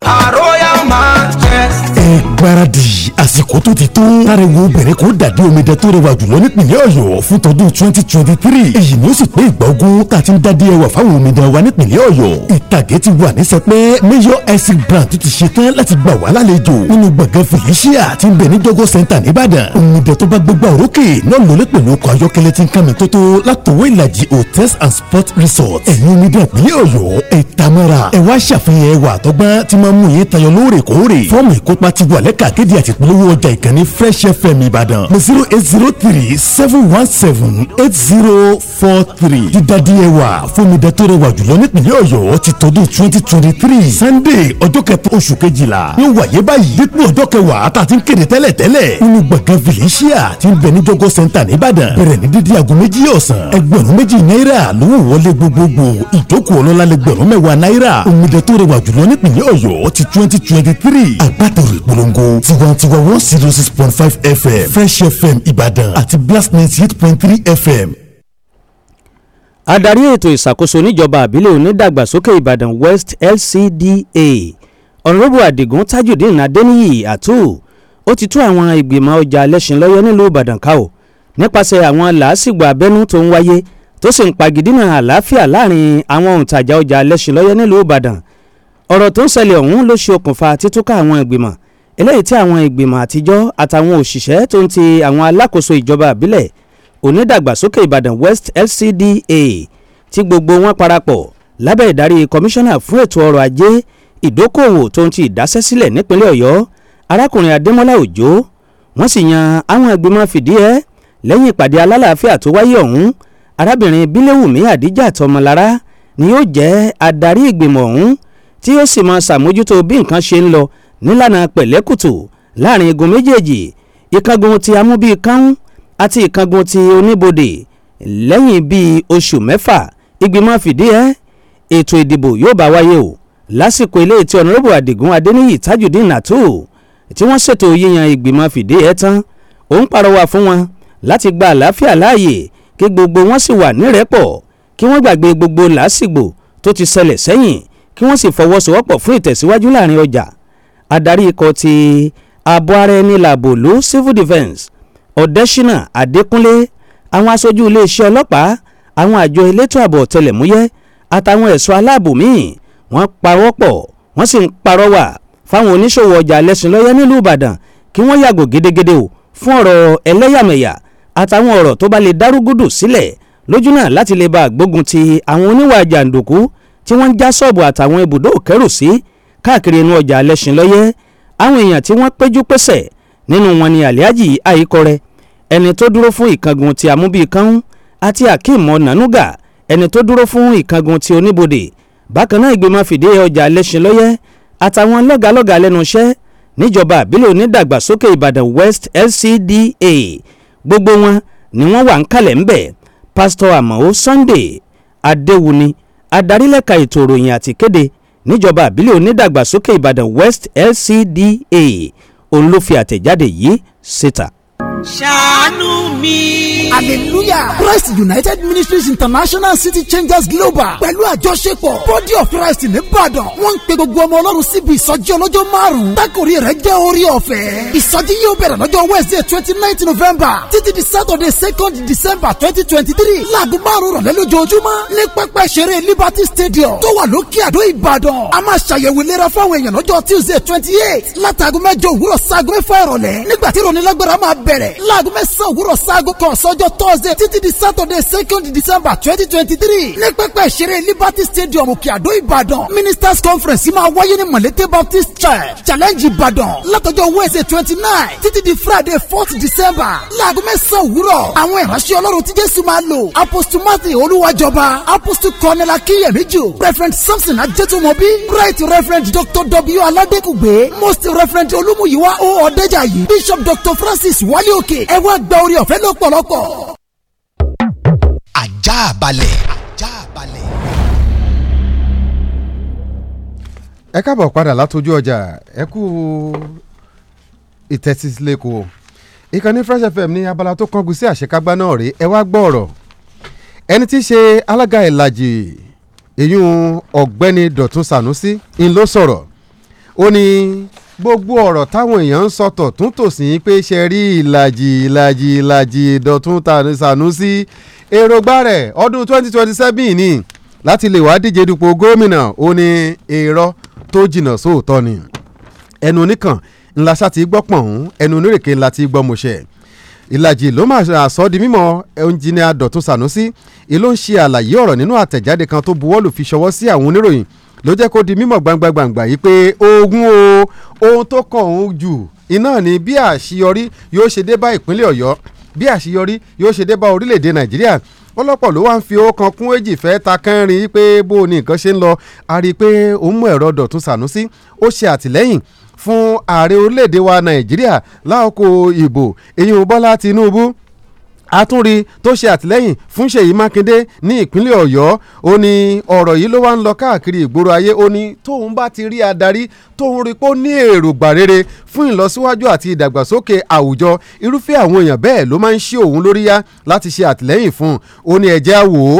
àròyá máa ẹ gbáradì àsìkò tó ti tó ariwo bẹ̀rẹ̀ kó dàdí omidan tó rẹwà jùlọ nípìnlẹ̀ ọ̀yọ́ fún tọdún twenty twenty three èyí ni ó sì pé ìgbà ogún tá a ti ń dádí ẹwà fáwọn omidan wa nípìnlẹ̀ ọ̀yọ́ ìtàgé ti wà ní sẹpẹ́ mayor essex brand ti ṣe tán láti gbà wá lálejò nínú gbọ̀ngàn felicia ti ń bẹ ní jọgọ́ center nìbàdàn omidan tó bá gbégbá òrókè náà ló lé pẹ̀lú ọkọ̀ ayọ́kẹ́lẹ́ ti ń kàn mí tótó látòwé and sport resort ẹ̀yin omidan ìpínlẹ̀ ọ̀yọ́ ẹ̀ tamara ẹ̀ wá ṣàfihàn ẹwà àtọ́gbọ́n ti máa mú yín àwọn ìkópa ti wà lẹ́ka akéde àti ìpolówó ọjà ìkànnì fresh fm ìbàdàn ní zero eight zero three seven one seven eight zero four three dídádì ẹwà fúnmidà tó rẹwà jùlọ nípìnlẹ̀ ọ̀yọ́ ti tọdún twenty twenty three sunday ọjọ́ kẹta oṣù kejìlá yóò wáyé báyìí dípò ọjọ́ kẹwàá tá a ti ń kéde tẹ́lẹ̀ tẹ́lẹ̀ nínú gbọ̀ngàn felicia ti ń bẹ ní jọgọ sẹ́ńtà nìbàdàn bẹ̀rẹ̀ ní dídí aago méjì ọ̀sán ẹgbẹ̀rún méjì náírà ló ń wọlé gbogbogbò ìjókòó ọlọ́lá lẹgbẹ̀rún mẹ́wàá náírà òmìnira rẹwà jùlọ nípìnlẹ̀ ọ̀yọ́ ti twenty twenty three àgbẹ̀ agbátẹrù ìpolongo tiwantiwa one zero six point five fm fresh fm ìbàdàn àti blast ninety eight point three fm. adarí ètò ìṣàkóso níjọba àbílẹ̀ onídàgbàsókè ìbàdàn west lcda ọ̀nrọ́bù àdìgún tajudeen adéníyì àtú ó ti tú àwọn ìgbìmọ̀ ọjà alẹ́sìnlọ́yẹ́ nílùú ìbàdàn ká o nípasẹ̀ àwọn làásìgbò abẹ́nú tó ń wáyé tó sì ń pagidínà àlàáfíà láàrin àwọn òǹtajà ọjà alẹ́sìnlọ́yẹ́ nílùú ìbàdàn ọ̀rọ̀ tó ń ṣẹlẹ̀ ọ̀hún ló ṣe okùnfà títúkà àwọn ìgbìmọ̀ eléyìí tí àwọn ìgbìmọ̀ àtijọ́ àtàwọn òṣìṣẹ́ tó ń ti àwọn alákòóso ìjọba àbílẹ̀ onídàgbàsókè ìbàdàn west lcda tí gbogbo wọn parapọ̀ lábẹ́ ìdarí kọmíṣánná fún ètò ọrọ̀ ajé ìdókòwò tó ń ti ìdásẹ́sílẹ̀ nípínlẹ̀ ọ̀yọ́ arákùnrin adémọ́lá òjó wọ́n sì yan àwọn ìgbìmọ̀ fìdíhe lẹ́yìn ìpàdé alálàáfíà tó wáyé ọ̀hún arábìnrin bílẹ̀wùmí àdíjà tọmọlára ni yóò jẹ́ adarí ìgbìmọ̀ ọ̀hún tí ó sì máa ṣàmójútó bí nǹkan ṣe ń lọ nílànà pẹ̀lẹ́kùtù láàrin igun méjèèjì ìkangun ti amúbíkánú àti ìkangun ti oníbodè lẹ́yìn bíi oṣù mẹ́fà ìgbìmọ̀ fìdí ẹ́ ètò ìdìbò yóò bá wáyé o lásìkò ilé tí ọ̀nàrẹ́bù àdìgún adéníyì tajudeen nàtó tí wọ́n ṣètò yíyan ìgbìmọ̀ fìdí ẹ́ tán òun pàrọwà fún wọn láti gba àlàáfíà láàyè kí gbogbo wọn sì wà nírẹ́pọ̀ kí wọ́n gbàgbé gbogbo làásìgbò tó ti ṣẹlẹ̀ sẹ́yìn kí wọ́n sì fọwọ́sowọ́pọ̀ fún ìtẹ̀síwájú láàrin ọjà adarí ikọ̀ ti ààbò-ara ẹni làbò ló civil defence ọ̀dẹ́sínà adékúnlé àwọn aṣojú iléeṣẹ́ ọlọ́pàá àwọn àjọ elétò ààbò ọ̀tẹlẹ̀múyẹ́ àtàwọn ẹ̀ṣọ́ aláàbò míì wọ́n pawọ́pọ̀ wọ́n sì ń parọ́wà fáwọn oníṣòwò ọjà lẹ́sìnlọ́yẹ́ nílùú ìbàdàn kí wọ́n yàgò gédégédé o fún ọ̀rọ̀ ẹlẹ́yàmẹ̀yà àtàwọn ọ̀rọ̀ tó bá lè dárúgúdù sílẹ̀ lójú náà láti lè bá gbógun ti àwọn oníwà jàǹdùkú tí wọ́n ń já ṣọ́ọ̀bù àtàwọn ibùdó òkẹ́rù sí káàkiri inú ọjà Alẹ́ṣinlọ́yẹ́ àwọn èèyàn tí wọ́n péjú pésẹ̀ nínú wọn ni Alhaji Ayíkọrẹ ẹni tó dúró fún ìkangun ti amúbíkánú àti Akeem Onanuga ẹni tó dúró fún ìkangun ti oníbodè bákan náà ìgbìmọ̀ fìdí ọjà Alẹ́ṣinlọ́yẹ́ àtàwọn lọ́gàlọ́gà lẹ́nu iṣẹ́ níjọba àbílẹ̀ onídàgbàsókè Ìbàdàn West LCDA gbogbo wọn ni wọ́n wà ń kalẹ̀ ńbẹ̀ pásítọ̀ Àmọ́ Sunday Adéwuni adarí lẹ́ka ètò ìròyìn àti ìkéde níjọba àbílẹ̀ onídàgbàsókè ìbàdàn west lcda òun ló fi àtẹ̀jáde yìí síta ṣàánú mi. hallelujah christ united ministries international city changers global pẹ̀lú àjọṣepọ̀ body of christ nìbàdàn wọ́n ń pe gbogbo ọmọ ọlọ́run síbi ìsọjí ọlọ́jọ́ márùn-ún tákòrí rẹ̀ jẹ́ orí ọ̀fẹ́. ìsọjí yóò bẹ̀rẹ̀ lọ́jọ́ wednesday twenty nine november títí di saturday second december twenty twenty three láago márùn-ún rọ̀lẹ́ lójoojúmọ́ ní pẹ́pẹ́ ṣeré liberty stadium tó wà lókè àdó ìbàdàn a máa ṣàyẹ̀wò ìlera fáwọn èèyàn lọ́jọ́ tuesday twenty eight látàgọ́ mẹ́jọ òwúrọ̀ sáàgọ́ mẹ́fà ìrọ̀lẹ́ nígbà tí ìrọ̀nilágbára máa bẹ̀rẹ̀ bẹ̀rẹ̀ láago mẹ́sàn-án òwúrọ̀ sáago kan sọ́jọ́ thursday títí di saturday second december twenty twenty three ní pẹ́pẹ́ ìṣeré liberty stadium òkè àdó ìbàdàn ministers conference máa wáyé ní mọ̀lété baptist church challenge ìbàdàn látọjọ́ wednesday twenty nine títí di friday fourth december láago mẹ́sàn-án òwúrọ̀ àwọn ìránṣẹ́ ọlọ́run tí jésù máa lò apostle matthew olúwàjọba apostle cornel akínyẹ̀míjò reverend samson ajẹ́tùmọ̀bí right reverend dr w aládékùgbé most reverend olúmúyíwá o ọ̀dẹ́jàyí bishop dr francis wálé òkè ẹ wá gba orí ọ̀fẹ́ lọ́pọ̀lọpọ̀. ajá balẹ̀. ajá balẹ̀. ẹ káàbọ̀ padà látọjú ọjà ẹ kú ìtẹ́sílẹ́kọ̀ọ́ ìkànnì Fresh FM ní abala tó kángun sí àṣekágbá náà rèé ẹ wá gbọ́ ọ̀rọ̀ ẹni tí í ṣe alága ìlàjì èyún ọ̀gbẹ́ni Dọ̀tún Sànúsí ń ló sọ̀rọ̀ ó ní gbogbo ọ̀rọ̀ táwọn èèyàn ń sọ tọ̀tún tòsí pé ṣe rí ìlàjì ìlàjì ìlàjì Dọ̀tun Sànúsí èròǹgbà rẹ̀ ọdún 2027 ni láti lè wá díje dupò gómìnà ó ní irọ́ tó jìnnà sóòótọ́ ni ẹnu oníkan ńlá ṣáà ti gbọ́ pọ̀n ẹnu onírèké ńlá ti gbọ́ mọ̀ṣẹ́ ìlàjì ló máa sọ di mímọ̀ ẹnjìnìà Dọ̀tun Sànúsí ìlú ń ṣe àlàyé ọ̀rọ̀ nínú àtẹ̀jáde kan tó buwọ́lù fi ṣọwọ́ sí àwọn oníròyìn ló jẹ́ kó di mímọ̀ gbangba gbangba yìí pé ogun o ohun tó kàn òun jù iná ni bí àṣeyọrí yóò ṣe dé bá ìpínlẹ̀ ọ̀yọ́ bí àṣeyọrí yóò ṣe dé bá orílẹ̀-èdè nàìjíríà ọlọ́pọ̀ ló wá ń fi ọkàn kún èjì fẹ́ ta kẹrin pé bó o nǹkan ṣe ń lọ a rí i pé ó mú ẹ̀rọ dọ̀tún sànúsí ó ṣe àtìlẹ́yìn fún ààrẹ orílẹ̀-èdè wa nàìjíríà láòkó ìbò èyí ò bọ́lá tinubu Atúnri tó ṣe àtìlẹ́yìn fún Ṣèyí Mákindé ní ìpínlẹ̀ Ọ̀yọ́ ó ní ọ̀rọ̀ yìí ló wá ń lọ káàkiri ìgboro ayé ó ní tóun bá ti rí adarí tóun rí pé ó ní èrògbà rere fún ìlọsíwájú àti ìdàgbàsókè àwùjọ irúfẹ́ àwọn èèyàn bẹ́ẹ̀ ló máa ń ṣí òun lórí yá láti ṣe àtìlẹ́yìn fún un ó ní ẹ̀jẹ̀ àwò ó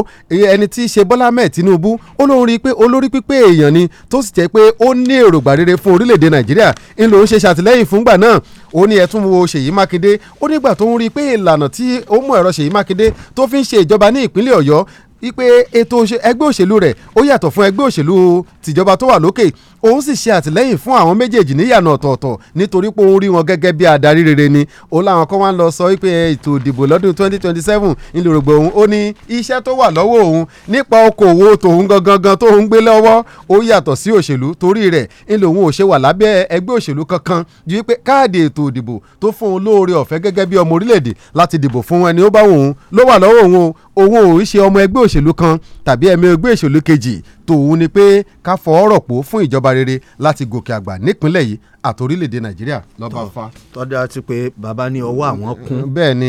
ẹni tí í ṣe Bọ́lá mẹ́ẹ̀ Tinubu ó lóun rí i pé olórí pípé èèyàn ni tó sì jẹ́ pé ó ní èrògbà rere fún orílẹ̀-èdè Nàìjíríà ń lòun ṣe ṣàtìlẹ́yìn fúngbà náà ó ní ẹ tún wo Ṣèyí Mákindé ó nígbà tó ń rí i pé ìlànà tí ó mú ẹ̀rọ Ṣèyí Mákindé tó fi ń ṣe ìjọba ní ìpínlẹ̀ Ọ̀yọ́ wípé ètò ẹgbẹ́ òṣèlú rẹ̀ ó yàtọ̀ fún ẹgbẹ́ òṣèlú tìjọba tó wà lókè òun sì ṣe àtìlẹ́yìn fún àwọn méjèèjì níyànà ọ̀tọ̀ọ̀tọ̀ nítorí pé òun rí wọn gẹ́gẹ́ bí adarí rere ni ó láwọn kan wá ń lọ sọ wípé ètò ìdìbò lọ́dún twenty twenty seven ńlọrọgbọ òun ó ní iṣẹ́ tó wà lọ́wọ́ òun nípa okòwò tòun gangan tó ń gbé lọ́wọ́ ó yàtọ̀ sí òṣèlú torí rẹ̀ ńlọrọgbọ òun ò ṣe wà lábẹ́ ẹgbẹ́ òṣèlú kankan ju wípé káàdì ètò ìdìbò tó fún òun lóore ọ̀fẹ́ gẹ́gẹ́ bí ọmọ orílẹ̀-èdè láti dìbò fún ẹni ó bá òun ló wà lọ́wọ́ òun òun ò ń ṣe ọmọ ẹgbẹ́ òṣèlú kan tàbí ẹ̀mí ẹgbẹ́ òṣèlú kejì tòun ni pé ká fọ ọ̀rọ̀ pò fún ìjọba rere láti gòkè àgbà nípínlẹ̀ yìí àtòrílẹ̀-èdè nàìjíríà lọ́ba fa. tọ́jú àti pé bàbá ní ọwọ́ àwọn kún. Mm, bẹ́ẹ̀ ni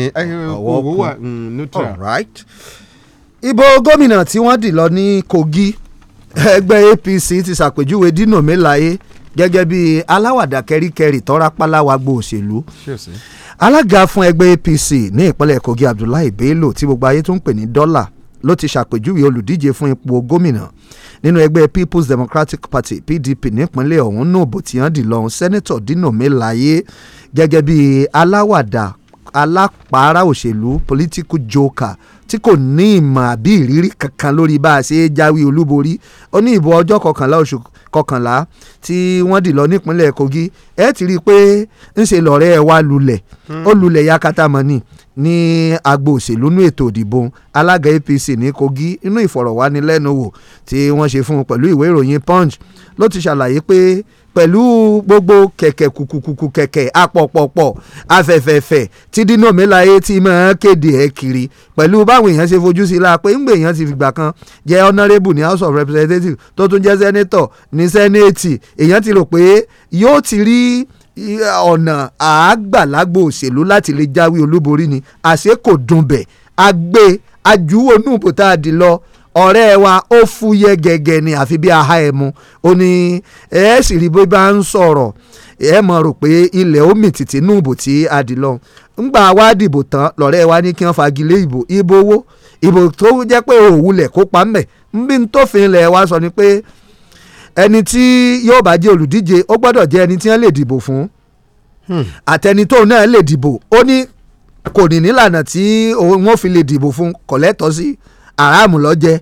owó wà mm, neutral. all right. ibo gómìnà tí wọ́n dì lọ ní kogi ẹgbẹ́ apc ti ṣàpèjúwe dino melaye gẹ́gẹ́ bí aláwàdà kẹ́ríkẹ́rí tọ́ra pálawà gbo òṣèlú alága fún ẹgbẹ́ apc ní ìpínlẹ̀ kogi abdullahi bello tí gbogbo ayé tó ń pè ní dọ́là ló ti ṣàpèjúwe olùdíje fún ipò gómìnà nínú ẹgbẹ́ People's Democratic Party PDP nípínlẹ̀ ọ̀hún náà bò tí wọ́n dì lọ́hún sẹ́nẹ́tọ̀ Dino Melaye gẹ́gẹ́ bí aláwàdà alápàárá òṣèlú political joker tí kò ní ìmọ̀ àbí ìrírí kankan lórí bá a ṣe é jáwé olúborí ó ní ìbò ọjọ́ kọkànlá oṣù kọkànlá tí wọ́n dì lọ nípínlẹ̀ Kogi ẹ ti rí i pé ńṣe lọ̀rẹ́ ẹ wá lulẹ̀ ó hmm. lulẹ̀ yakata mọ́ ní agbo òṣèlú nú ètò òdìbò alága APC ní Kogi inú ìfọ̀rọ̀wánilẹ́nuwò tí wọ́n ṣe fún un pẹ̀lú ìwé ìròyìn Punch ló ti ṣàlàyé pé pẹ̀lú gbogbo kẹ̀kẹ́ kùkùkùkù kẹ̀kẹ́ apọ̀pọ̀pọ̀ afẹ́fẹ́fẹ́ tí Dino Melaye ti máa kéde ẹ̀ kiri pẹ̀lú báwọn èèyàn ṣe fojú sí i la pé ńgbè èèyàn ti fìgbà kan jẹ́ honourable ní House of Representatives tó tún jẹ́ senator ní senate èèyàn ti rò pé yóò ti rí ọ̀nà àágbàlágbò òṣèlú láti lè jáwé olúborí ni àṣé kò dunbẹ̀ àgbé àjúwò nùbò tá a di lọ ọ̀rẹ́ wa ó fúyẹ́ gẹ́gẹ́ ni àfi bí aha ẹ̀ mu ó ní ẹ sì rí bó bá ń sọ̀rọ̀ ẹ mọ̀ rò pé ilẹ̀ ó tìtì nùbò tí a dì lọ ńgbà wá dìbò tán lọ́rẹ́ wa ní kí wọ́n fagilé ìbò ìbò owó ìbò tó jẹ́ pé òwúlẹ̀ kópa ńbẹ̀ ńbí tó fi ilẹ̀ wa sọ ni pé ẹni tí yóò bá jẹ́ olùdíje ó gbọ́dọ̀ jẹ́ ẹni tí wọ́n lè dìbò fún hmm. àtẹni tóun náà lè dìbò ó ní kò ní nílànà tí wọ́n fi lè dìbò fún kọ̀lẹ́tọ̀ sí aráàmù lọ́jẹ́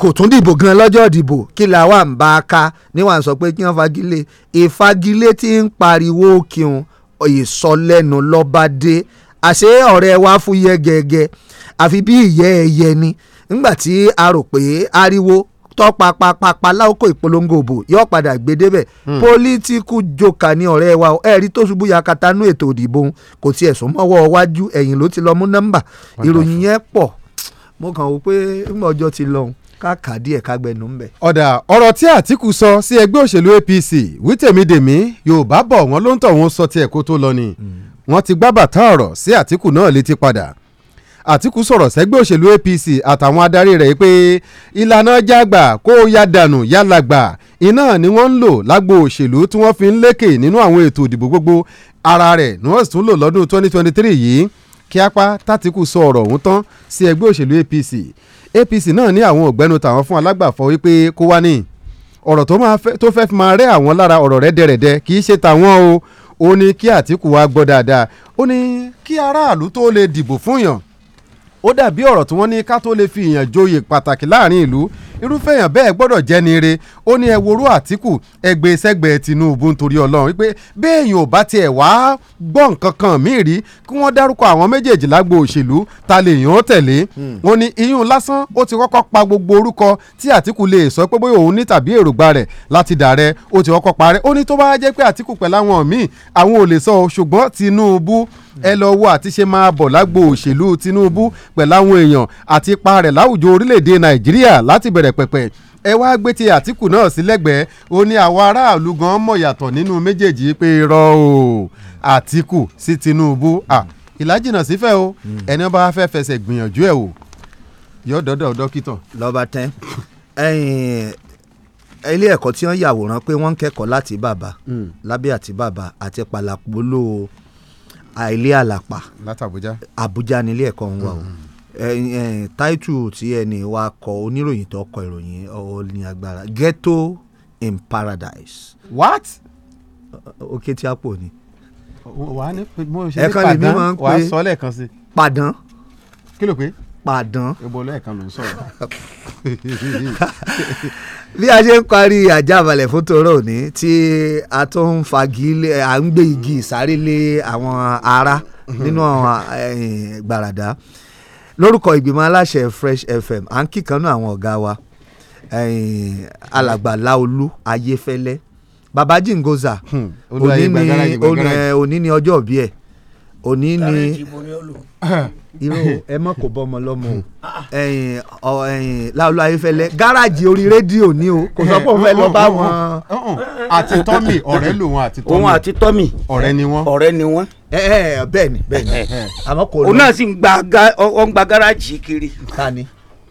kò tún dìbò gan lọ́jọ́ ìdìbò kí la wà ń bá a ká níwà sọ pé kí wọ́n fagilé ìfagilé tí ń pariwo kíun ìsọlẹ́nu lọ́bàdé àṣé ọ̀rẹ́ wa fúyẹ́ gẹ́gẹ́ àfi bí ìyẹ́ ẹyẹ ni nígbà tí a rò pé ariwo tọpapapapa láòkó ìpolongo òbò yóò padà gbé débẹ̀ hmm. pólítíkù jòkà ni ọ̀rẹ́ wa ẹ̀rí tó ṣubú yakata nú ètò òdìbò kò tiẹ̀ sún mọ́wọ́ wájú ẹ̀yìn ló ti lọ mú nọ́mbà ìròyìn yẹn pọ̀ mo kàn wò pé ńgbà ọjọ́ ti lọ́hùn káàkà díẹ̀ kágbẹ́nu ń ọ̀dà ọ̀rọ̀ tí Àtìkù sọ sí ẹgbẹ́ òṣèlú APC wí tèmídèmí Yorùbá bọ̀ wọ́n ló ń tọ̀ wọ́n sọ tiẹ̀ kó tó lọ ni hmm. wọ́n ti gbá bàtà ọ̀rọ̀ sí Àtìkù náà létí padà àtìkù sọ̀rọ̀ sẹ́gbẹ́ òṣèlú apc àtàwọn adarí rẹ̀ pé ìlànà jágbà kó ya dànù yálàgbà iná ni wọ́n ń lò lágbo òṣèlú tí wọ́n fi ń lékè nínú àwọn ètò ìdìbò gbogbo ara rẹ̀ ni wọ́n sì tún lò lọ́dún 2023 yìí kíápá tátìkù sọ ọ̀rọ̀ ọ̀hún tán sí ẹgbẹ́ òṣèlú apc apc náà ní àwọn ògbẹ́nu tàwọn fún alágbàfọ̀ wípé kó wá ní ọ̀rọ̀ tó fẹ́ fi máa rẹ́ àwọn lára ọ̀rọ̀ rẹ̀ dẹ̀rẹ̀dẹ̀ kì í ṣe tàwọn o ó ní kí àtìkù wa gbọ́ dáadáa ó ní kí aráàlú tó lè dìbò fún yàn ó dàbí ọ̀rọ̀ tí wọ́n ní ká tó lè fi ìyàn joyè pàtàkì láàrin ìlú irúfẹ́ èèyàn bẹ́ẹ̀ gbọ́dọ̀ jẹ́ ni ire ó ní ẹ worú àtìkù ẹgbẹ́ sẹ́gbẹ̀ẹ́ Tinubu nítorí ọlọ́run wípé béèyàn ò bá tiẹ̀ wá gbọ́ nǹkan kan míì rí kí wọ́n dárúkọ àwọn méjèèjì lágbo òṣèlú ta lè yàn ó tẹ̀lé hmm. wọn ni iyún lásán ó ti kọ́kọ́ pa gbogbo orúkọ tí àtìkù lè sọ pé bóyá òun ní tàbí èrògbà rẹ̀ láti dàrẹ́ ó ti kọ́kọ́ parẹ́ ó ní tó bá jẹ́ pé àtìkù pẹ̀láwọn míì àwọn ò lè sọ ṣùgbọ́n Tinubu ẹ lọ wo àti ṣe máa bọ̀ lágbo òṣèlú Tinubu pẹ̀lú àwọn èèyàn àti ipa rẹ̀ láwùjọ orílẹ̀-èdè Nàìjíríà láti bẹ̀rẹ̀ pẹ̀pẹ̀ ẹ wá gbé ti àtìkù náà sí lẹ́gbẹ̀ẹ́ ó ní àwọn aráàlú gan mọ̀ yàtọ̀ nínú méjèèjì pé irọ́ o àtìkù sí Tinubu ìlàjìnà sífẹ́ o ẹni bá fẹ́ fẹsẹ̀ gbìyànjú ẹ̀ o yọ dọ́dọ̀ dókítà. lọ́ba tẹ́ ilé ẹ̀kọ́ tí wọ́n yàwòrán pé wọ́n ń kẹ́kọ̀ọ́ láti bàbá hmm. lábẹ́ àti bàbá àti pàlàpọ̀lọ́ ilé àlàpà láti Àbújá Àbújá ni ilé ẹ̀kọ́ ń wà o mm-hmm. táìtù tí ẹni wa kọ oníròyìn tó kọ ìròyìn ọ̀ọ́ ní agbára ghetto in paradise. what. òkè tí a pò ní. wàá ní mo ṣe ní padàn wàá sọ lẹ́ẹ̀kan sí. padàn. kí ló pé pàdán. ibo lẹ́ẹ̀kan ló ń sọ̀rọ̀. (laughs) bí a ṣe ń parí àjàbalẹ̀ fún tòró òní tí a tó ń fagi à ń gbé igi ìsáré lé àwọn ará nínú eh, gbàràdà lórúkọ ìgbìmọ̀ aláṣẹ Fresh FM à ń kíkanú àwọn ọ̀gá wa eh, alàgbà Láolú Ayéfẹ́lẹ́ Bàbá Jingoza hmm, òní ni ọjọ́ òbí ẹ̀ òní ni (coughs) irú ẹ mọ kò bọ ọmọ lọmọ o Láolú Ayéfẹ́lẹ́ gáràjì orí rédíò ni o kò sọ pé òun fẹ́ lọ bá wọn. (coughs) àti tọ́mì ọ̀rẹ́ lòun àti tọ́mì. òun àti tọ́mì ọ̀rẹ́ ni wọ́n. ọ̀rẹ́ ni wọ́n. bẹ́ẹ̀ni bẹ́ẹ̀ni àmọ́ kò lọ. òun náà sì ń gba gáràjì kiri. ta ni.